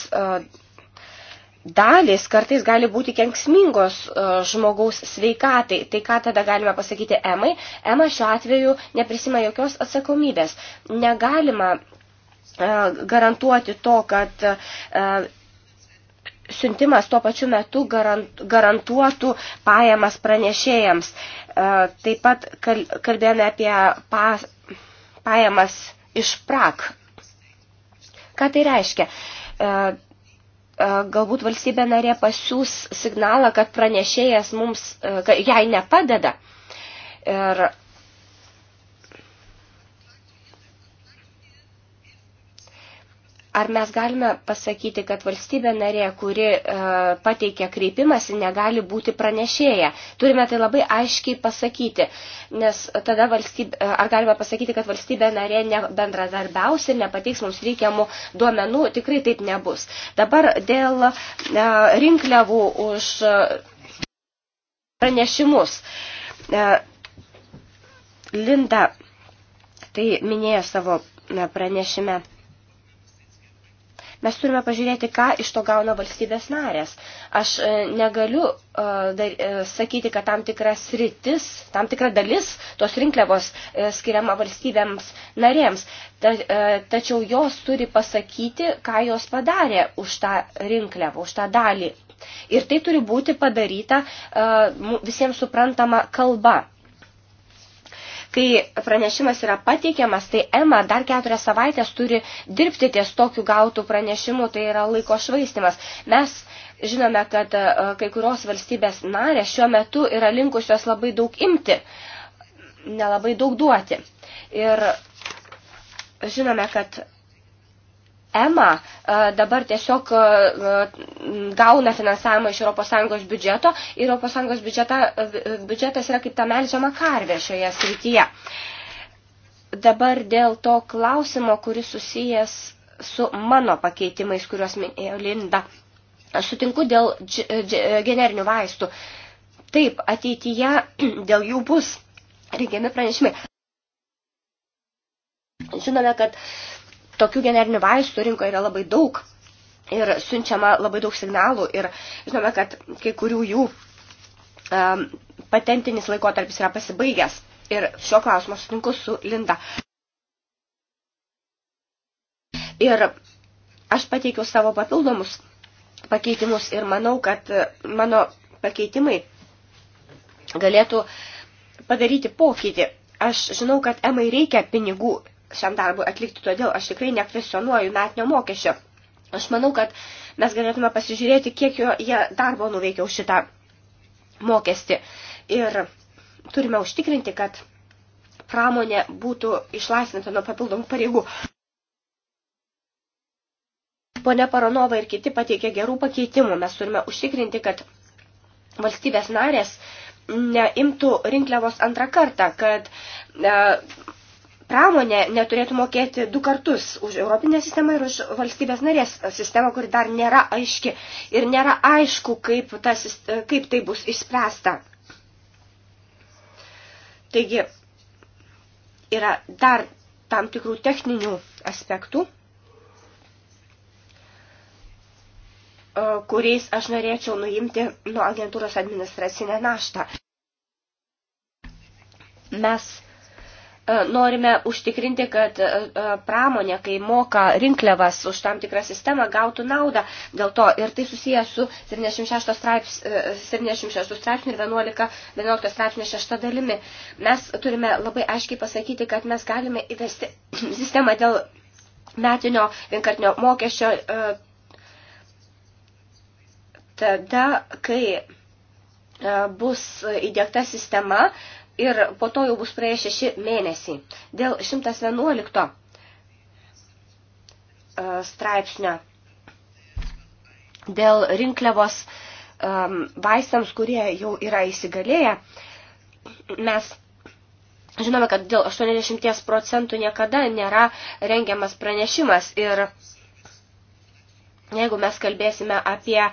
dalys kartais gali būti kenksmingos e, žmogaus sveikatai. Tai ką tada galime pasakyti Emai? Ema šiuo atveju neprisima jokios atsakomybės. Negalima e, garantuoti to, kad e, siuntimas tuo pačiu metu garantuotų pajamas pranešėjams. Taip pat kalbėjome apie pajamas iš prak. Ką tai reiškia? E, galbūt valstybė narė pasiūs signalą, kad pranešėjas mums, e, jai nepadeda. Ir Ar mes galime pasakyti, kad valstybė narė, kuri e, pateikia kreipimąsi, negali būti pranešėja? Turime tai labai aiškiai pasakyti, nes tada valstybė, e, ar galime pasakyti, kad valstybė narė bendradarbiaus ir nepateiks mums reikiamų duomenų, tikrai taip nebus. Dabar dėl e, rinkliavų už e, pranešimus. E, Linda tai minėjo savo e, pranešime. Mes turime pažiūrėti, ką iš to gauna valstybės narės. Aš e, negaliu uh, dar, uh, sakyti, kad tam tikras rytis, tam tikra dalis tos rinkliavos uh, skiriama valstybėms narėms, ta, uh, tačiau jos turi pasakyti, ką jos padarė už tą rinkliavą, už tą dalį. Ir tai turi būti padaryta uh, visiems suprantama kalba Kai pranešimas yra pateikiamas, tai EMA dar keturias savaitės turi dirbti ties tokiu gautų pranešimu, tai yra laiko švaistimas. Mes žinome, kad e, kai kurios valstybės narės šiuo metu yra linkusios labai daug imti, nelabai daug duoti. Ir žinome, kad EMA e, dabar tiesiog e, e, gauna finansavimą iš ES biudžeto ir ES biudžeta, biudžetas yra kaip ta melžiama karvė šioje srityje. Dabar dėl to klausimo, kuris susijęs su mano pakeitimais, kuriuos minėjo Linda. Aš sutinku dėl generinių vaistų. Taip, ateityje [CLEARS THROAT] dėl jų bus rengiami pranešimai. Žinome, kad uh, tokių generinių vaistų rinkoje yra labai daug ir siunčiama labai daug signalų ir žinome, kad kai kurių jų um, patentinis laikotarpis yra pasibaigęs ir šio klausimo sutinku su Linda. Ir aš pateikiau savo papildomus pakeitimus ir manau, kad mano pakeitimai galėtų padaryti pokytį. Aš žinau, kad Emai reikia pinigų šiam darbui atlikti, todėl aš tikrai nekvesionuoju metinio mokesčio. Aš manau, kad mes galėtume pasižiūrėti, kiek jo, jie darbo nuveikiau šitą mokestį. Ir turime užtikrinti, kad pramonė būtų išlaisvinta nuo papildomų pareigų. Pone Paranova ir kiti pateikė gerų pakeitimų. Mes turime užtikrinti, kad valstybės narės neimtų rinkliavos antrą kartą, kad e, pramonė neturėtų mokėti du kartus už Europinę sistemą ir už valstybės narės sistemą, kuri dar nėra aiški ir nėra aišku, kaip, ta, kaip tai bus išspręsta. Taigi, yra dar tam tikrų techninių aspektų, e, kuriais aš norėčiau nuimti nuo agentūros administracinę naštą. Mes E, norime užtikrinti, kad e, e, pramonė, kai moka rinkliavas už tam tikrą sistemą, gautų naudą dėl to. Ir tai susijęs su 76 straips, 76 straipsnių ir 11, 11 straipsnių 6 dalimi. Mes turime labai aiškiai pasakyti, kad mes galime įvesti [CLEARS THROAT] sistemą dėl metinio vienkartinio mokesčio tada, kai bus įdėkta sistema, ir po to jau bus praėję šeši mėnesiai. Dėl 111 e, straipsnio, dėl rinkliavos e, vaistams, kurie jau yra įsigalėję, mes žinome, kad dėl 80 procentų niekada nėra rengiamas pranešimas ir jeigu mes kalbėsime apie uh,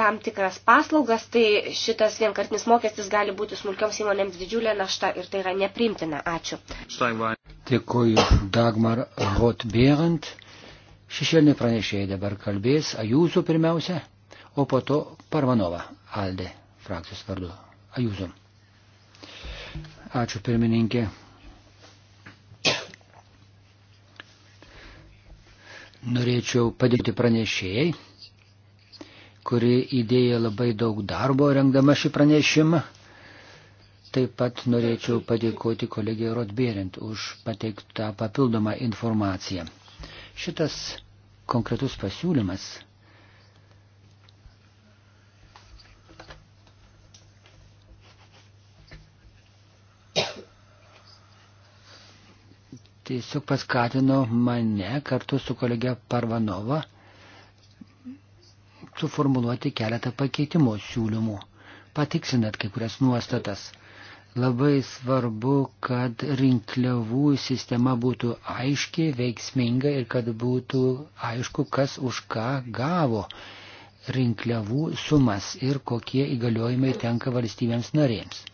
tam tikras paslaugas, tai šitas vienkartinis mokestis gali būti smulkioms įmonėms didžiulė našta ir tai yra neprimtina. Ačiū. Dėkuoju Dagmar Rotbėrant. Šešėlinė pranešėjai dabar kalbės, Ajūzų pirmiausia, o po to Parvanova, Alde, frakcijos vardu. Ajūzų. Ačiū pirmininkė. Norėčiau padėti pranešėjai kuri įdėjo labai daug darbo rengdama šį pranešimą. Taip pat norėčiau padėkoti kolegijai Rotbėrint už pateiktą papildomą informaciją. Šitas konkretus pasiūlymas tiesiog paskatino mane kartu su kolegė Parvanova suformuluoti keletą pakeitimo siūlymų, patiksinat kai kurias nuostatas. Labai svarbu, kad rinkliavų sistema būtų aiški, veiksminga ir kad būtų aišku, kas už ką gavo rinkliavų sumas ir kokie įgaliojimai tenka valstybėms narėms.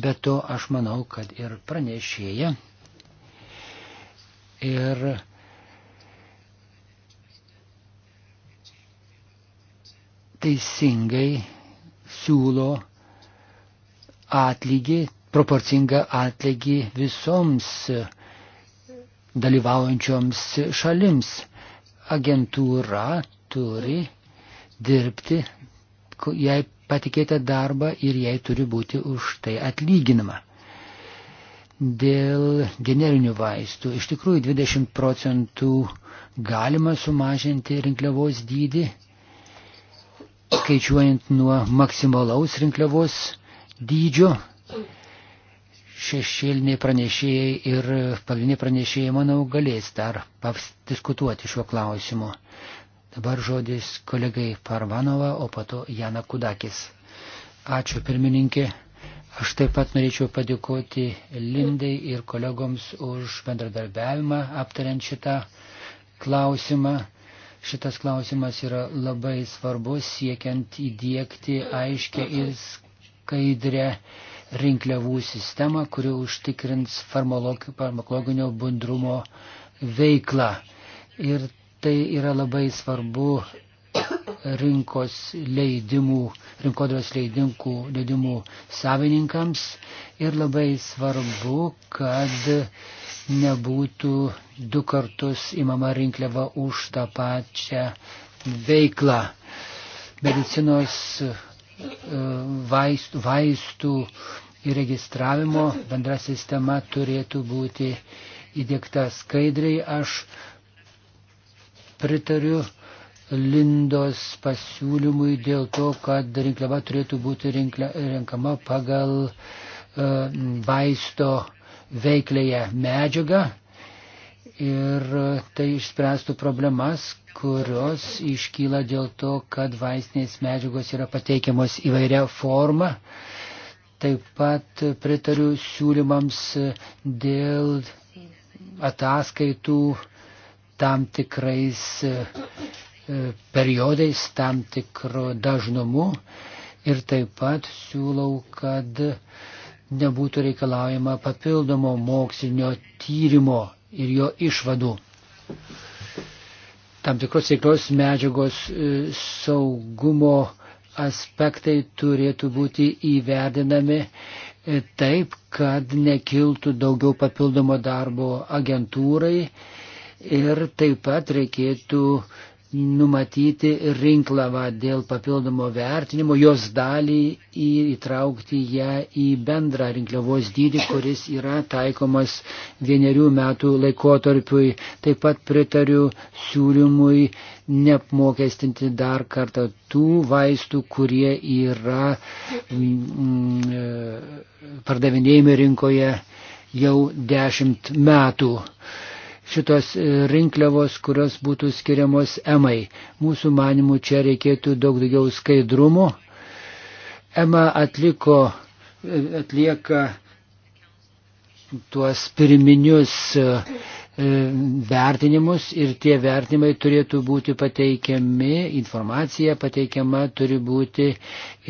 Be to aš manau, kad ir pranešėja ir teisingai siūlo atlygį, proporcingą atlygį visoms dalyvaujančioms šalims. Agentūra turi dirbti, jai patikėtą darbą ir jai turi būti už tai atlyginama. Dėl generinių vaistų iš tikrųjų 20 procentų galima sumažinti rinkliavos dydį skaičiuojant nuo maksimalaus rinkliavos dydžio. Šešėliniai pranešėjai ir pagrindiniai pranešėjai, manau, galės dar diskutuoti šiuo klausimu. Dabar žodis kolegai Parvanova, o pato Jana Kudakis. Ačiū pirmininkė. Aš taip pat norėčiau padėkoti Lindai ir kolegoms už bendradarbiavimą aptariant šitą klausimą. Šitas klausimas yra labai svarbus siekiant įdėkti aiškę ir skaidrę rinkliavų sistemą, kuri užtikrins farmakologinio bundrumo veiklą. Ir tai yra labai svarbu rinkos leidimų, rinkodaros leidimų, leidimų savininkams ir labai svarbu, kad nebūtų du kartus įmama rinkliava už tą pačią veiklą. Medicinos e, vaistų, vaistų įregistravimo bendra sistema turėtų būti įdėkta skaidriai. Aš pritariu Lindos pasiūlymui dėl to, kad rinkliava turėtų būti rinkle, renkama pagal uh, vaisto veiklėje medžiagą ir tai išspręstų problemas, kurios iškyla dėl to, kad vaistinės medžiagos yra pateikiamos įvairia forma. Taip pat pritariu siūlymams dėl ataskaitų tam tikrais E, periodais tam tikro dažnumu ir taip pat siūlau, kad nebūtų reikalaujama papildomo mokslinio tyrimo ir jo išvadų. Tam tikros veiklos medžiagos e, saugumo aspektai turėtų būti įvedinami e, taip, kad nekiltų daugiau papildomo darbo agentūrai ir taip pat reikėtų numatyti rinklavą dėl papildomo vertinimo, jos dalį įtraukti ją į bendrą rinkliavos dydį, kuris yra taikomas vienerių metų laikotarpiui. Taip pat pritariu siūlymui neapmokestinti dar kartą tų vaistų, kurie yra mm, e, pardavinėjami rinkoje jau dešimt metų šitos e, rinkliavos, kurios būtų skiriamos EMAI. Mūsų manimų čia reikėtų daug daugiau skaidrumo. EMA atliko, e, atlieka tuos pirminius e, vertinimus ir tie vertinimai turėtų būti pateikiami, informacija pateikiama turi būti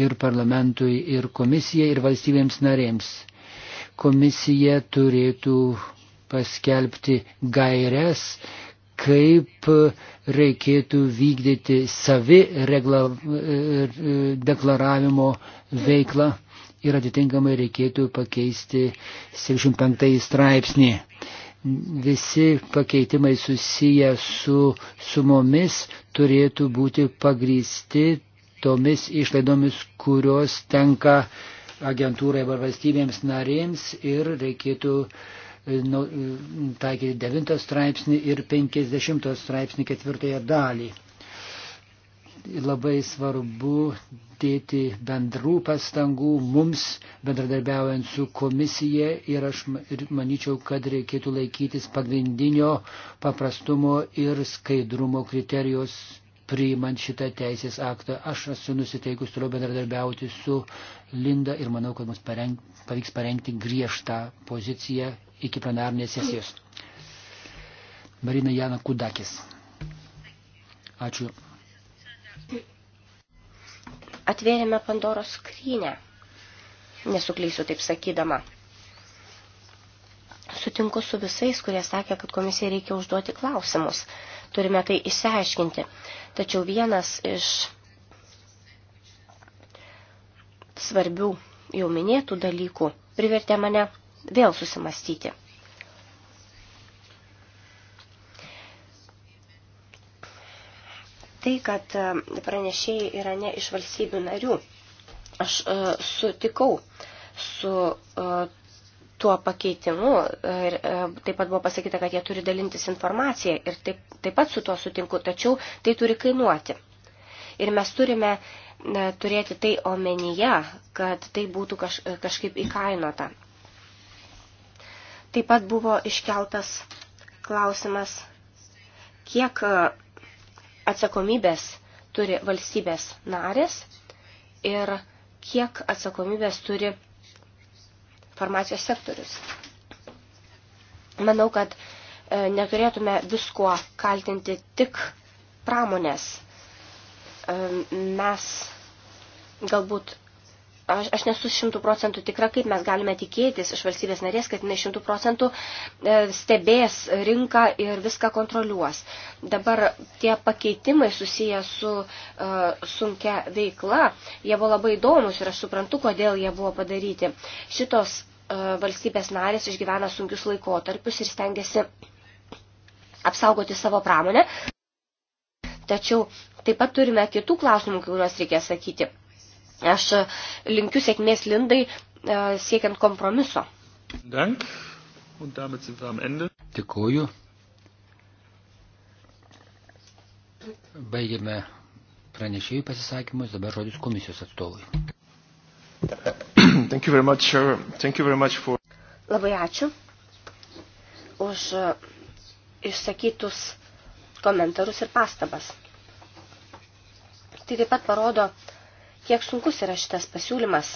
ir parlamentui, ir komisijai, ir valstybėms narėms. Komisija turėtų paskelbti gairias, kaip reikėtų vykdyti savi regla, deklaravimo veiklą ir atitinkamai reikėtų pakeisti 75 straipsnį. Visi pakeitimai susiję su sumomis turėtų būti pagrysti tomis išlaidomis, kurios tenka agentūrai arba valstybėms narėms ir reikėtų uh, Nu, taikyti 9 straipsnį ir 50 straipsnį ketvirtąją dalį. Labai svarbu dėti bendrų pastangų mums, bendradarbiaujant su komisija ir aš manyčiau, kad reikėtų laikytis pagrindinio paprastumo ir skaidrumo kriterijos priimant šitą teisės aktą. Aš esu nusiteikus toliau bendradarbiauti su Linda ir manau, kad mums pareng, pavyks parengti griežtą poziciją iki plenarnės sesijos. Marina Jana Kudakis. Ačiū. Atvėrėme Pandoros skrynę. Nesuklysiu taip sakydama. Sutinku su visais, kurie sakė, kad komisijai reikia užduoti klausimus. Turime tai įsiaiškinti. Tačiau vienas iš svarbių jau minėtų dalykų privertė mane vėl susimastyti. Tai, kad e, pranešėjai yra ne iš valstybių narių, aš e, sutikau su e, tuo pakeitimu ir taip pat buvo pasakyta, kad jie turi dalintis informaciją ir taip, taip pat su tuo sutinku, tačiau tai turi kainuoti. Ir mes turime turėti tai omenyje, kad tai būtų kaž, kažkaip įkainota. Taip pat buvo iškeltas klausimas, kiek e, atsakomybės turi valstybės narės ir kiek atsakomybės turi farmacijos sektorius. Manau, kad e, neturėtume visko kaltinti tik pramonės. E, mes galbūt aš, aš nesu šimtų procentų tikra, kaip mes galime tikėtis iš valstybės narės, kad jinai šimtų procentų e, stebės rinką ir viską kontroliuos. Dabar tie pakeitimai susiję su uh, sunkia veikla, jie buvo labai įdomus ir aš suprantu, kodėl jie buvo padaryti. Šitos uh, valstybės narės išgyvena sunkius laikotarpius ir stengiasi apsaugoti savo pramonę. Tačiau taip pat turime kitų klausimų, kuriuos reikia sakyti. Aš e, linkiu sėkmės Lindai e, siekiant kompromiso. Dank. Und damit sind wir am Ende. Dėkuoju. Baigėme pranešėjų pasisakymus, dabar žodis komisijos atstovui. Thank you very much, sir. Thank you very much for... Labai ačiū už e, išsakytus komentarus ir pastabas. Tai taip pat parodo, kiek sunkus yra šitas pasiūlymas.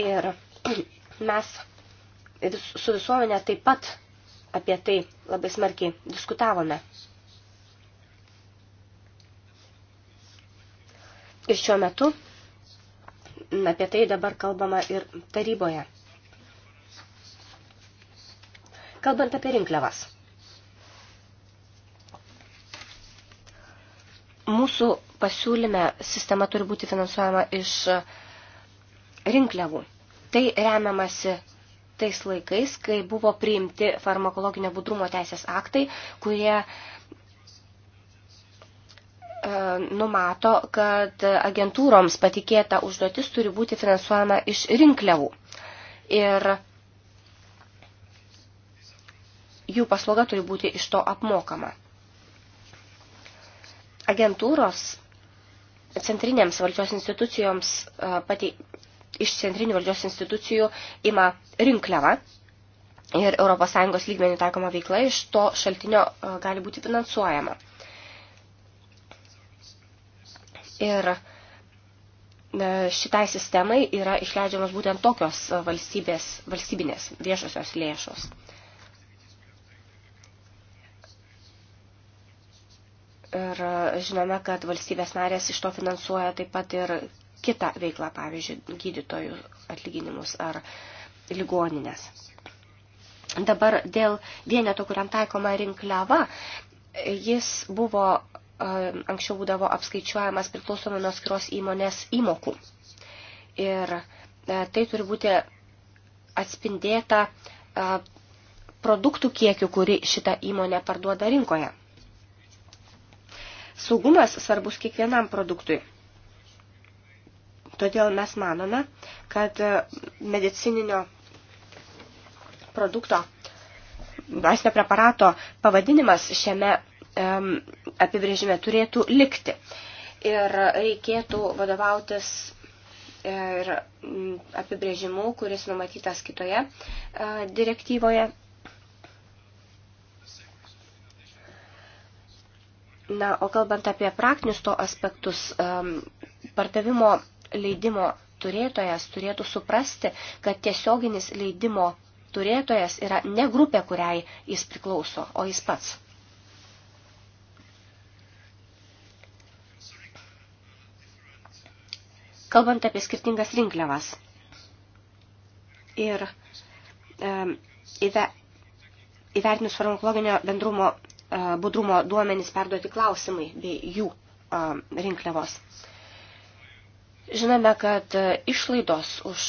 Ir [CLEARS THROAT] mes su visuomenė taip pat apie tai labai smarkiai diskutavome. Ir šiuo metu apie tai dabar kalbama ir taryboje. Kalbant apie rinkliavas. Mūsų pasiūlyme sistema turi būti finansuojama iš rinkliavų. Tai remiamasi tais laikais, kai buvo priimti farmakologinio budrumo teisės aktai, kurie e, numato, kad agentūroms patikėta užduotis turi būti finansuojama iš rinkliavų. Ir jų paslauga turi būti iš to apmokama. Agentūros centrinėms valdžios institucijoms, pati, iš centrinių valdžios institucijų ima rinkliavą ir ES lygmenių taikoma veikla iš to šaltinio gali būti finansuojama. Ir šitai sistemai yra išleidžiamos būtent tokios valstybės, valstybinės viešosios lėšos. lėšos. Ir e, žinome, kad valstybės narės iš to finansuoja taip pat ir kitą veiklą, pavyzdžiui, gydytojų atlyginimus ar ligoninės. Dabar dėl vieneto, kuriam taikoma rinkliava, jis buvo e, anksčiau būdavo apskaičiuojamas priklausomai nuo skiros įmonės įmokų. Ir e, tai turi būti atspindėta produktų kiekiu, kuri šitą įmonę parduoda rinkoje. Saugumas svarbus kiekvienam produktui. Todėl mes manome, kad medicininio produkto, vaistinio preparato pavadinimas šiame um, apibrėžime turėtų likti. Ir reikėtų vadovautis e, ir apibrėžimu, kuris numatytas kitoje e, direktyvoje Na, o kalbant apie praktinius to aspektus, pardavimo leidimo turėtojas turėtų suprasti, kad tiesioginis leidimo turėtojas yra ne grupė, kuriai jis priklauso, o jis pats. Kalbant apie skirtingas rinkliavas ir e, įvertinus farmakologinio bendrumo budrumo duomenys perduoti klausimai bei jų rinkliavos. Žinome, kad išlaidos už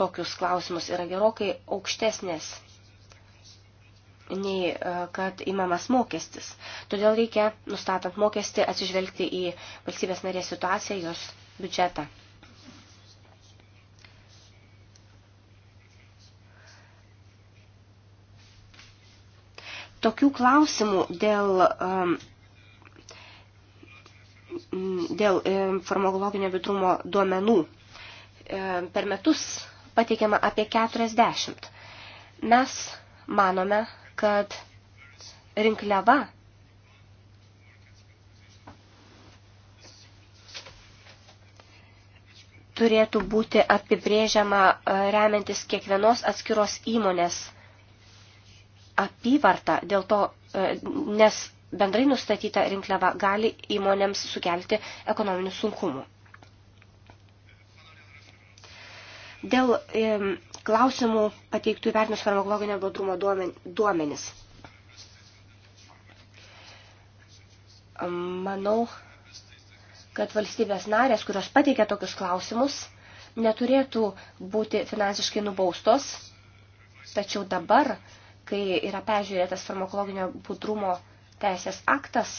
tokius klausimus yra gerokai aukštesnės nei kad įmamas mokestis. Todėl reikia, nustatant mokestį, atsižvelgti į valstybės narės situaciją, jos biudžetą. tokių klausimų dėl, dėl farmakologinio vitrumo duomenų per metus pateikiama apie 40. Mes manome, kad rinkliava turėtų būti apibrėžiama e, remiantis kiekvienos atskiros įmonės apyvartą, dėl to, e, nes bendrai nustatyta rinkliava gali įmonėms sukelti ekonominių sunkumų. Dėl e, klausimų pateiktų įvertinus farmakologinio bodrumo duomenis. Manau, kad valstybės narės, kurios pateikia tokius klausimus, neturėtų būti finansiškai nubaustos, tačiau dabar uh, kai yra peržiūrėtas farmakologinio budrumo teisės aktas,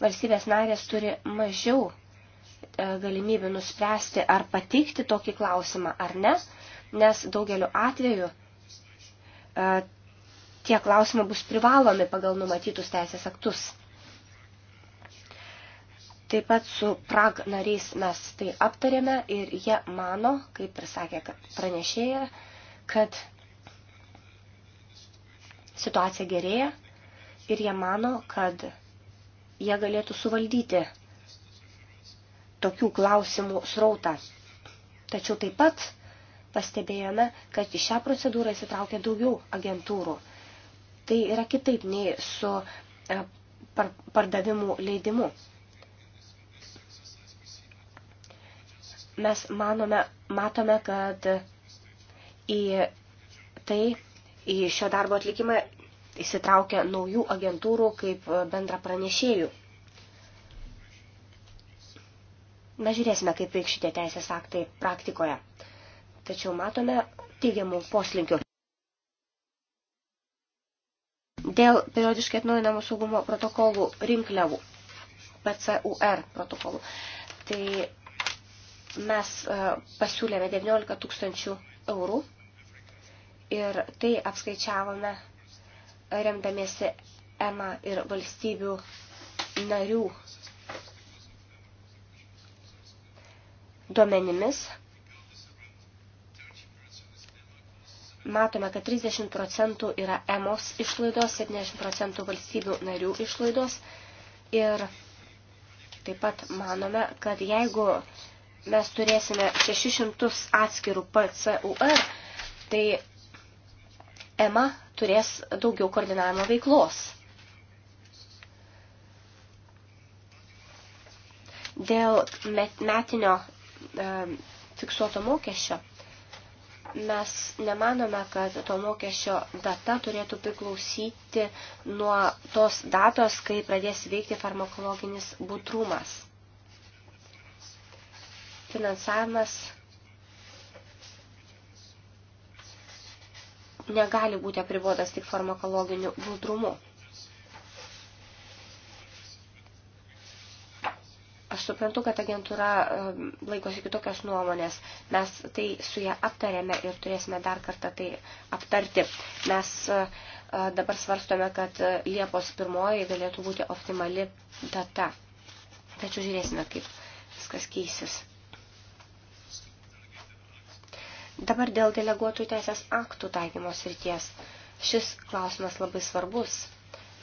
valstybės narės turi mažiau e, galimybių nuspręsti ar patikti tokį klausimą ar ne, nes daugeliu atveju e, tie klausimai bus privalomi pagal numatytus teisės aktus. Taip pat su Prag nariais mes tai aptarėme ir jie mano, kaip ir sakė pranešėja, kad situacija gerėja ir jie mano, kad jie galėtų suvaldyti tokių klausimų srautą. Tačiau taip pat pastebėjome, kad į šią procedūrą įsitraukia daugiau agentūrų. Tai yra kitaip nei su e, pardavimų leidimu. mes manome, matome, kad į tai, į šio darbo atlikimą įsitraukia naujų agentūrų kaip bendra pranešėjų. Mes žiūrėsime, kaip veiks šitie teisės aktai praktikoje. Tačiau matome teigiamų poslinkių. Dėl periodiškai atnaujinamų saugumo protokolų rinkliavų, PCUR protokolų, tai mes e, pasiūlėme 19 tūkstančių eurų ir tai apskaičiavome remdamiesi EMA ir valstybių narių duomenimis. Matome, kad 30 procentų yra EMOS išlaidos, 70 procentų valstybių narių išlaidos ir taip pat manome, kad jeigu mes turėsime 600 atskirų PCUR, tai EMA turės daugiau koordinavimo veiklos. Dėl metinio e, fiksuoto mokesčio mes nemanome, kad to mokesčio data turėtų priklausyti nuo tos datos, kai pradės veikti farmakologinis būtrumas finansavimas negali būti apribotas tik farmakologiniu budrumu. Aš suprantu, kad agentūra laikosi kitokios nuomonės. Mes tai su ją aptarėme ir turėsime dar kartą tai aptarti. Mes e, e, dabar svarstome, kad e, Liepos pirmoji galėtų būti optimali data. Tačiau žiūrėsime, kaip viskas keisis. Dabar dėl deleguotų teisės aktų taikymo srities. Šis klausimas labai svarbus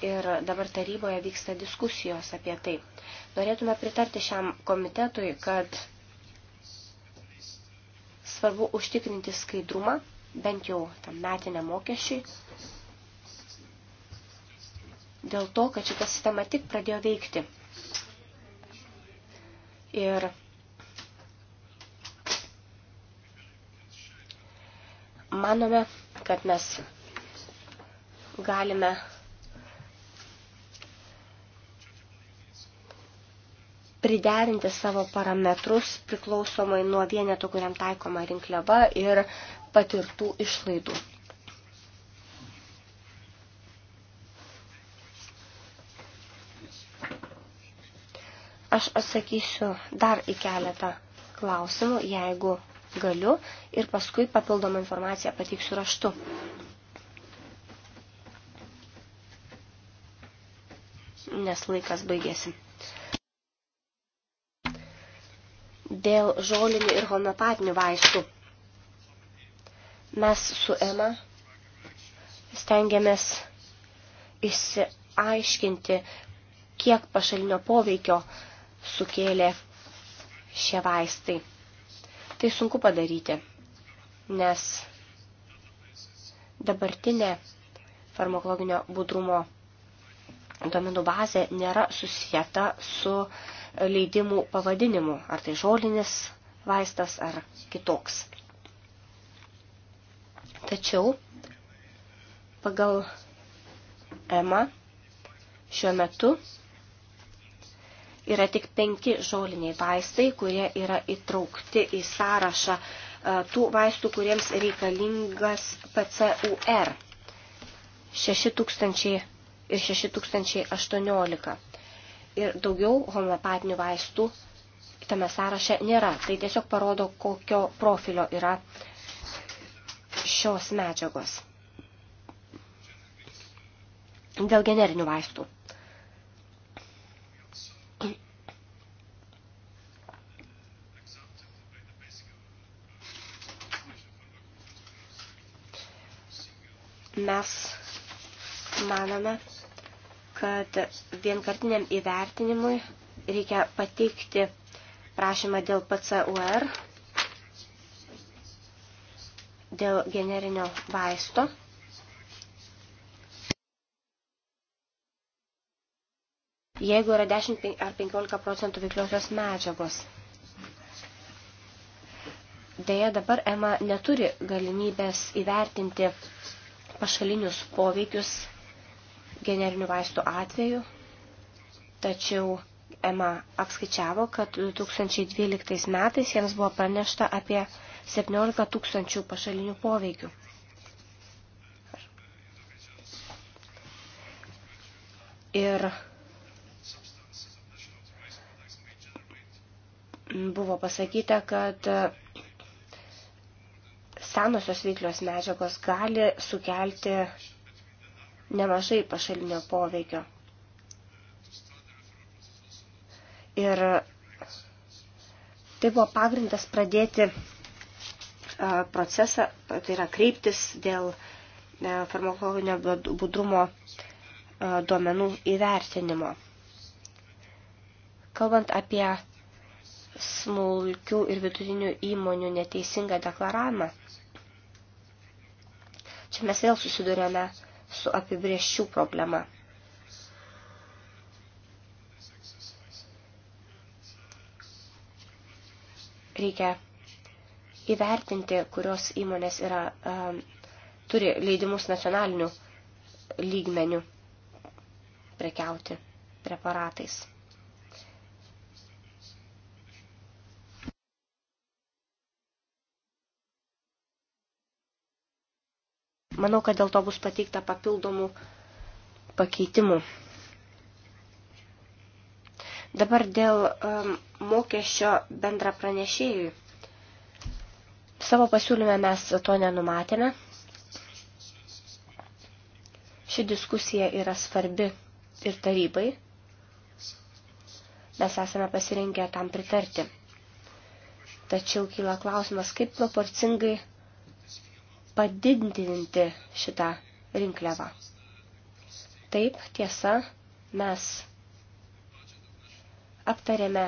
ir dabar taryboje vyksta diskusijos apie tai. Norėtume pritarti šiam komitetui, kad svarbu užtikrinti skaidrumą, bent jau tam metinę mokesčiui, dėl to, kad šita sistema tik pradėjo veikti. Ir manome, kad mes galime priderinti savo parametrus priklausomai nuo vieneto, kuriam taikoma rinkliava ir patirtų išlaidų. Aš atsakysiu dar į keletą klausimų, jeigu galiu ir paskui papildomą informaciją pateiksiu raštu. Nes laikas baigėsi. Dėl žolinių ir homeopatinių vaistų. Mes su Ema stengiamės išsiaiškinti, kiek pašalinio poveikio sukėlė šie vaistai. Tai sunku padaryti, nes dabartinė farmakologinio budrumo duomenų bazė nėra susijęta su leidimų pavadinimu, ar tai žolinis vaistas ar kitoks. Tačiau pagal EMA šiuo metu Yra tik penki žoliniai vaistai, kurie yra įtraukti į sąrašą e, tų vaistų, kuriems reikalingas PCUR 6000 ir 6018. Ir daugiau homeopatinių vaistų tame sąraše nėra. Tai tiesiog parodo, kokio profilio yra šios medžiagos. Dėl generinių vaistų. Mes manome, kad vienkartiniam įvertinimui reikia pateikti prašymą dėl PCUR, dėl generinio vaisto. Jeigu yra 10 ar 15 procentų veikliosios medžiagos. Deja, dabar EMA neturi galimybės įvertinti pašalinius poveikius generinių vaistų atveju, tačiau EMA apskaičiavo, kad 2012 metais jiems buvo pranešta apie 17 tūkstančių pašalinių poveikių. Ir buvo pasakyta, kad senosios veiklios medžiagos gali sukelti nemažai pašalinio poveikio. Ir tai buvo pagrindas pradėti procesą, tai yra kreiptis dėl farmakologinio budrumo duomenų įvertinimo. Kalbant apie smulkių ir vidutinių įmonių neteisingą deklaravimą, Čia mes vėl susidurėme su apibrieščių problema. Reikia įvertinti, kurios įmonės yra, um, turi leidimus nacionalinių lygmenių prekiauti preparatais. Manau, kad dėl to bus pateikta papildomų pakeitimų. Dabar dėl um, mokesčio bendra pranešėjui. Savo pasiūlyme mes to nenumatėme. Ši diskusija yra svarbi ir tarybai. Mes esame pasirinkę tam pritarti. Tačiau kyla klausimas, kaip proporcingai padidinti šitą rinkliavą. Taip, tiesa, mes aptarėme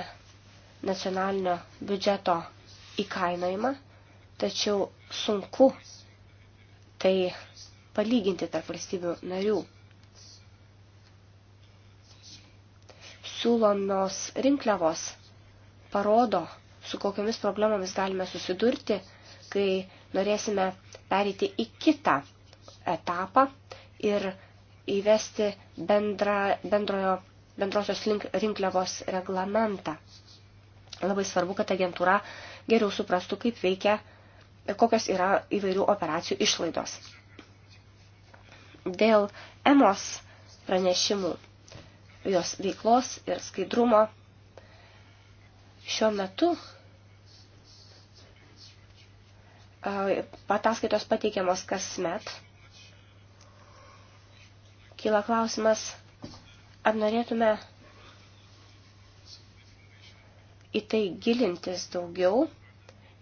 nacionalinio biudžeto įkainojimą, tačiau sunku tai palyginti tarp valstybių narių. Siūlomos rinkliavos parodo, su kokiamis problemomis galime susidurti, kai norėsime pereiti į kitą etapą ir įvesti bendra, bendrojo, bendrosios link, rinkliavos reglamentą. Labai svarbu, kad agentūra geriau suprastų, kaip veikia, kokios yra įvairių operacijų išlaidos. Dėl EMOS pranešimų, jos veiklos ir skaidrumo šiuo metu ataskaitos pateikiamos kasmet. Kyla klausimas, ar norėtume į tai gilintis daugiau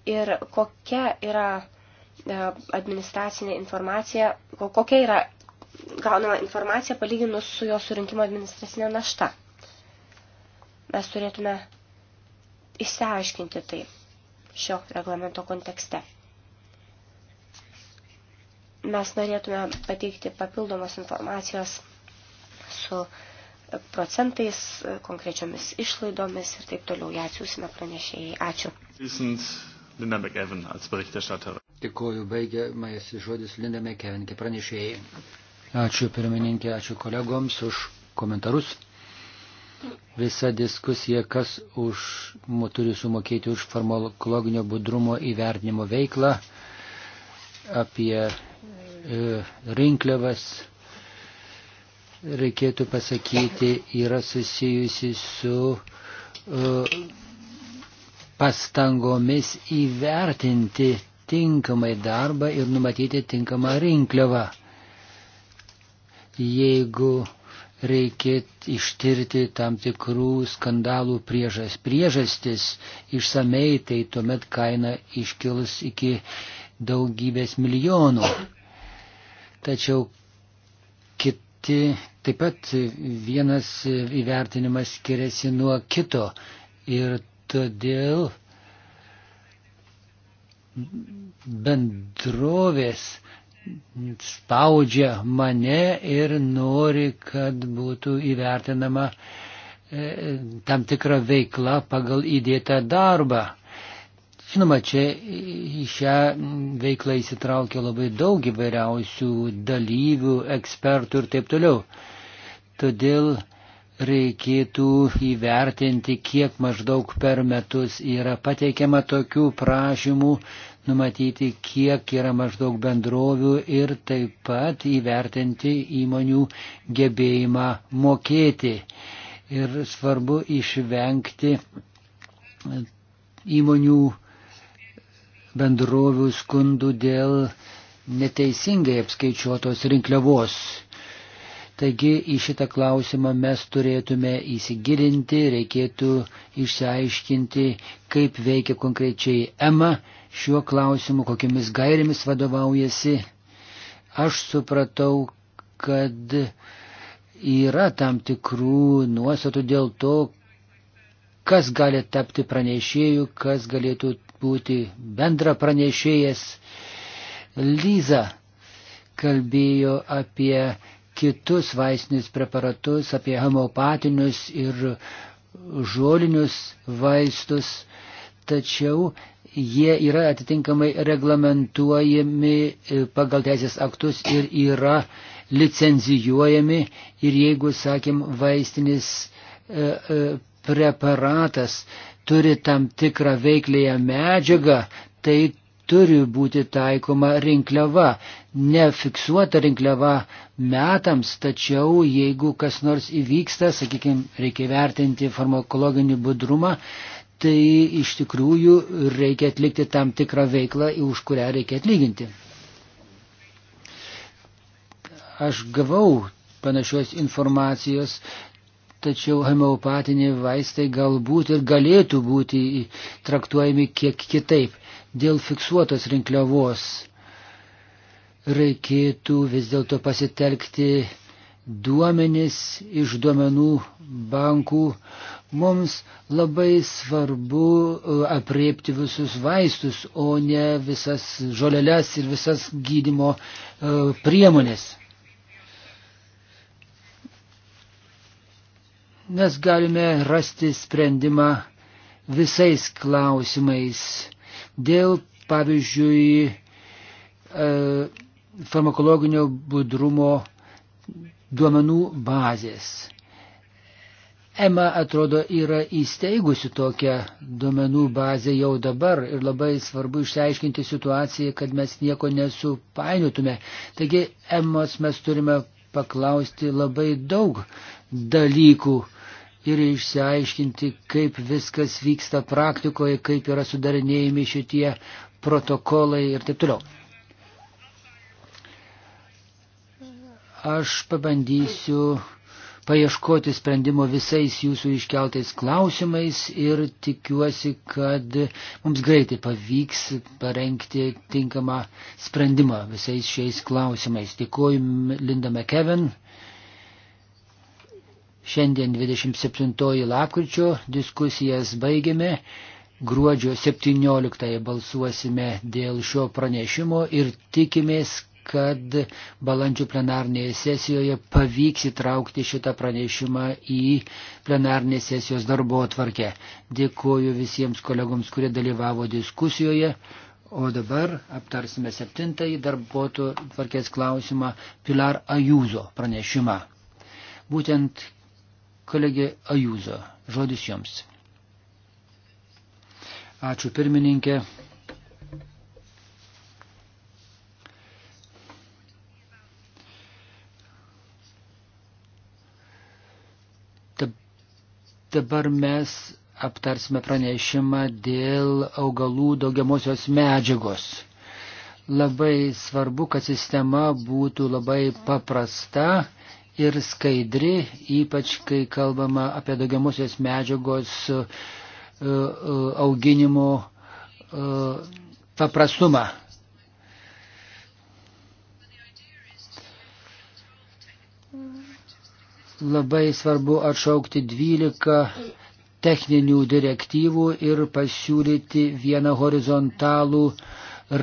ir kokia yra e, administracinė informacija, kokia yra gaunama informacija palyginus su jo surinkimo administracinė našta. Mes turėtume išsiaiškinti tai šio reglamento kontekste. Mes norėtume pateikti papildomos informacijos su procentais, konkrečiomis išlaidomis ir taip toliau ją atsiūsime pranešėjai. Ačiū. Dėkuoju, baigiamas žodis Linda McKevin, kaip pranešėjai. Ačiū pirmininkė, ačiū kolegoms už komentarus. Visa diskusija, kas už, turi sumokėti už farmakologinio budrumo įvertinimo veiklą apie E, rinkliavas, reikėtų pasakyti, yra susijusi su e, pastangomis įvertinti tinkamai darbą ir numatyti tinkamą rinkliavą. Jeigu reikėtų ištirti tam tikrų skandalų priežas, priežastis išsamei, tai tuomet kaina iškils iki daugybės milijonų. Tačiau kiti, taip pat vienas įvertinimas skiriasi nuo kito ir todėl bendrovės spaudžia mane ir nori, kad būtų įvertinama e, tam tikra veikla pagal įdėtą darbą. Žinoma, čia į šią veiklą įsitraukia labai daug įvairiausių dalyvių, ekspertų ir taip toliau. Todėl reikėtų įvertinti, kiek maždaug per metus yra pateikiama tokių prašymų, numatyti, kiek yra maždaug bendrovių ir taip pat įvertinti įmonių gebėjimą mokėti. Ir svarbu išvengti įmonių bendrovių skundų dėl neteisingai apskaičiuotos rinkliavos. Taigi į šitą klausimą mes turėtume įsigilinti, reikėtų išsiaiškinti, kaip veikia konkrečiai EMA šiuo klausimu, kokiamis gairėmis vadovaujasi. Aš supratau, kad yra tam tikrų nuostatų dėl to, kas gali tapti pranešėjų, kas galėtų būti bendra pranešėjas. Lyza kalbėjo apie kitus vaistinius preparatus, apie homopatinius ir žolinius vaistus, tačiau jie yra atitinkamai reglamentuojami e, pagal teisės aktus ir yra licenzijuojami ir jeigu, sakėm, vaistinis e, e, preparatas turi tam tikrą veiklėją medžiagą, tai turi būti taikoma rinkliava. Nefiksuota rinkliava metams, tačiau jeigu kas nors įvyksta, sakykime, reikia vertinti farmakologinį budrumą, tai iš tikrųjų reikia atlikti tam tikrą veiklą, už kurią reikia atlyginti. Aš gavau panašios informacijos tačiau homeopatiniai vaistai galbūt ir galėtų būti traktuojami kiek kitaip. Dėl fiksuotos rinkliavos reikėtų vis dėlto pasitelkti duomenis iš duomenų bankų. Mums labai svarbu e, apriepti visus vaistus, o ne visas žoleles ir visas gydimo e, priemonės. mes galime rasti sprendimą visais klausimais. Dėl, pavyzdžiui, e, farmakologinio budrumo duomenų bazės. EMA atrodo yra įsteigusi tokią duomenų bazę jau dabar ir labai svarbu išsiaiškinti situaciją, kad mes nieko nesupainiotume. Taigi EMAS mes turime paklausti labai daug dalykų ir išsiaiškinti, kaip viskas vyksta praktikoje, kaip yra sudarinėjami šitie protokolai ir taip toliau. Aš pabandysiu paieškoti sprendimo visais jūsų iškeltais klausimais ir tikiuosi, kad mums greitai pavyks parengti tinkamą sprendimą visais šiais klausimais. Dėkuoju Linda McKevin Šiandien 27 lapkričio diskusijas baigėme. Gruodžio 17 balsuosime dėl šio pranešimo ir tikimės, kad balandžio plenarnėje sesijoje pavyks įtraukti šitą pranešimą į plenarnės sesijos darbo atvarkę. Dėkuoju visiems kolegoms, kurie dalyvavo diskusijoje. O dabar aptarsime septintąjį darbuotojų tvarkės klausimą Pilar Ajūzo pranešimą. Būtent kolegė Ajūzo. Žodis jums. Ačiū pirmininkė. Dabar mes aptarsime pranešimą dėl augalų daugiamosios medžiagos. Labai svarbu, kad sistema būtų labai paprasta ir skaidri, ypač kai kalbama apie daugiamusios medžiagos e, e, auginimo e, paprastumą. Labai svarbu atšaukti 12 techninių direktyvų ir pasiūlyti vieną horizontalų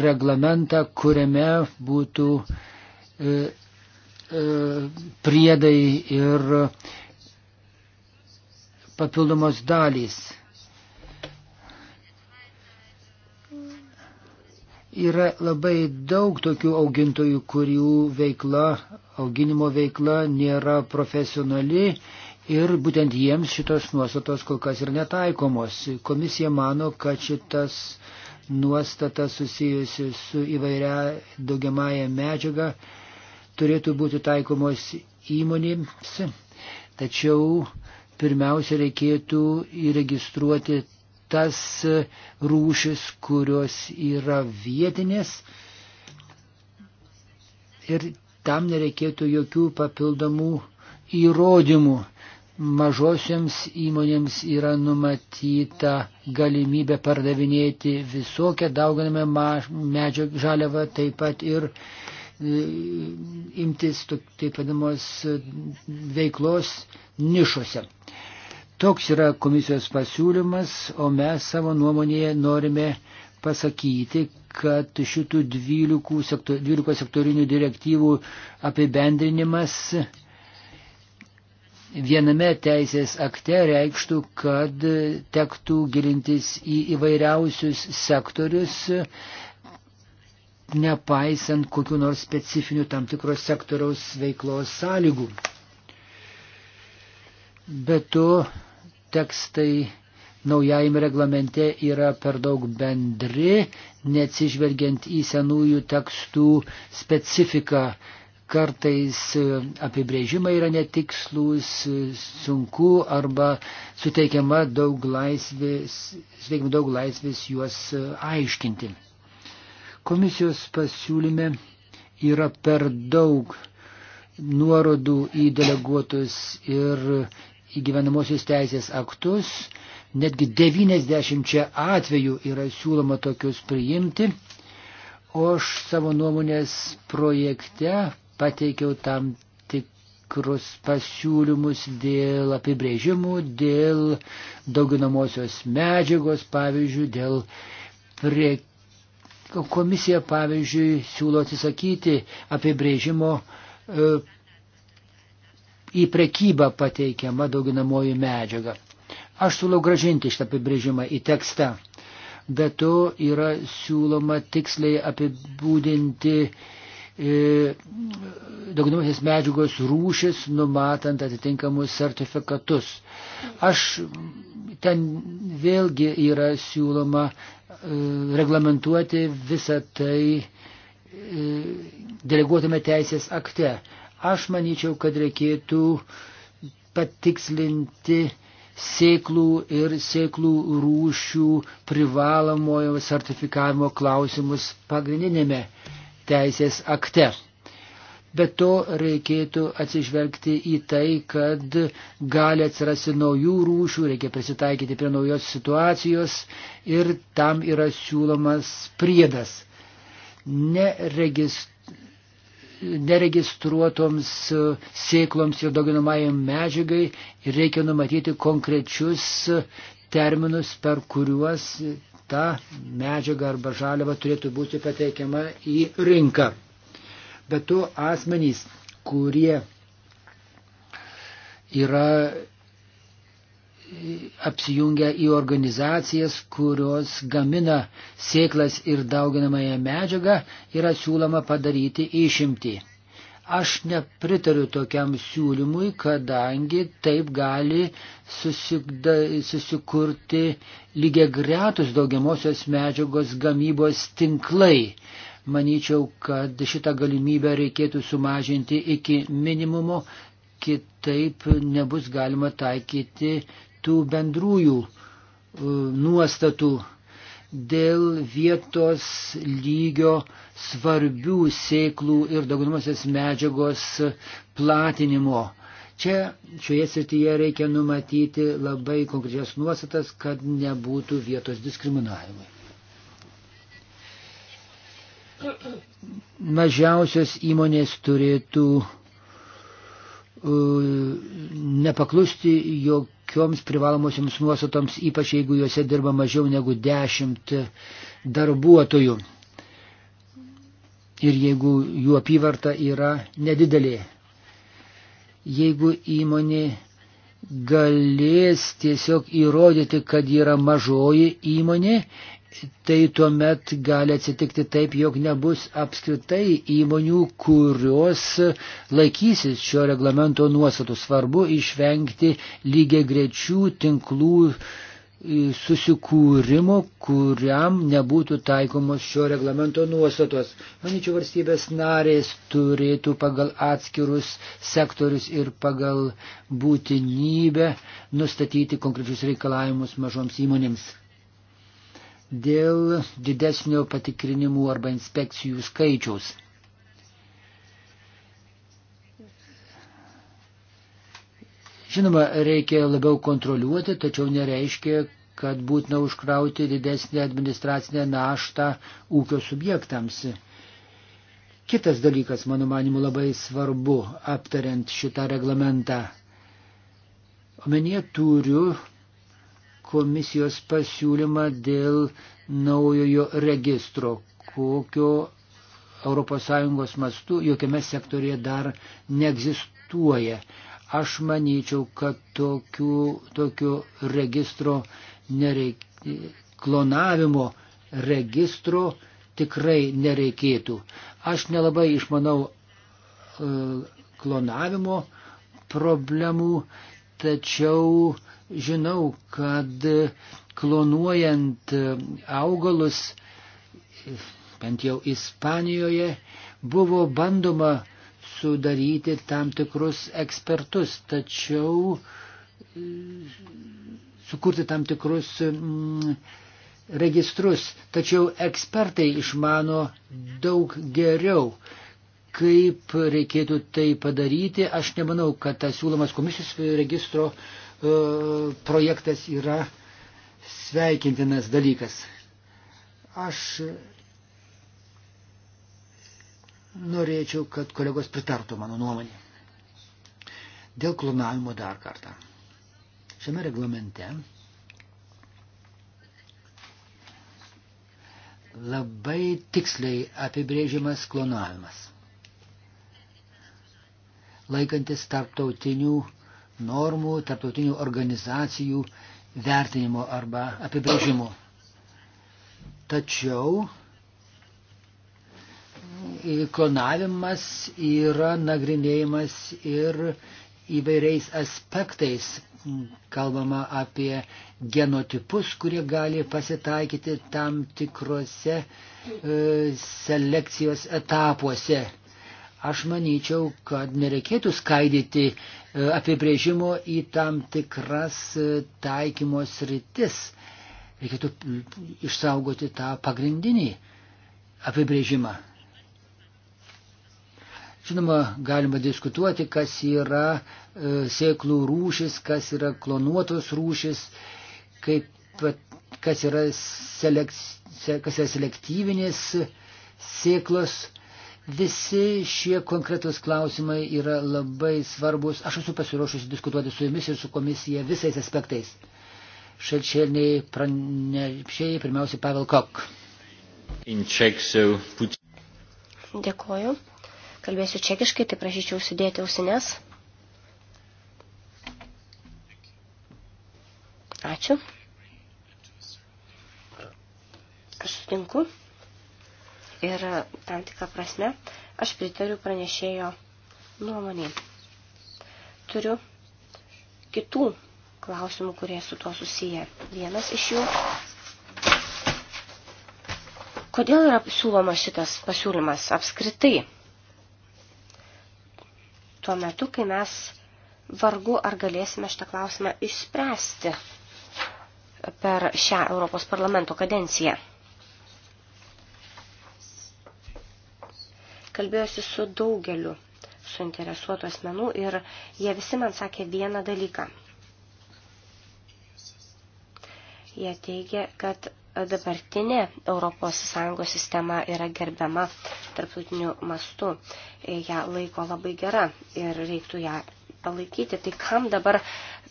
reglamentą, kuriame būtų E, priedai ir papildomos dalys. Yra labai daug tokių augintojų, kurių veikla, auginimo veikla nėra profesionali ir būtent jiems šitos nuostatos kol kas ir netaikomos. Komisija mano, kad šitas nuostata susijusi su įvairia daugiamąją medžiagą turėtų būti taikomos įmonėms, tačiau pirmiausia reikėtų įregistruoti tas rūšis, kurios yra vietinės ir tam nereikėtų jokių papildomų įrodymų. Mažosiams įmonėms yra numatyta galimybė pardavinėti visokią dauginamą medžio žaliavą, taip pat ir uh, imtis taip vadamos veiklos nišose. Toks yra komisijos pasiūlymas, o mes savo nuomonėje norime pasakyti, kad šitų 12, sektor, 12 sektorinių direktyvų apibendrinimas viename teisės akte reikštų, kad tektų gilintis į įvairiausius sektorius, nepaisant kokiu nors specifiniu tam tikros sektoriaus veiklos sąlygų. Be to, tekstai naujajame reglamente yra per daug bendri, neatsižvelgiant į senųjų tekstų specifiką. Kartais e, apibrėžimai yra netikslus, e, sunku arba suteikiama daug laisvės, suteikiama daug laisvės juos e, aiškinti. Komisijos pasiūlyme yra per daug nuorodų į deleguotus ir įgyvenamosios teisės aktus. Netgi 90 atvejų yra siūloma tokius priimti. O aš savo nuomonės projekte pateikiau tam tikrus pasiūlymus dėl apibrėžimų, dėl dauginamosios medžiagos, pavyzdžiui, dėl priekybės Komisija, pavyzdžiui, siūlo atsisakyti apibrėžimo e, į prekybą pateikiama dauginamoji medžiaga. Aš siūlau gražinti šitą apibrėžimą į tekstą. Be to yra siūloma tiksliai apibūdinti e, dauginamosios medžiagos rūšis, numatant atitinkamus sertifikatus. Aš ten vėlgi yra siūloma E, reglamentuoti visą tai e, deleguotame teisės akte. Aš manyčiau, kad reikėtų patikslinti sėklų ir sėklų rūšių privalomojo sertifikavimo klausimus pagrindinėme teisės akte. Bet to reikėtų atsižvelgti į tai, kad gali atsirasti naujų rūšių, reikia prisitaikyti prie naujos situacijos ir tam yra siūlomas priedas. Neregist... Neregistruotoms sėkloms ir dauginamajam medžiagai reikia numatyti konkrečius terminus, per kuriuos ta medžiaga arba žaliava turėtų būti pateikiama į rinką. Bet tu asmenys, kurie yra apsijungę į organizacijas, kurios gamina sėklas ir dauginamąją medžiagą, yra siūloma padaryti išimtį. Aš nepritariu tokiam siūlymui, kadangi taip gali susikda, susikurti lygiai gretus daugiamosios medžiagos gamybos tinklai. Manyčiau, kad šitą galimybę reikėtų sumažinti iki minimumo, kitaip nebus galima taikyti tų bendrųjų e, nuostatų dėl vietos lygio svarbių sėklų ir dauginamosios medžiagos platinimo. Čia šioje srityje reikia numatyti labai konkrečias nuostatas, kad nebūtų vietos diskriminavimui mažiausios įmonės turėtų e, nepaklusti jokioms privalomosiams nuostatoms, ypač jeigu juose dirba mažiau negu 10 darbuotojų. Ir jeigu jų apyvarta yra nedidelė. Jeigu įmonė galės tiesiog įrodyti, kad yra mažoji įmonė tai tuomet gali atsitikti taip, jog nebus apskritai įmonių, kurios laikysis šio reglamento nuostatų. Svarbu išvengti lygiai grečių tinklų e, susikūrimo, kuriam nebūtų taikomos šio reglamento nuostatos. Manyčiau, valstybės narės turėtų pagal atskirus sektorius ir pagal būtinybę nustatyti konkrečius reikalavimus mažoms įmonėms dėl didesnio patikrinimų arba inspekcijų skaičiaus. Žinoma, reikia labiau kontroliuoti, tačiau nereiškia, kad būtina užkrauti didesnį administracinę naštą ūkio subjektams. Kitas dalykas, mano manimu, labai svarbu aptariant šitą reglamentą. Omenyje turiu komisijos pasiūlymą dėl naujojo registro, kokio ES mastu jokiame sektorėje dar neegzistuoja. Aš manyčiau, kad tokiu, tokiu registro nereik, klonavimo registro tikrai nereikėtų. Aš nelabai išmanau e, klonavimo problemų, tačiau žinau, kad klonuojant augalus, bent jau Ispanijoje, buvo bandoma sudaryti tam tikrus ekspertus, tačiau sukurti tam tikrus mm, registrus. Tačiau ekspertai išmano daug geriau, kaip reikėtų tai padaryti. Aš nemanau, kad tas siūlomas komisijos registro E, projektas yra sveikintinas dalykas. Aš norėčiau, kad kolegos pritartų mano nuomonė. Dėl klonavimo dar kartą. Šiame reglamente labai tiksliai apibrėžimas klonavimas. Laikantis tarptautinių normų, tarptautinių organizacijų vertinimo arba apibrėžimo. Tačiau e, klonavimas yra nagrinėjimas ir įvairiais aspektais. Kalbama apie genotipus, kurie gali pasitaikyti tam tikrose e, selekcijos etapuose. Aš manyčiau, kad nereikėtų skaidyti apibrėžimo į tam tikras e, taikymo sritis. Reikėtų mm, išsaugoti tą pagrindinį apibrėžimą. Žinoma, galima diskutuoti, kas yra e, sėklų rūšis, kas yra klonuotos rūšis, kaip, kas, yra selek, kas yra selektyvinės sėklos. Visi šie konkretus klausimai yra labai svarbus. Aš esu pasiruošusi diskutuoti su jumis ir su komisija visais aspektais. Šelčelniai pranešėjai, pirmiausiai Pavel Kok. Dėkuoju. Kalbėsiu čekiškai, tai prašyčiau sudėti ausines. Ačiū. Aš sutinku. Ir tam tikrą prasme aš pritariu pranešėjo nuomonį. Turiu kitų klausimų, kurie su tuo susiję. Vienas iš jų. Kodėl yra siūlomas šitas pasiūlymas apskritai? Tuo metu, kai mes vargu ar galėsime šitą klausimą išspręsti per šią Europos parlamento kadenciją. kalbėjosi su daugeliu suinteresuotų asmenų ir jie visi man sakė vieną dalyką. Jie teigia, kad dabartinė ES sistema yra gerbiama tarptautiniu mastu. Ja laiko labai gera ir reiktų ją palaikyti. Tai kam dabar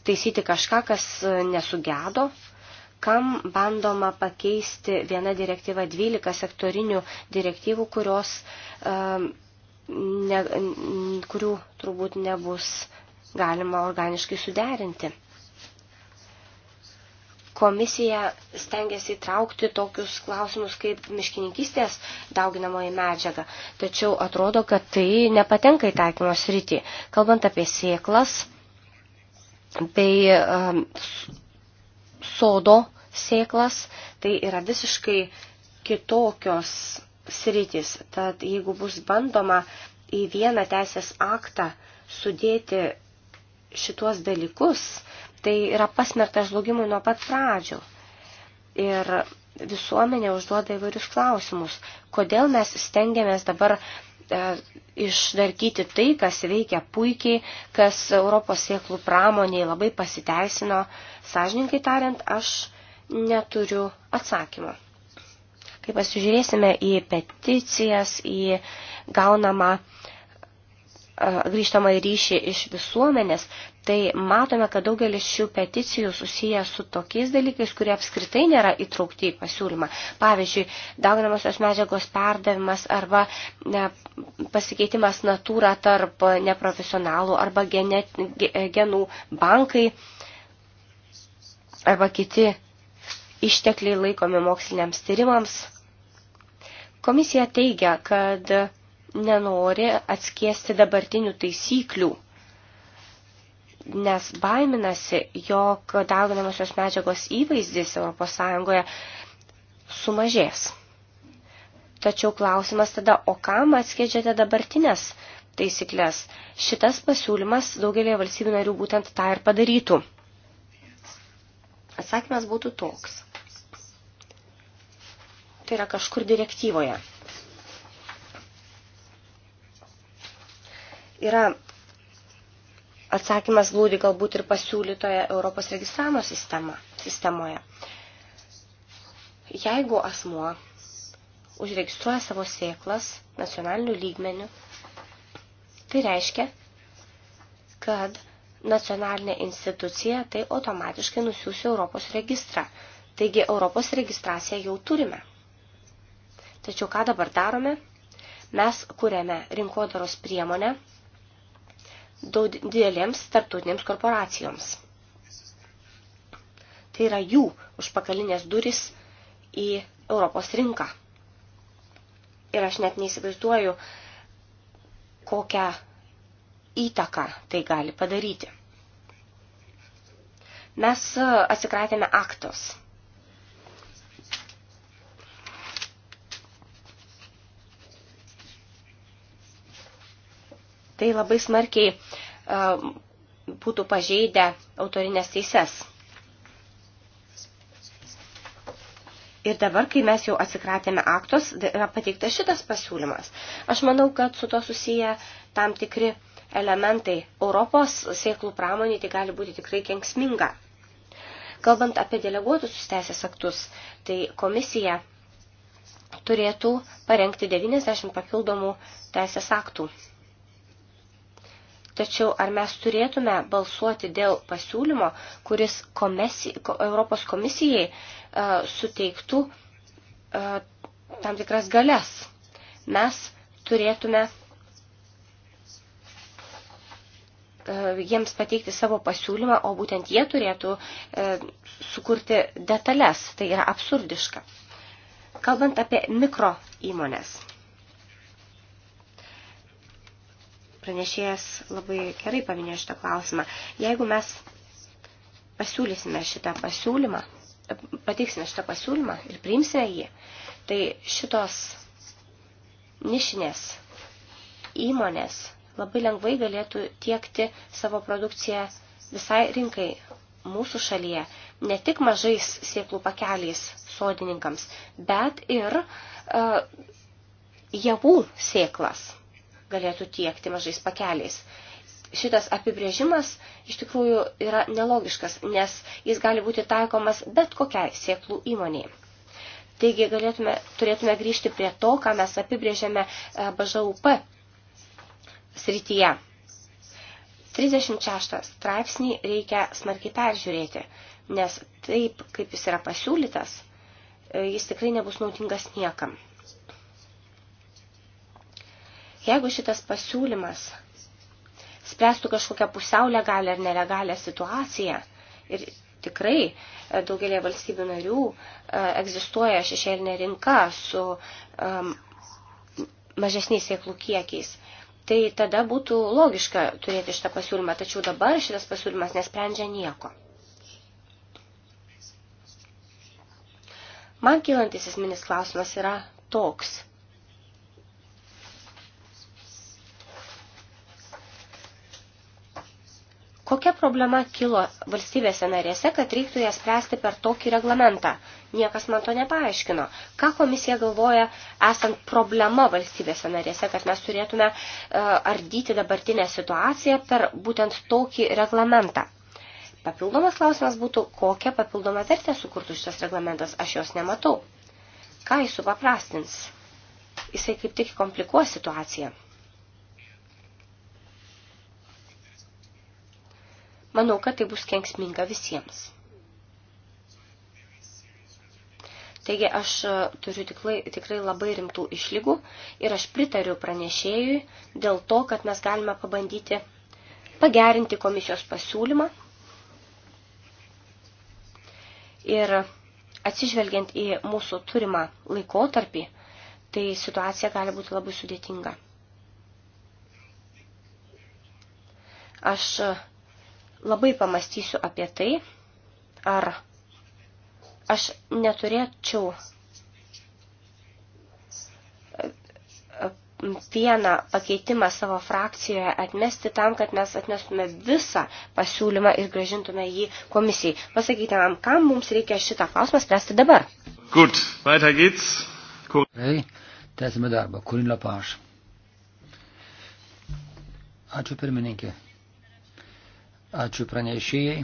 taisyti kažką, kas nesugedo kam bandoma pakeisti vieną direktyvą 12 sektorinių direktyvų, kurios, um, ne, kurių turbūt nebus galima organiškai suderinti. Komisija stengiasi įtraukti tokius klausimus kaip miškininkystės dauginamoji medžiaga, tačiau atrodo, kad tai nepatenka į taikymo sritį. Kalbant apie sėklas bei um, sodo sėklas, tai yra visiškai kitokios sritis. Tad jeigu bus bandoma į vieną teisės aktą sudėti šituos dalykus, tai yra pasmerta žlugimui nuo pat pradžių. Ir visuomenė užduoda įvairius klausimus. Kodėl mes stengiamės dabar E, išdarkyti tai, kas veikia puikiai, kas Europos sieklų pramoniai labai pasiteisino. Sažininkai tariant, aš neturiu atsakymo. Kai pasižiūrėsime į peticijas, į gaunamą e, grįžtamą ryšį iš visuomenės, tai matome, kad daugelis šių peticijų susiję su tokiais dalykais, kurie apskritai nėra įtraukti į pasiūlymą. Pavyzdžiui, dauginamosios medžiagos perdavimas arba ne, pasikeitimas natūra tarp neprofesionalų arba genet, genų bankai arba kiti ištekliai laikomi moksliniams tyrimams. Komisija teigia, kad nenori atskiesti dabartinių taisyklių nes baiminasi, jog dauginamosios medžiagos įvaizdis ES sumažės. Tačiau klausimas tada, o kam atskėdžiate dabartinės taisyklės? Šitas pasiūlymas daugelėje valstybių narių būtent tą ir padarytų. Atsakymas būtų toks. Tai yra kažkur direktyvoje. Yra atsakymas glūdi galbūt ir pasiūlytoje Europos registravimo sistema, sistemoje. Jeigu asmuo užregistruoja savo sėklas nacionaliniu lygmeniu, tai reiškia, kad nacionalinė institucija tai automatiškai nusiūs Europos registrą. Taigi Europos registraciją jau turime. Tačiau ką dabar darome? Mes kuriame rinkodaros priemonę didelėms tarptautinėms korporacijoms. Tai yra jų užpakalinės duris į Europos rinką. Ir aš net neįsivaizduoju, kokią įtaką tai gali padaryti. Mes e, atsikratėme aktos tai labai smarkiai e, būtų pažeidę autorinės teises. Ir dabar, kai mes jau atsikratėme aktos, yra pateiktas šitas pasiūlymas. Aš manau, kad su to susiję tam tikri elementai. Europos sėklų pramonė tai gali būti tikrai kenksminga. Kalbant apie deleguotusius teisės aktus, tai komisija turėtų parengti 90 papildomų teisės aktų. Tačiau ar mes turėtume balsuoti dėl pasiūlymo, kuris komisi, Europos komisijai uh, suteiktų uh, tam tikras galias? Mes turėtume uh, jiems pateikti savo pasiūlymą, o būtent jie turėtų uh, sukurti detalės. Tai yra absurdiška. Kalbant apie mikro įmonės. pranešėjas labai gerai paminėjo šitą klausimą. Jeigu mes pasiūlysime šitą pasiūlymą, pateiksime šitą pasiūlymą ir priimsime jį, tai šitos nišinės įmonės labai lengvai galėtų tiekti savo produkciją visai rinkai mūsų šalyje, ne tik mažais sėklų pakeliais sodininkams, bet ir uh, javų sėklas galėtų tiekti mažais pakeliais. Šitas apibrėžimas iš tikrųjų yra nelogiškas, nes jis gali būti taikomas bet kokiai sėklų įmoniai. Taigi galėtume, turėtume grįžti prie to, ką mes apibrėžėme e, BŽUP srityje. 36 straipsnį reikia smarkiai peržiūrėti, nes taip, kaip jis yra pasiūlytas, e, jis tikrai nebus naudingas niekam. Jeigu šitas pasiūlymas spręstų kažkokią pusiau legalią ar nelegalią situaciją ir tikrai e, daugelį valstybių narių e, egzistuoja šešėlinė rinka su um, mažesniais sėklų kiekiais. Tai tada būtų logiška turėti šitą pasiūlymą, tačiau dabar šitas pasiūlymas nesprendžia nieko. Man kylantis esminis klausimas yra toks – Kokia problema kilo valstybėse narėse, kad reiktų ją spręsti per tokį reglamentą? Niekas man to nepaaiškino. Ką komisija galvoja, esant problema valstybėse narėse, kad mes turėtume e, ardyti dabartinę situaciją per būtent tokį reglamentą? Papildomas klausimas būtų, kokią papildomą vertę sukurtų šitas reglamentas, aš jos nematau. Ką jis supaprastins? Jisai kaip tik komplikuos situaciją. Manau, kad tai bus kenksminga visiems. Taigi aš e, turiu tikrai, tikrai labai rimtų išlygų ir aš pritariu pranešėjui dėl to, kad mes galime pabandyti pagerinti komisijos pasiūlymą ir atsižvelgiant į mūsų turimą laikotarpį, tai situacija gali būti labai sudėtinga. Aš e, labai pamastysiu apie tai, ar aš neturėčiau e, e, vieną pakeitimą savo frakcijoje atmesti tam, kad mes atnestume visą pasiūlymą ir gražintume jį komisijai. Pasakykite man, kam mums reikia šitą klausimą spręsti dabar. Gut, weiter geht's. Kur... Hey, tęsime darbą. Kurin Lapaš. Ačiū pirmininkė. Ačiū pranešėjai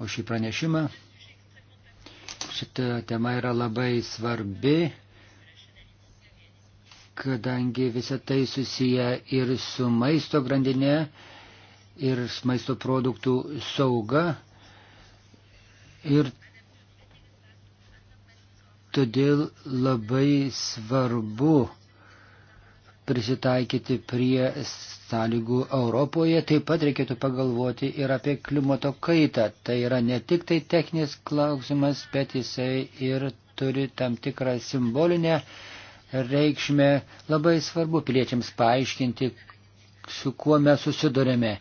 už šį pranešimą. Šita tema yra labai svarbi, kadangi visa tai susiję ir su maisto grandinė, ir maisto produktų sauga. Ir todėl labai svarbu prisitaikyti prie sąlygų Europoje, taip pat reikėtų pagalvoti ir apie klimato kaitą. Tai yra ne tik tai techninis klausimas, bet jisai ir turi tam tikrą simbolinę reikšmę. Labai svarbu piliečiams paaiškinti, su kuo mes susidurėme.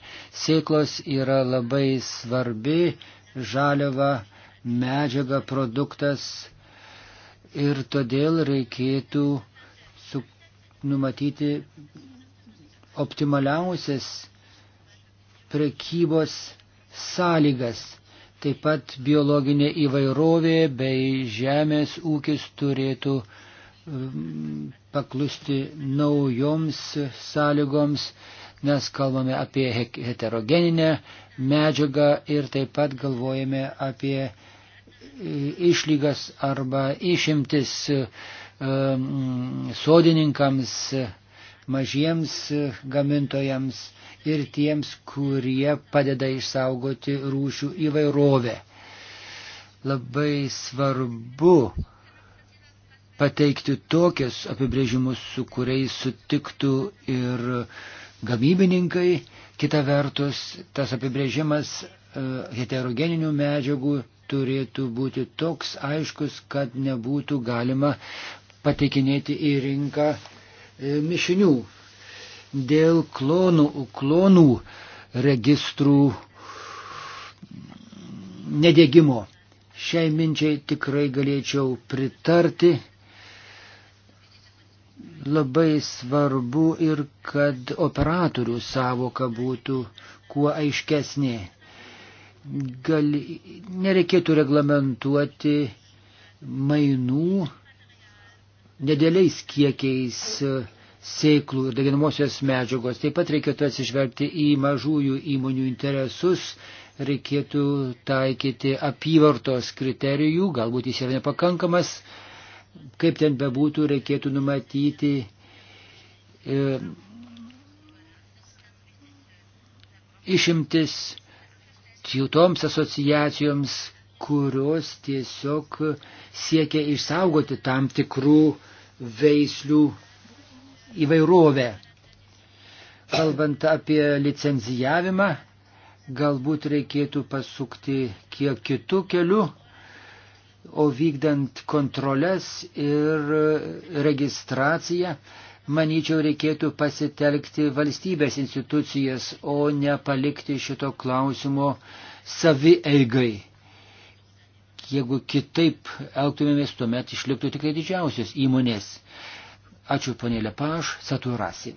Sėklos yra labai svarbi žaliava, medžiaga, produktas ir todėl reikėtų numatyti optimaliausias prekybos sąlygas. Taip pat biologinė įvairovė bei žemės ūkis turėtų mm, paklusti naujoms sąlygoms, nes kalbame apie heterogeninę medžiagą ir taip pat galvojame apie e, išlygas arba išimtis sodininkams, mažiems gamintojams ir tiems, kurie padeda išsaugoti rūšių įvairovę. Labai svarbu pateikti tokius apibrėžimus, su kuriais sutiktų ir gamybininkai. Kita vertus, tas apibrėžimas e, heterogeninių medžiagų turėtų būti toks aiškus, kad nebūtų galima pateikinėti į rinką e, mišinių. Dėl klonų, klonų registrų nedėgymo. Šiai minčiai tikrai galėčiau pritarti. Labai svarbu ir kad operatorių savoka būtų kuo aiškesnė. Gal, nereikėtų reglamentuoti mainų nedėliais kiekiais e, sėklų ir deginamosios medžiagos. Taip pat reikėtų atsižvelgti į mažųjų įmonių interesus, reikėtų taikyti apyvartos kriterijų, galbūt jis yra nepakankamas, kaip ten bebūtų, reikėtų numatyti. E, Išimtis tiltoms asociacijoms, kurios tiesiog siekia išsaugoti tam tikrų uh, veislių įvairovę. Kalbant apie licenzijavimą, galbūt reikėtų pasukti kiek kitų kelių, o vykdant kontrolės ir registraciją, manyčiau, reikėtų pasitelkti valstybės institucijas, o ne palikti šito klausimo savieigai. Jeigu kitaip elgtumėmės, tuomet išliktų tikrai didžiausios įmonės. Ačiū, ponė Lepaš, saturasi.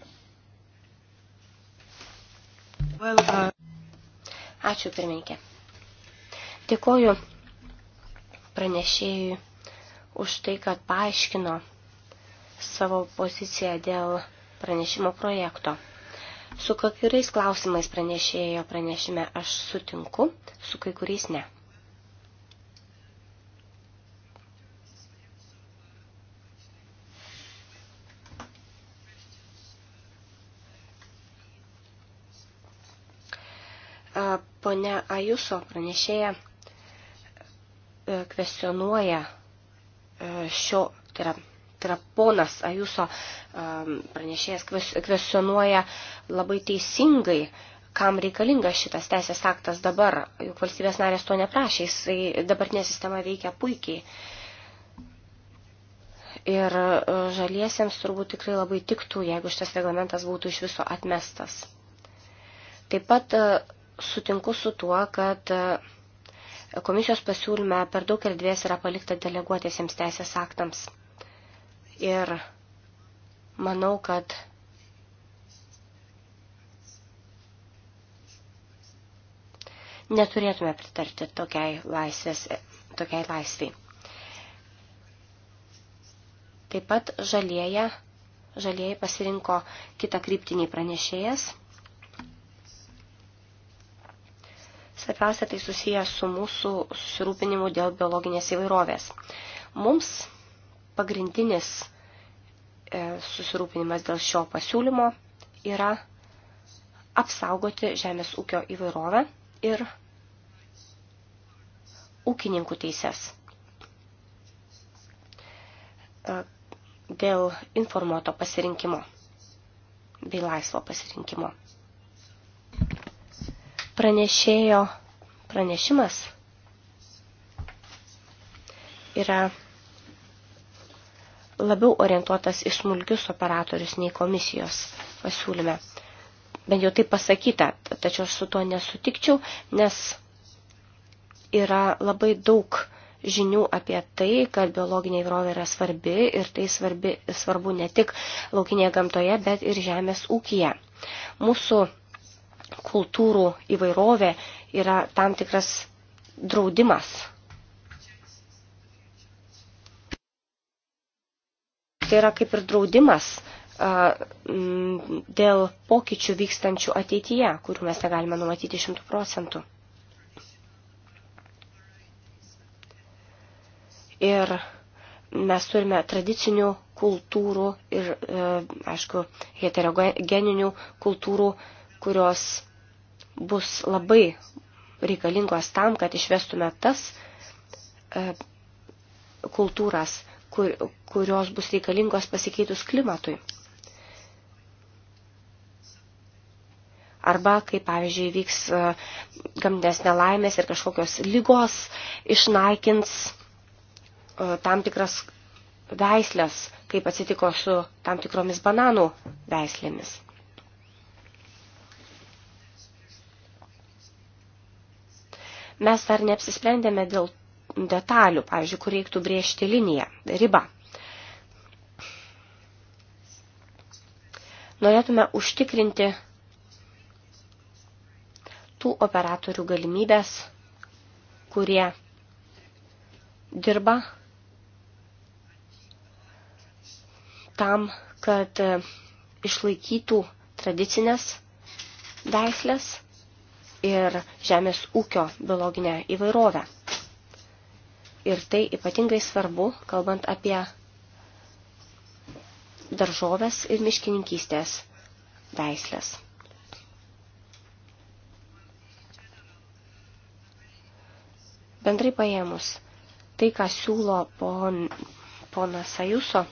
Well, uh... Ačiū, pirmininkė. Dėkoju pranešėjui už tai, kad paaiškino savo poziciją dėl pranešimo projekto. Su kokiais klausimais pranešėjo pranešime aš sutinku, su kai kuriais ne. Pone Ajuso pranešėja e, kvestionuoja e, šio, tai yra, tai yra ponas Ajuso e, pranešėjas kvestionuoja labai teisingai, kam reikalingas šitas teisės aktas dabar, juk valstybės narės to neprašė, jisai dabartinė sistema veikia puikiai. Ir žaliesiems turbūt tikrai labai tiktų, jeigu šitas reglamentas būtų iš viso atmestas. Taip pat sutinku su tuo, kad e, komisijos pasiūlyme per daug erdvės yra palikta deleguotėsiems teisės aktams. Ir manau, kad neturėtume pritarti tokiai, laisvės, e, tokiai laisviai. Taip pat žalieja, žalieji pasirinko kitą kryptinį pranešėjas – Svarbiausia, tai susijęs su mūsų susirūpinimu dėl biologinės įvairovės. Mums pagrindinis e, susirūpinimas dėl šio pasiūlymo yra apsaugoti žemės ūkio įvairovę ir ūkininkų teises. E, dėl informuoto pasirinkimo bei laisvo pasirinkimo. Pranešėjo pranešimas yra labiau orientuotas į smulkius operatorius nei komisijos pasiūlyme. Bent jau tai pasakyta, tačiau aš su tuo nesutikčiau, nes yra labai daug žinių apie tai, kad biologinė įvrovė yra svarbi ir tai svarbi, svarbu ne tik laukinėje gamtoje, bet ir žemės ūkija. Mūsų kultūrų įvairovė yra tam tikras draudimas. Tai yra kaip ir draudimas dėl pokyčių vykstančių ateityje, kurių mes negalime numatyti šimtų procentų. Ir mes turime tradicinių kultūrų ir, e, aišku, heterogeninių kultūrų kurios bus labai reikalingos tam, kad išvestume tas e, kultūras, kur, kurios bus reikalingos pasikeitus klimatui. Arba, kai, pavyzdžiui, vyks e, gamtinės nelaimės ir kažkokios lygos išnaikins e, tam tikras veislės, kaip atsitiko su tam tikromis bananų veislėmis. Mes dar neapsisprendėme dėl detalių, pavyzdžiui, kur reiktų brėžti liniją, ribą. Norėtume užtikrinti tų operatorių galimybės, kurie dirba tam, kad išlaikytų tradicinės veislės ir žemės ūkio biologinę įvairovę. Ir tai ypatingai svarbu, kalbant apie daržovės ir miškininkystės veislės. Bendrai paėmus, tai, ką siūlo pon, ponas Sajuso,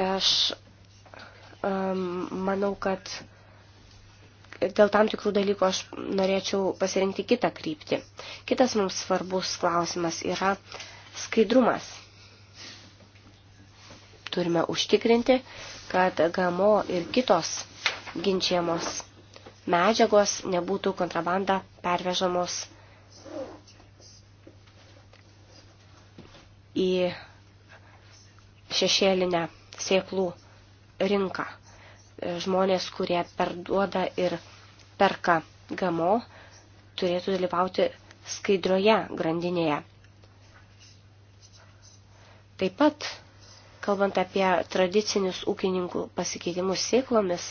Aš um, manau, kad dėl tam tikrų dalykų aš norėčiau pasirinkti kitą kryptį. Kitas mums svarbus klausimas yra skaidrumas. Turime užtikrinti, kad GMO ir kitos ginčiamos medžiagos nebūtų kontrabanda pervežamos į šešėlinę sėklų rinką. Žmonės, kurie perduoda ir perka gamo, turėtų dalyvauti skaidroje grandinėje. Taip pat, kalbant apie tradicinius ūkininkų pasikeitimus sėklomis,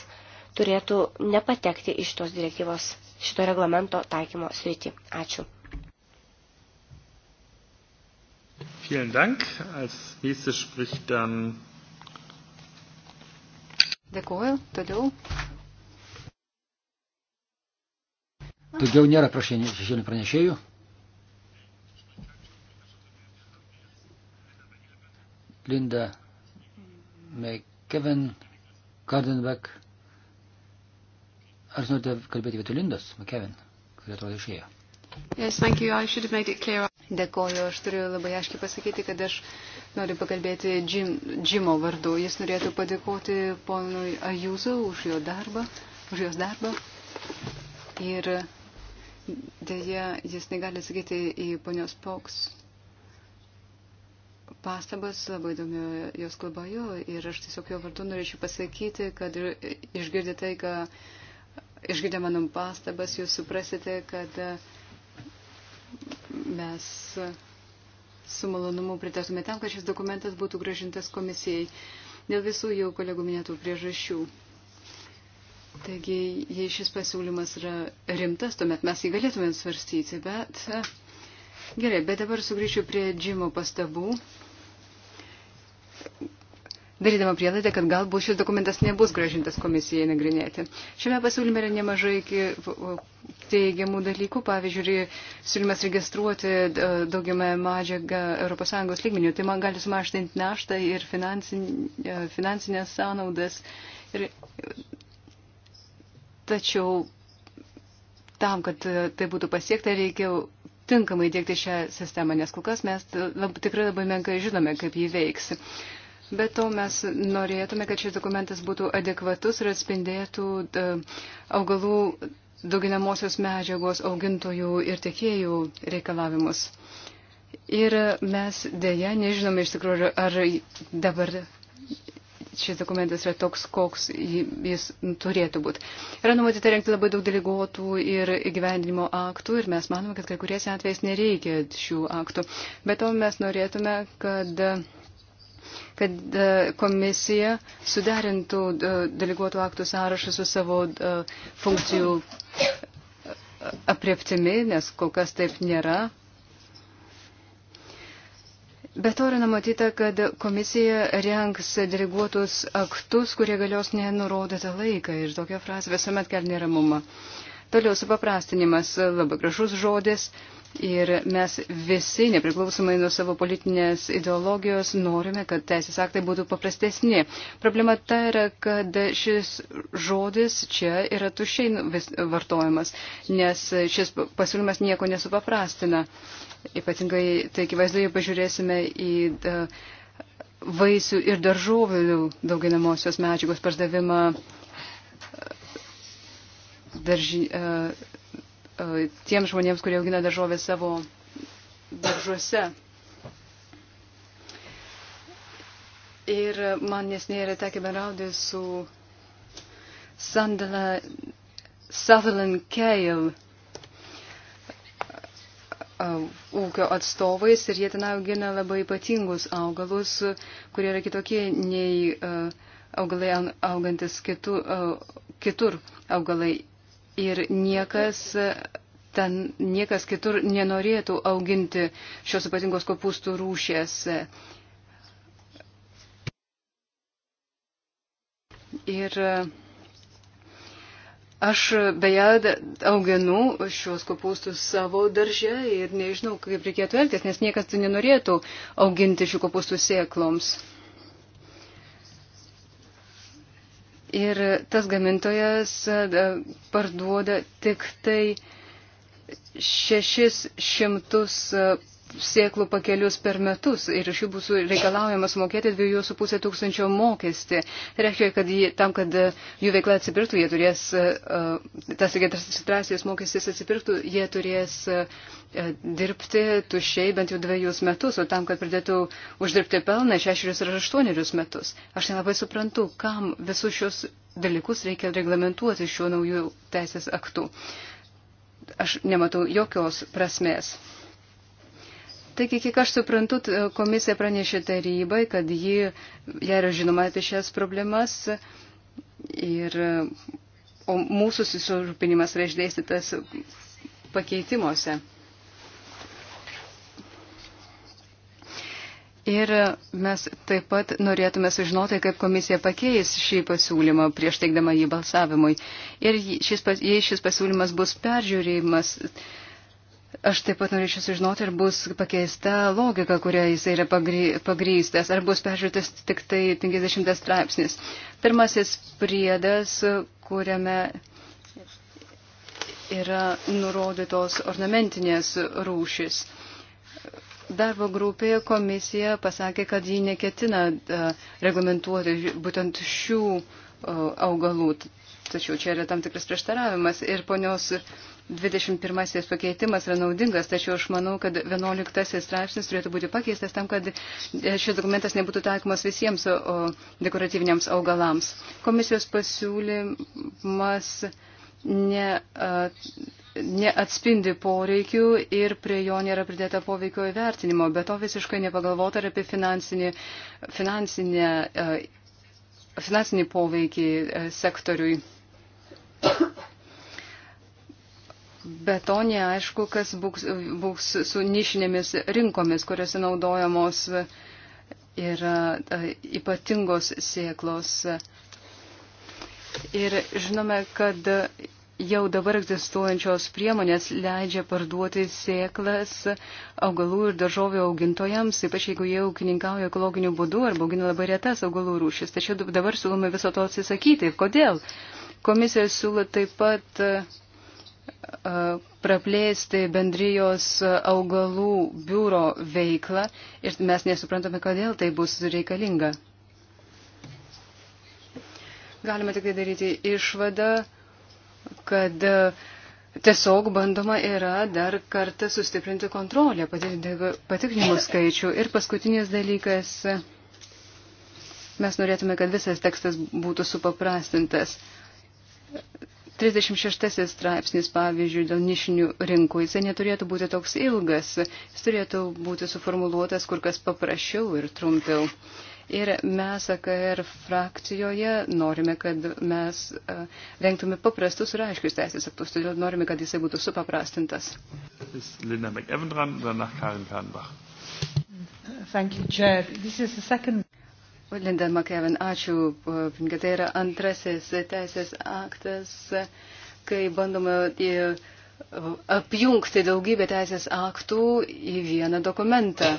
turėtų nepatekti iš tos direktyvos, šito reglamento taikymo sritį. Ačiū. Vielen Dank. Als nächstes spricht dann Dėkuoju. Toliau. Daugiau nėra šešėlinių pranešėjų. Linda McKevin Gardenbeck. Ar norite kalbėti vietoj Lindos McKevin, kuri atrodo išėjo? Yes, thank you. I should have made it clear. Dėkoju, aš turiu labai aiškiai pasakyti, kad aš noriu pakalbėti Jim, Jimo vardu. Jis norėtų padėkoti ponui Ajūzu už jo darbą, už jos darbą. Ir dėja, jis negali atsakyti į ponios Poks pastabas, labai įdomi jos kalbojo ir aš tiesiog jo vardu norėčiau pasakyti, kad išgirdę tai, ką išgirdę mano pastabas, jūs suprasite, kad uh, Mes su malonumu pritartume tam, kad šis dokumentas būtų gražintas komisijai dėl visų jau kolegų minėtų priežasčių. Taigi, jei šis pasiūlymas yra rimtas, tuomet mes jį galėtume svarstyti, bet gerai, bet dabar sugrįšiu prie Džimo pastabų darydama prielaidą, kad galbūt šis dokumentas nebus gražintas komisijai nagrinėti. Šiame pasiūlyme yra nemažai teigiamų dalykų. Pavyzdžiui, siūlymas registruoti daugiamą medžiagą ES lygmenių. Tai man gali sumažinti naštą ir e, finansinės sąnaudas. Ir, tačiau tam, kad e, tai būtų pasiekta, reikia tinkamai dėkti šią sistemą, nes kol kas mes lab, tikrai labai menkai žinome, kaip jį veiks. Bet to mes norėtume, kad šis dokumentas būtų adekvatus ir atspindėtų e, augalų dauginamosios medžiagos augintojų ir tiekėjų reikalavimus. Ir mes dėja nežinome iš tikrųjų, ar dabar šis dokumentas yra toks, koks jis turėtų būti. Yra numatyta rengti labai daug deleguotų ir gyvendinimo aktų ir mes manome, kad kai kuriais atvejais nereikia šių aktų. Bet to mes norėtume, kad kad e, komisija suderintų e, deleguotų aktų sąrašą su savo e, funkcijų apreptimi, nes kol kas taip nėra. Be to yra numatyta, kad komisija renks deleguotus aktus, kurie galios nenurodytą laiką ir tokia frazė visuomet kelia neramumą. Toliau supaprastinimas, labai gražus žodis. Uh, Ir mes visi, nepriklausomai nuo savo politinės ideologijos, norime, kad teisės aktai būtų paprastesni. Problema ta yra, kad šis žodis čia yra tušiai nu, vartojamas, nes šis pasiūlymas nieko nesupaprastina. Ypatingai, tai akivaizdu, jei pažiūrėsime į e, vaisių ir daržovių dauginamosios medžiagos pardavimą e, darži, e, E, tiems žmonėms, kurie augina daržovę savo daržuose. Ir man nesnė yra tekę bendrauti su Sandala, Sutherland Kale e, ūkio atstovais ir jie ten augina labai ypatingus augalus, kurie yra kitokie nei e, augalai augantis kitu, kitur augalai ir niekas, e, ten, niekas kitur nenorėtų auginti šios ypatingos kopūstų rūšės. Ir e, aš beje auginu šios kopūstus savo darže ir nežinau, kaip reikėtų elgtis, nes niekas nenorėtų auginti šių kopūstų sėkloms. ir tas gamintojas e, parduoda tik tai 600 sėklų pakelius per metus ir iš jų bus reikalaujama sumokėti 2,5 tūkstančio mokestį. Tai reiškia, kad jie, tam, kad e, jų veikla atsipirktų, jie turės, e, e, tas registracijos mokestis atsipirktų, jie turės dirbti tušiai bent jau dviejus metus, o tam, kad pridėtų uždirbti pelną, šešerius ar aštuonerius metus. Aš nelabai suprantu, kam visus šios dalykus reikia reglamentuoti šiuo naujų teisės aktų. Aš nematau jokios prasmės. Taigi, kiek aš suprantu, komisija pranešė tarybai, kad ji, jai yra žinoma apie šias problemas ir o mūsų susirūpinimas yra išdėstytas pakeitimuose. Ir mes taip pat norėtume sužinoti, kaip komisija pakeis šį pasiūlymą prieš teikdama jį balsavimui. Ir šis, jei šis pasiūlymas bus peržiūrėjimas, Aš taip pat norėčiau sužinoti, ar bus pakeista logika, kuria jis yra pagry, pagrystas, ar bus peržiūrėtas tik tai 50 straipsnis. Pirmasis priedas, kuriame yra nurodytos ornamentinės rūšis. Darbo grupėje komisija pasakė, kad ji neketina e, reglamentuoti būtent šių e, augalų. Tačiau čia yra tam tikras prieštaravimas ir ponios 21 pakeitimas yra naudingas, tačiau aš manau, kad 11 straipsnis turėtų būti pakeistas tam, kad šis dokumentas nebūtų taikomas visiems dekoratyviniams augalams. Komisijos pasiūlymas ne, neatspindi poreikių ir prie jo nėra pridėta poveikio įvertinimo, bet to visiškai nepagalvota ir apie finansinį, finansinę, finansinį poveikį sektoriui. Be to neaišku, kas būks, būks su nišinėmis rinkomis, kuriuose naudojamos yra e, ypatingos sėklos. Ir žinome, kad jau dabar egzistuojančios priemonės leidžia parduoti sėklas augalų ir daržovių augintojams, ypač jeigu jie ūkininkauja ekologiniu būdu arba augina labai retas augalų rūšis. Tačiau dabar siūlome viso to atsisakyti. Kodėl? Komisija siūlo taip pat e, e, praplėsti bendrijos augalų biuro veiklą ir mes nesuprantame, kodėl tai bus reikalinga. Galima tik tai daryti išvadą, kad e, tiesiog bandoma yra dar kartą sustiprinti kontrolę, patikrinimų skaičių. Ir paskutinis dalykas, mes norėtume, kad visas tekstas būtų supaprastintas. 36 straipsnis, pavyzdžiui, dėl nišinių rinkų, jisai neturėtų būti toks ilgas, jis turėtų būti suformuluotas kur kas paprasčiau ir trumpiau. Ir mes AKR frakcijoje norime, kad mes rengtume paprastus ir aiškius teisės aktus, todėl norime, kad jisai būtų supaprastintas. Linda McEvendran, danach Karin Kahnbach. Thank you, Chair. This is the second Linda McKevin, ačiū. Tai yra antrasis teisės aktas, kai bandoma e, apjungti daugybę teisės aktų į vieną dokumentą.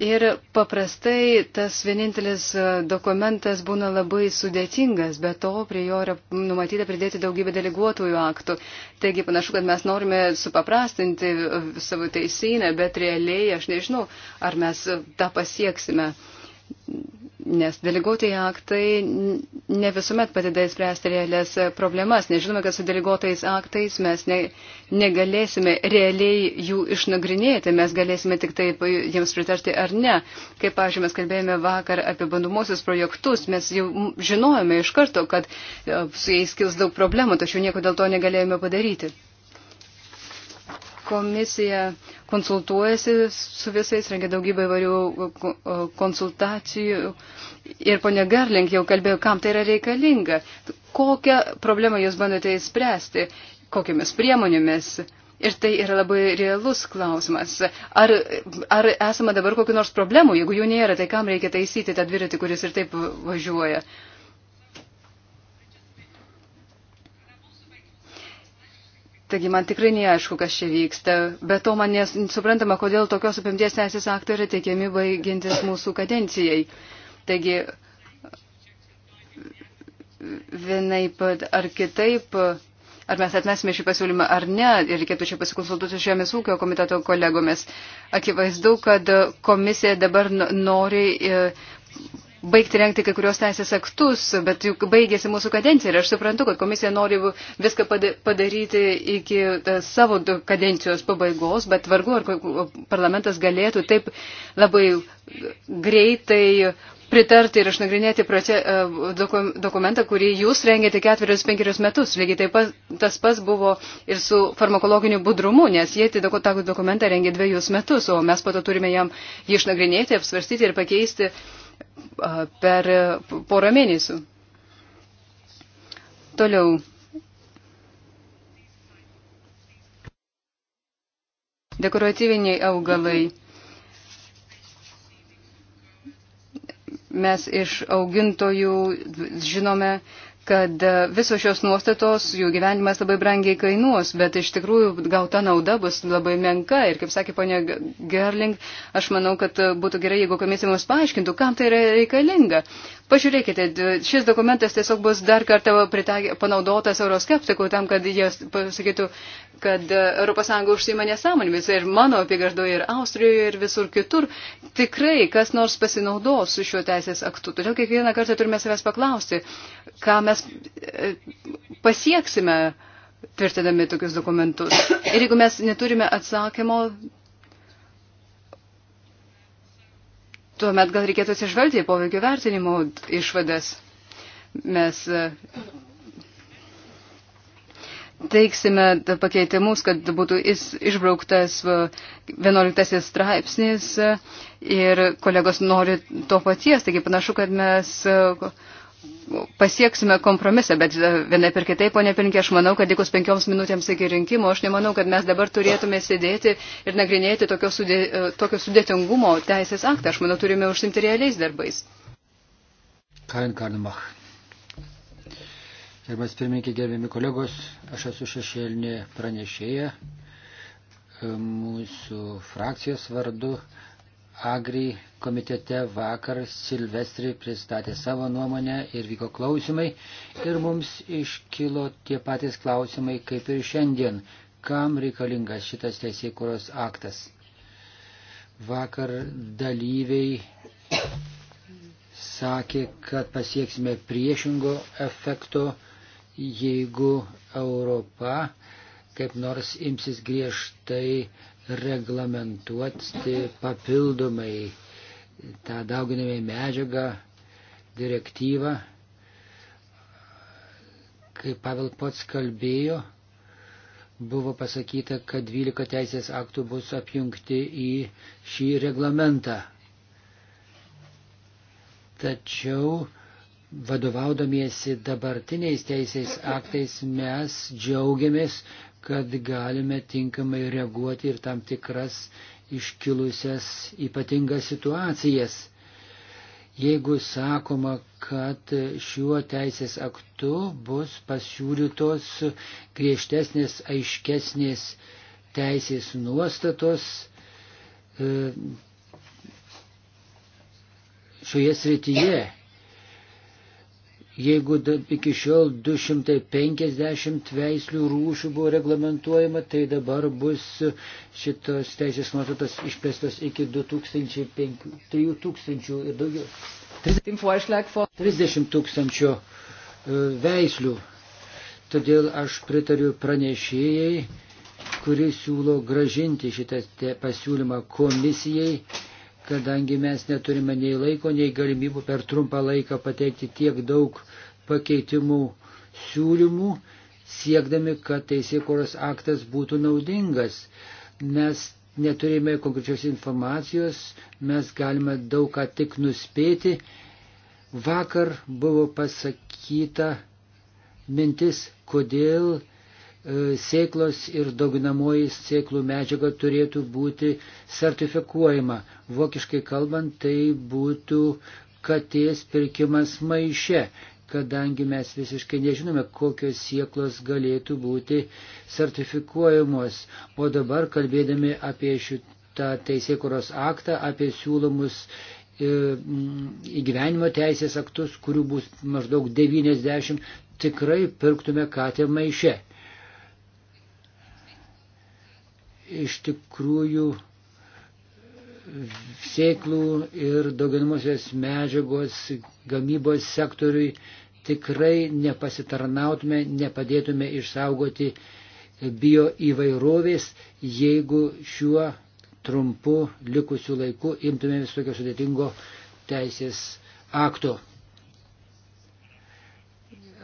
Ir paprastai tas vienintelis dokumentas būna labai sudėtingas, bet to prie jo yra numatyta pridėti daugybę deleguotųjų aktų. Taigi panašu, kad mes norime supaprastinti savo teisinę, bet realiai aš nežinau, ar mes tą pasieksime. Uh, nes deleguotai aktai ne visuomet padeda įspręsti realias problemas. Nežinome, kad su deleguotais aktais mes ne, negalėsime realiai jų išnagrinėti, mes galėsime tik taip jiems pritarti ar ne. Kaip, pažiūrėjau, mes kalbėjome vakar apie bandomosius projektus, mes jau žinojome iš karto, kad e, su jais kils daug problemų, tačiau nieko dėl to negalėjome padaryti. Komisija konsultuojasi su visais, rengia daugybę įvairių uh, uh, konsultacijų. Ir ponia Gerling jau kalbėjo, kam tai yra reikalinga, kokią problemą jūs bandote įspręsti, kokiamis priemonėmis. Ir tai yra labai realus klausimas. Ar, ar esama dabar kokiu nors problemu, jeigu jų nėra, tai kam reikia taisyti tą dviratį, kuris ir taip važiuoja? Uh, Taigi man tikrai neaišku, kas čia vyksta. Be to man nesuprantama, kodėl tokios apimties teisės aktai yra teikiami baigintis mūsų kadencijai. Taigi vienai ar kitaip, ar mes atmesime šį pasiūlymą ar ne, ir reikėtų čia pasikonsultuoti su Žemės ūkio komiteto kolegomis. Akivaizdu, kad komisija dabar nori e, baigti renkti kai kurios teisės aktus, bet juk baigėsi mūsų kadencija ir aš suprantu, kad komisija nori viską padaryti iki e, savo kadencijos pabaigos, bet vargu ar parlamentas galėtų taip labai greitai pritarti ir išnagrinėti e, dokumentą, kurį jūs rengėte ketverius, penkerius metus. Lygiai taip pat tas pas buvo ir su farmakologiniu budrumu, nes jie tą dokumentą rengė dviejus metus, o mes pato turime jam jį išnagrinėti, apsvarstyti ir pakeisti uh, per porą mėnesių. Toliau. Dekoratyviniai augalai. Mes iš augintojų žinome, kad e, visos šios nuostatos, jų gyvenimas labai brangiai kainuos, bet iš tikrųjų gauta nauda bus labai menka. Ir kaip sakė ponia Gerling, aš manau, kad e, būtų gerai, jeigu komisija mums paaiškintų, kam tai yra reikalinga. Pažiūrėkite, šis dokumentas tiesiog bus dar kartą pritagė, panaudotas euroskeptikų tam, kad jie pasakytų, kad ES užsima nesąmonėmis ir mano apygardoje, ir Austrijoje, ir visur kitur. Tikrai kas nors pasinaudos su šiuo teisės aktu. Todėl kiekvieną kartą turime savęs paklausti, ką mes mes e, pasieksime tvirtinami tokius dokumentus. Ir jeigu mes neturime atsakymo, tuomet gal reikėtų atsižvelgti į poveikio vertinimo išvadas. Mes e, teiksime pakeitimus, kad būtų išbrauktas 11 e, straipsnis ir kolegos nori to paties. Taigi panašu, kad mes pasieksime kompromisą, bet e, vienai per kitai, ponė Pirinkė, aš manau, kad likus penkioms minutėms iki rinkimo, aš nemanau, kad mes dabar turėtume sėdėti ir nagrinėti tokio, sudė, e, tokio sudėtingumo teisės aktą. Aš manau, turime užsimti realiais darbais. Karin Karnamach. Gerbės pirmininkė, gerbėmi kolegos, aš esu šešėlinė pranešėja e, mūsų frakcijos vardu Agri komitete vakar Silvestri pristatė savo nuomonę ir vyko klausimai ir mums iškilo tie patys klausimai kaip ir šiandien, kam reikalingas šitas teisėkuros aktas. Vakar dalyviai sakė, kad pasieksime priešingo efekto, jeigu Europa kaip nors imsis griežtai uh, reglamentuoti papildomai tą dauginamą medžiagą direktyvą, kaip Pavel pats kalbėjo, buvo pasakyta, kad 12 teisės aktų bus apjungti į šį reglamentą. Tačiau vadovaudamiesi dabartiniais teisės aktais mes džiaugiamės, kad galime tinkamai reaguoti ir tam tikras iškilusias ypatingas situacijas. Jeigu sakoma, kad šiuo teisės aktu bus pasiūlytos griežtesnės, aiškesnės teisės nuostatos, e, šioje srityje Jeigu iki šiol 250 veislių rūšių buvo reglamentuojama, tai dabar bus šitos teisės nuostatos išplėstos iki 2000 ir daugiau. 30 tūkstančių e, veislių. Todėl aš pritariu pranešėjai, kuris siūlo gražinti šitą pasiūlymą komisijai kadangi mes neturime nei laiko, nei galimybų per trumpą laiką pateikti tiek daug pakeitimų siūlymų, siekdami, kad teisėkuros aktas būtų naudingas. Mes neturime konkrečios informacijos, mes galime daug ką tik nuspėti. Vakar buvo pasakyta mintis, kodėl E, sėklos ir dauginamoji sėklų medžiaga turėtų būti sertifikuojama. Vokiškai kalbant, tai būtų katės pirkimas maiše, kadangi mes visiškai nežinome, kokios sieklos galėtų būti sertifikuojamos. O dabar, kalbėdami apie šitą teisėkuros aktą, apie siūlomus e, įgyvenimo teisės aktus, kurių bus maždaug 90, tikrai pirktume katę maiše. iš tikrųjų sėklų ir dauginamosios medžiagos gamybos sektoriui tikrai nepasitarnautume, nepadėtume išsaugoti bio įvairovės, jeigu šiuo trumpu likusiu laiku imtume vis tokio sudėtingo teisės akto.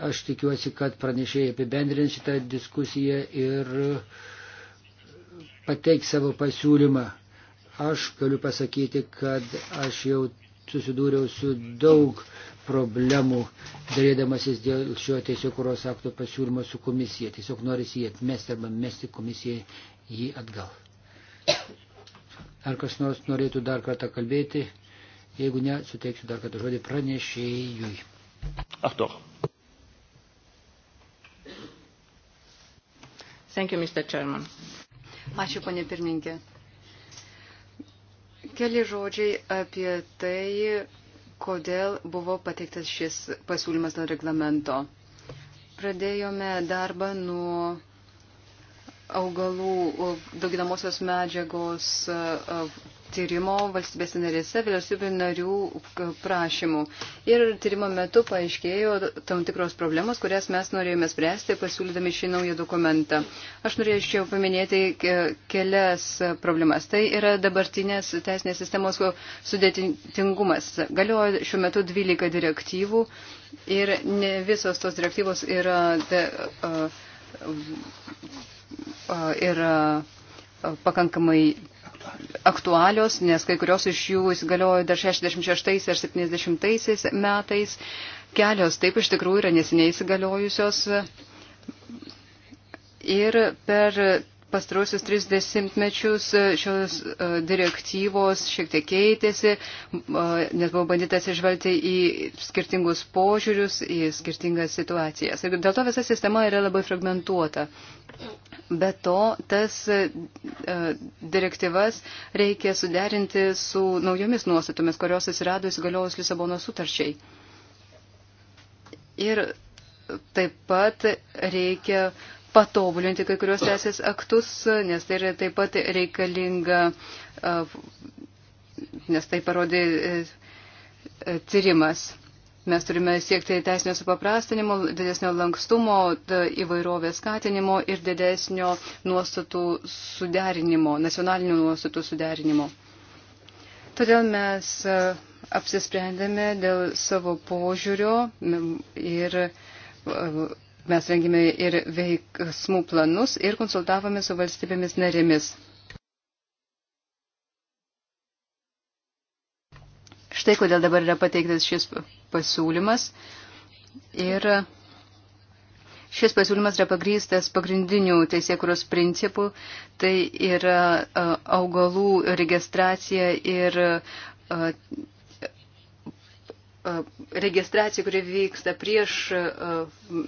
Aš tikiuosi, kad pranešėjai apibendrins šitą diskusiją ir uh, pateiks savo pasiūlymą. Aš galiu pasakyti, kad aš jau susidūriau su daug problemų, dėrėdamasis dėl šio tiesiog kuros akto pasiūlymo su komisija. Tiesiog norisi jį atmesti arba mesti komisijai jį atgal. Ar kas nors norėtų dar kartą kalbėti? Jeigu ne, suteiksiu dar kartą žodį pranešėjui. Achtung. Thank you, Mr. Chairman. Ačiū, ponė pirmininkė. Keli žodžiai apie tai, kodėl buvo pateiktas šis pasiūlymas dėl reglamento. Pradėjome darbą nuo augalų dauginamosios medžiagos tyrimo valstybės narėse vyriausybių narių prašymų. Ir tyrimo metu paaiškėjo tam tikros problemos, kurias mes norėjome spręsti, pasiūlydami šį naują dokumentą. Aš norėčiau paminėti kelias problemas. Tai yra dabartinės teisinės sistemos sudėtingumas. Galioja šiuo metu 12 direktyvų ir ne visos tos direktyvos yra. De, uh, yra pakankamai aktualios, nes kai kurios iš jų įsigaliojo dar 66 ar 70 metais. Kelios taip iš tikrųjų yra neseniai įsigaliojusios. Ir per pastrosius tris dešimtmečius e, šios e, direktyvos šiek tiek keitėsi, e, nes buvo bandyta atsižvelgti į skirtingus požiūrius, į skirtingas situacijas. Ir dėl to visa sistema yra labai fragmentuota. Be to, tas direktyvas reikia suderinti su naujomis nuostatomis, kurios atsirado įsigaliojus Lisabono sutarčiai. Ir taip pat reikia uh, patobulinti kai kurios teisės aktus, nes tai yra taip pat reikalinga, nes tai parodė e, tyrimas. Mes turime siekti teisinio supaprastinimo, didesnio lankstumo, įvairovės skatinimo ir didesnio nuostatų suderinimo, nacionalinių nuostatų suderinimo. Todėl mes e, apsisprendėme dėl savo požiūrio ir e, Mes rengėme ir veiksmų planus ir konsultavome su valstybėmis narėmis. Štai kodėl dabar yra pateiktas šis pasiūlymas. Ir Šis pasiūlymas yra pagrystas pagrindinių teisėkuros principų, tai yra augalų registracija ir E, registracija, kuri vyksta prieš e,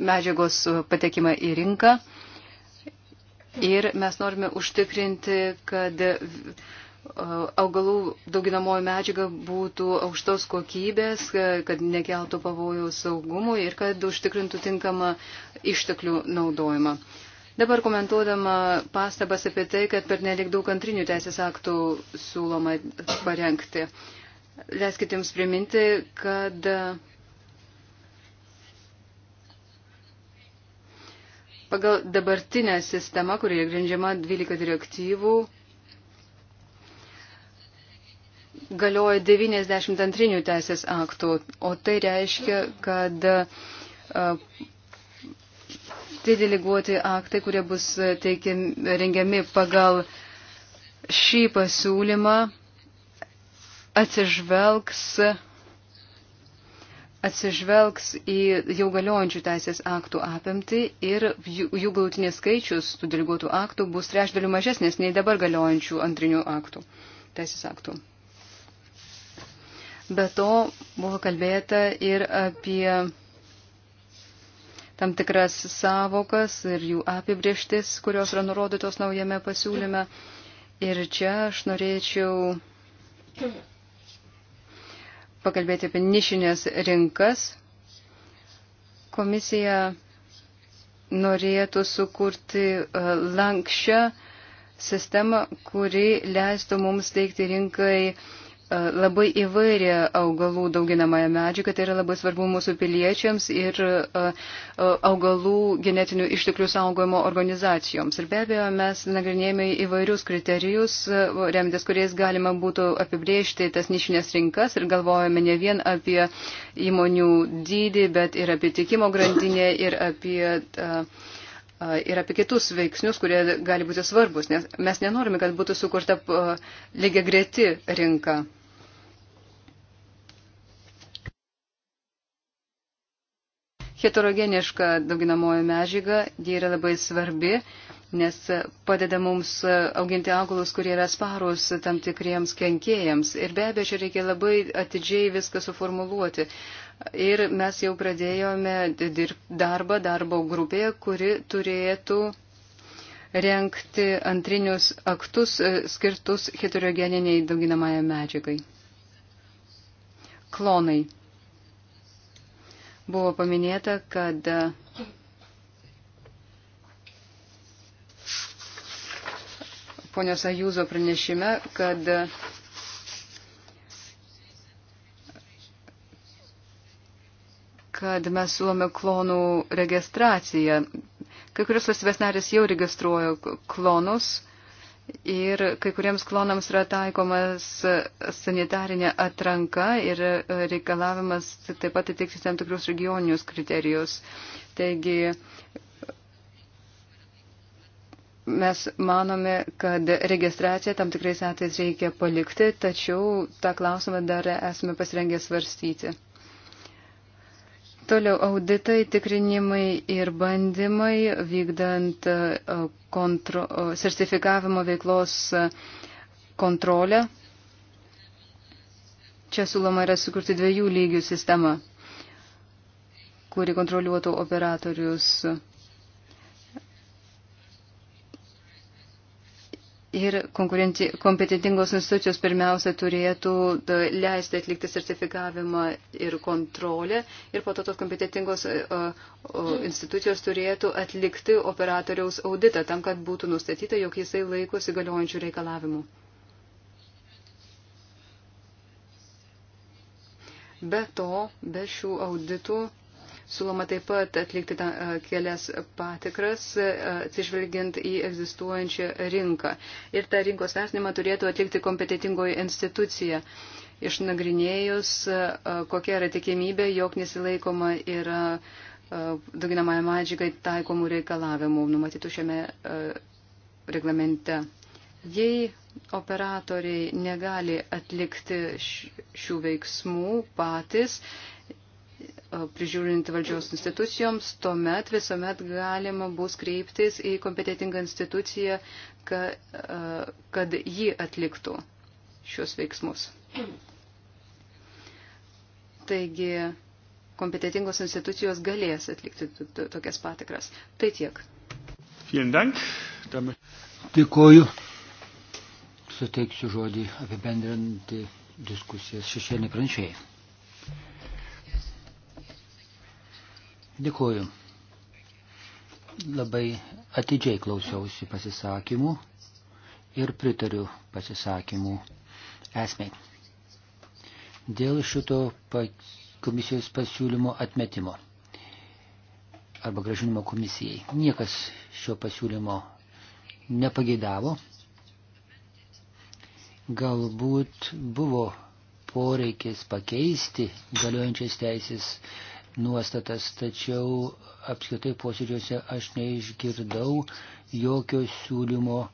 medžiagos patekimą į rinką. Ir mes norime užtikrinti, kad e, augalų dauginamoji medžiaga būtų aukštos kokybės, kad nekeltų pavojų saugumui ir kad užtikrintų tinkamą išteklių naudojimą. Dabar komentuodama pastabas apie tai, kad per nelik daug antrinių teisės aktų siūloma parengti. Uh, Leiskite Jums priminti, kad pagal dabartinę sistemą, kuri yra grindžiama 12 direktyvų, galioja 92 teisės aktų, o tai reiškia, kad tai deleguoti aktai, kurie bus teikiam, rengiami pagal šį pasiūlymą, atsižvelgs, atsižvelgs į jau galiojančių teisės aktų apimti ir jų, jų galutinės skaičius tų deleguotų aktų bus trečdaliu mažesnės nei dabar galiojančių antrinių aktų, teisės aktų. Be to buvo kalbėta ir apie tam tikras savokas ir jų apibrieštis, kurios yra nurodytos naujame pasiūlyme. Ir čia aš norėčiau pakalbėti apie nišinės rinkas. Komisija norėtų sukurti e, lankščią sistemą, kuri leistų mums teikti rinkai uh, E, labai įvairią augalų dauginamąją medžiagą, tai yra labai svarbu mūsų piliečiams ir e, e, augalų genetinių išteklių saugojimo organizacijoms. Ir be abejo, mes nagrinėjame įvairius kriterijus, remdės kuriais galima būtų apibriežti tas nišinės rinkas ir galvojame ne vien apie įmonių dydį, bet ir apie tikimo grandinę ir apie. Uh, ir apie kitus veiksnius, kurie gali būti svarbus, nes mes nenorime, kad būtų sukurta lygiagreti rinka. heterogeniška dauginamoji medžiaga, ji yra labai svarbi, nes padeda mums auginti augalus, kurie yra sparus tam tikriems kenkėjams. Ir be abejo, čia reikia labai atidžiai viską suformuluoti. Ir mes jau pradėjome darbą darbo grupėje, kuri turėtų renkti antrinius aktus e, skirtus heterogeniniai dauginamąją medžiagai. Klonai buvo paminėta, kad uh, ponios Ajūzo pranešime, kad kad mes siūlome klonų registraciją. Kai kurios valstybės narės jau registruoja klonus Ir kai kuriems klonams yra taikomas sanitarinė atranka ir reikalavimas taip pat atitikti tam tikrus regioninius kriterijus. Taigi mes manome, kad registraciją tam tikrais atvejais reikia palikti, tačiau tą klausimą dar esame pasirengę svarstyti. Toliau auditai, tikrinimai ir bandymai vykdant e, kontro, e, sertifikavimo veiklos e, kontrolę. Čia siūloma yra sukurti dviejų lygių sistemą, kuri kontroliuotų operatorius Ir kompetitingos institucijos pirmiausia turėtų leisti atlikti sertifikavimą ir kontrolę, ir po to tos kompetitingos e, institucijos turėtų atlikti operatoriaus auditą tam, kad būtų nustatyta, jog jisai laikosi galiojančių reikalavimų. Be to, be šių auditų Suloma taip pat atlikti ta, kelias patikras, atsižvelgiant į egzistuojančią rinką. Ir tą rinkos vertinimą turėtų atlikti kompetitingoji institucija, išnagrinėjus, kokia yra tikimybė, jog nesilaikoma yra dauginamąją medžiagą taikomų reikalavimų numatytų šiame reglamente. Jei operatoriai negali atlikti šių veiksmų patys, prižiūrint valdžios institucijoms, tuomet visuomet galima bus kreiptis į kompetitingą instituciją, kad, kad ji atliktų šios veiksmus. Taigi kompetitingos institucijos galės atlikti tokias patikras. Tai tiek. Dėkoju. Suteiksiu žodį apibendrinti diskusijas šešėlį pranešėjai. Dėkuoju. Labai atidžiai klausiausi pasisakymų ir pritariu pasisakymų esmei. Dėl šito komisijos pasiūlymo atmetimo arba gražinimo komisijai. Niekas šio pasiūlymo nepageidavo. Galbūt buvo poreikis pakeisti galiojančias teisės nuostatas, tačiau apskritai posėdžiuose aš neišgirdau jokio siūlymo e,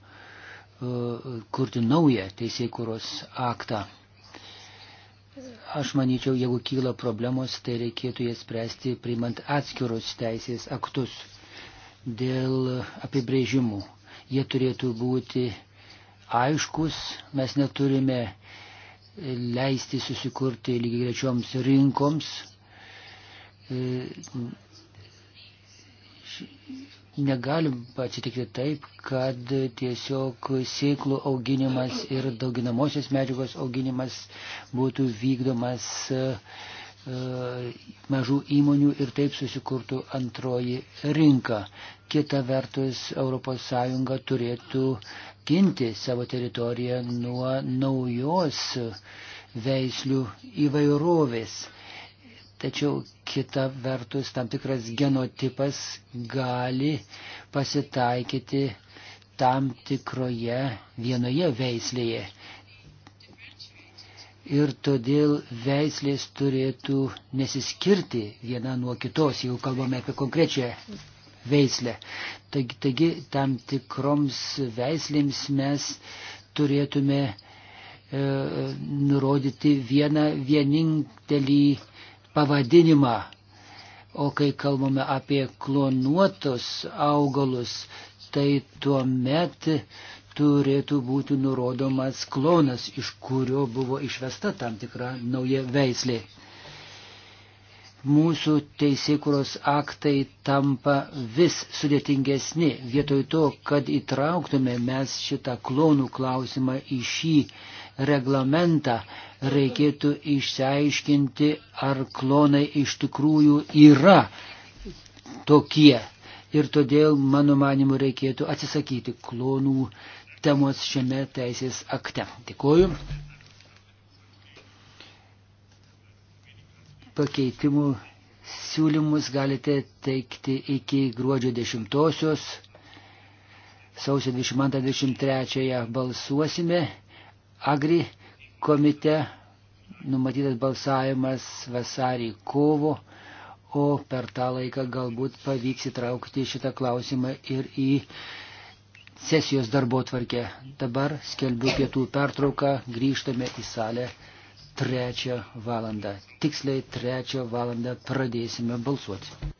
kurti naują teisėkūros aktą. Aš manyčiau, jeigu kyla problemos, tai reikėtų jas spręsti priimant atskirus teisės aktus dėl apibrėžimų. Jie turėtų būti aiškus, mes neturime leisti susikurti lygiai grečioms rinkoms, E, negalim atsitikti taip, kad tiesiog sėklų auginimas ir dauginamosios medžiagos auginimas būtų vykdomas e, e, mažų įmonių ir taip susikurtų antroji rinka. Kita vertus, ES turėtų ginti savo teritoriją nuo naujos veislių įvairovės. Tačiau kita vertus tam tikras genotipas gali pasitaikyti tam tikroje vienoje veislėje. Ir todėl veislės turėtų nesiskirti viena nuo kitos, jeigu kalbame apie konkrečią veislę. Taigi, taigi tam tikroms veislėms mes turėtume e, nurodyti vieną vienintelį pavadinimą. O kai kalbame apie klonuotus augalus, tai tuo met turėtų būti nurodomas klonas, iš kurio buvo išvesta tam tikra nauja veislė. Mūsų teisėkuros aktai tampa vis sudėtingesni. Vietoj to, kad įtrauktume mes šitą klonų klausimą į šį uh, reglamentą, reikėtų išsiaiškinti, ar klonai iš tikrųjų yra tokie. Ir todėl, mano manimu, reikėtų atsisakyti klonų temos šiame teisės akte. Dėkuoju. Pakeitimų siūlymus galite teikti iki gruodžio 10. Sausio 22-23 balsuosime. Agri komite numatytas balsavimas vasarį kovo, o per tą laiką galbūt pavyks įtraukti šitą klausimą ir į sesijos darbo tvarkę. Dabar skelbiu pietų pertrauką, grįžtame į salę trečią valandą. Tiksliai trečią valandą pradėsime balsuoti.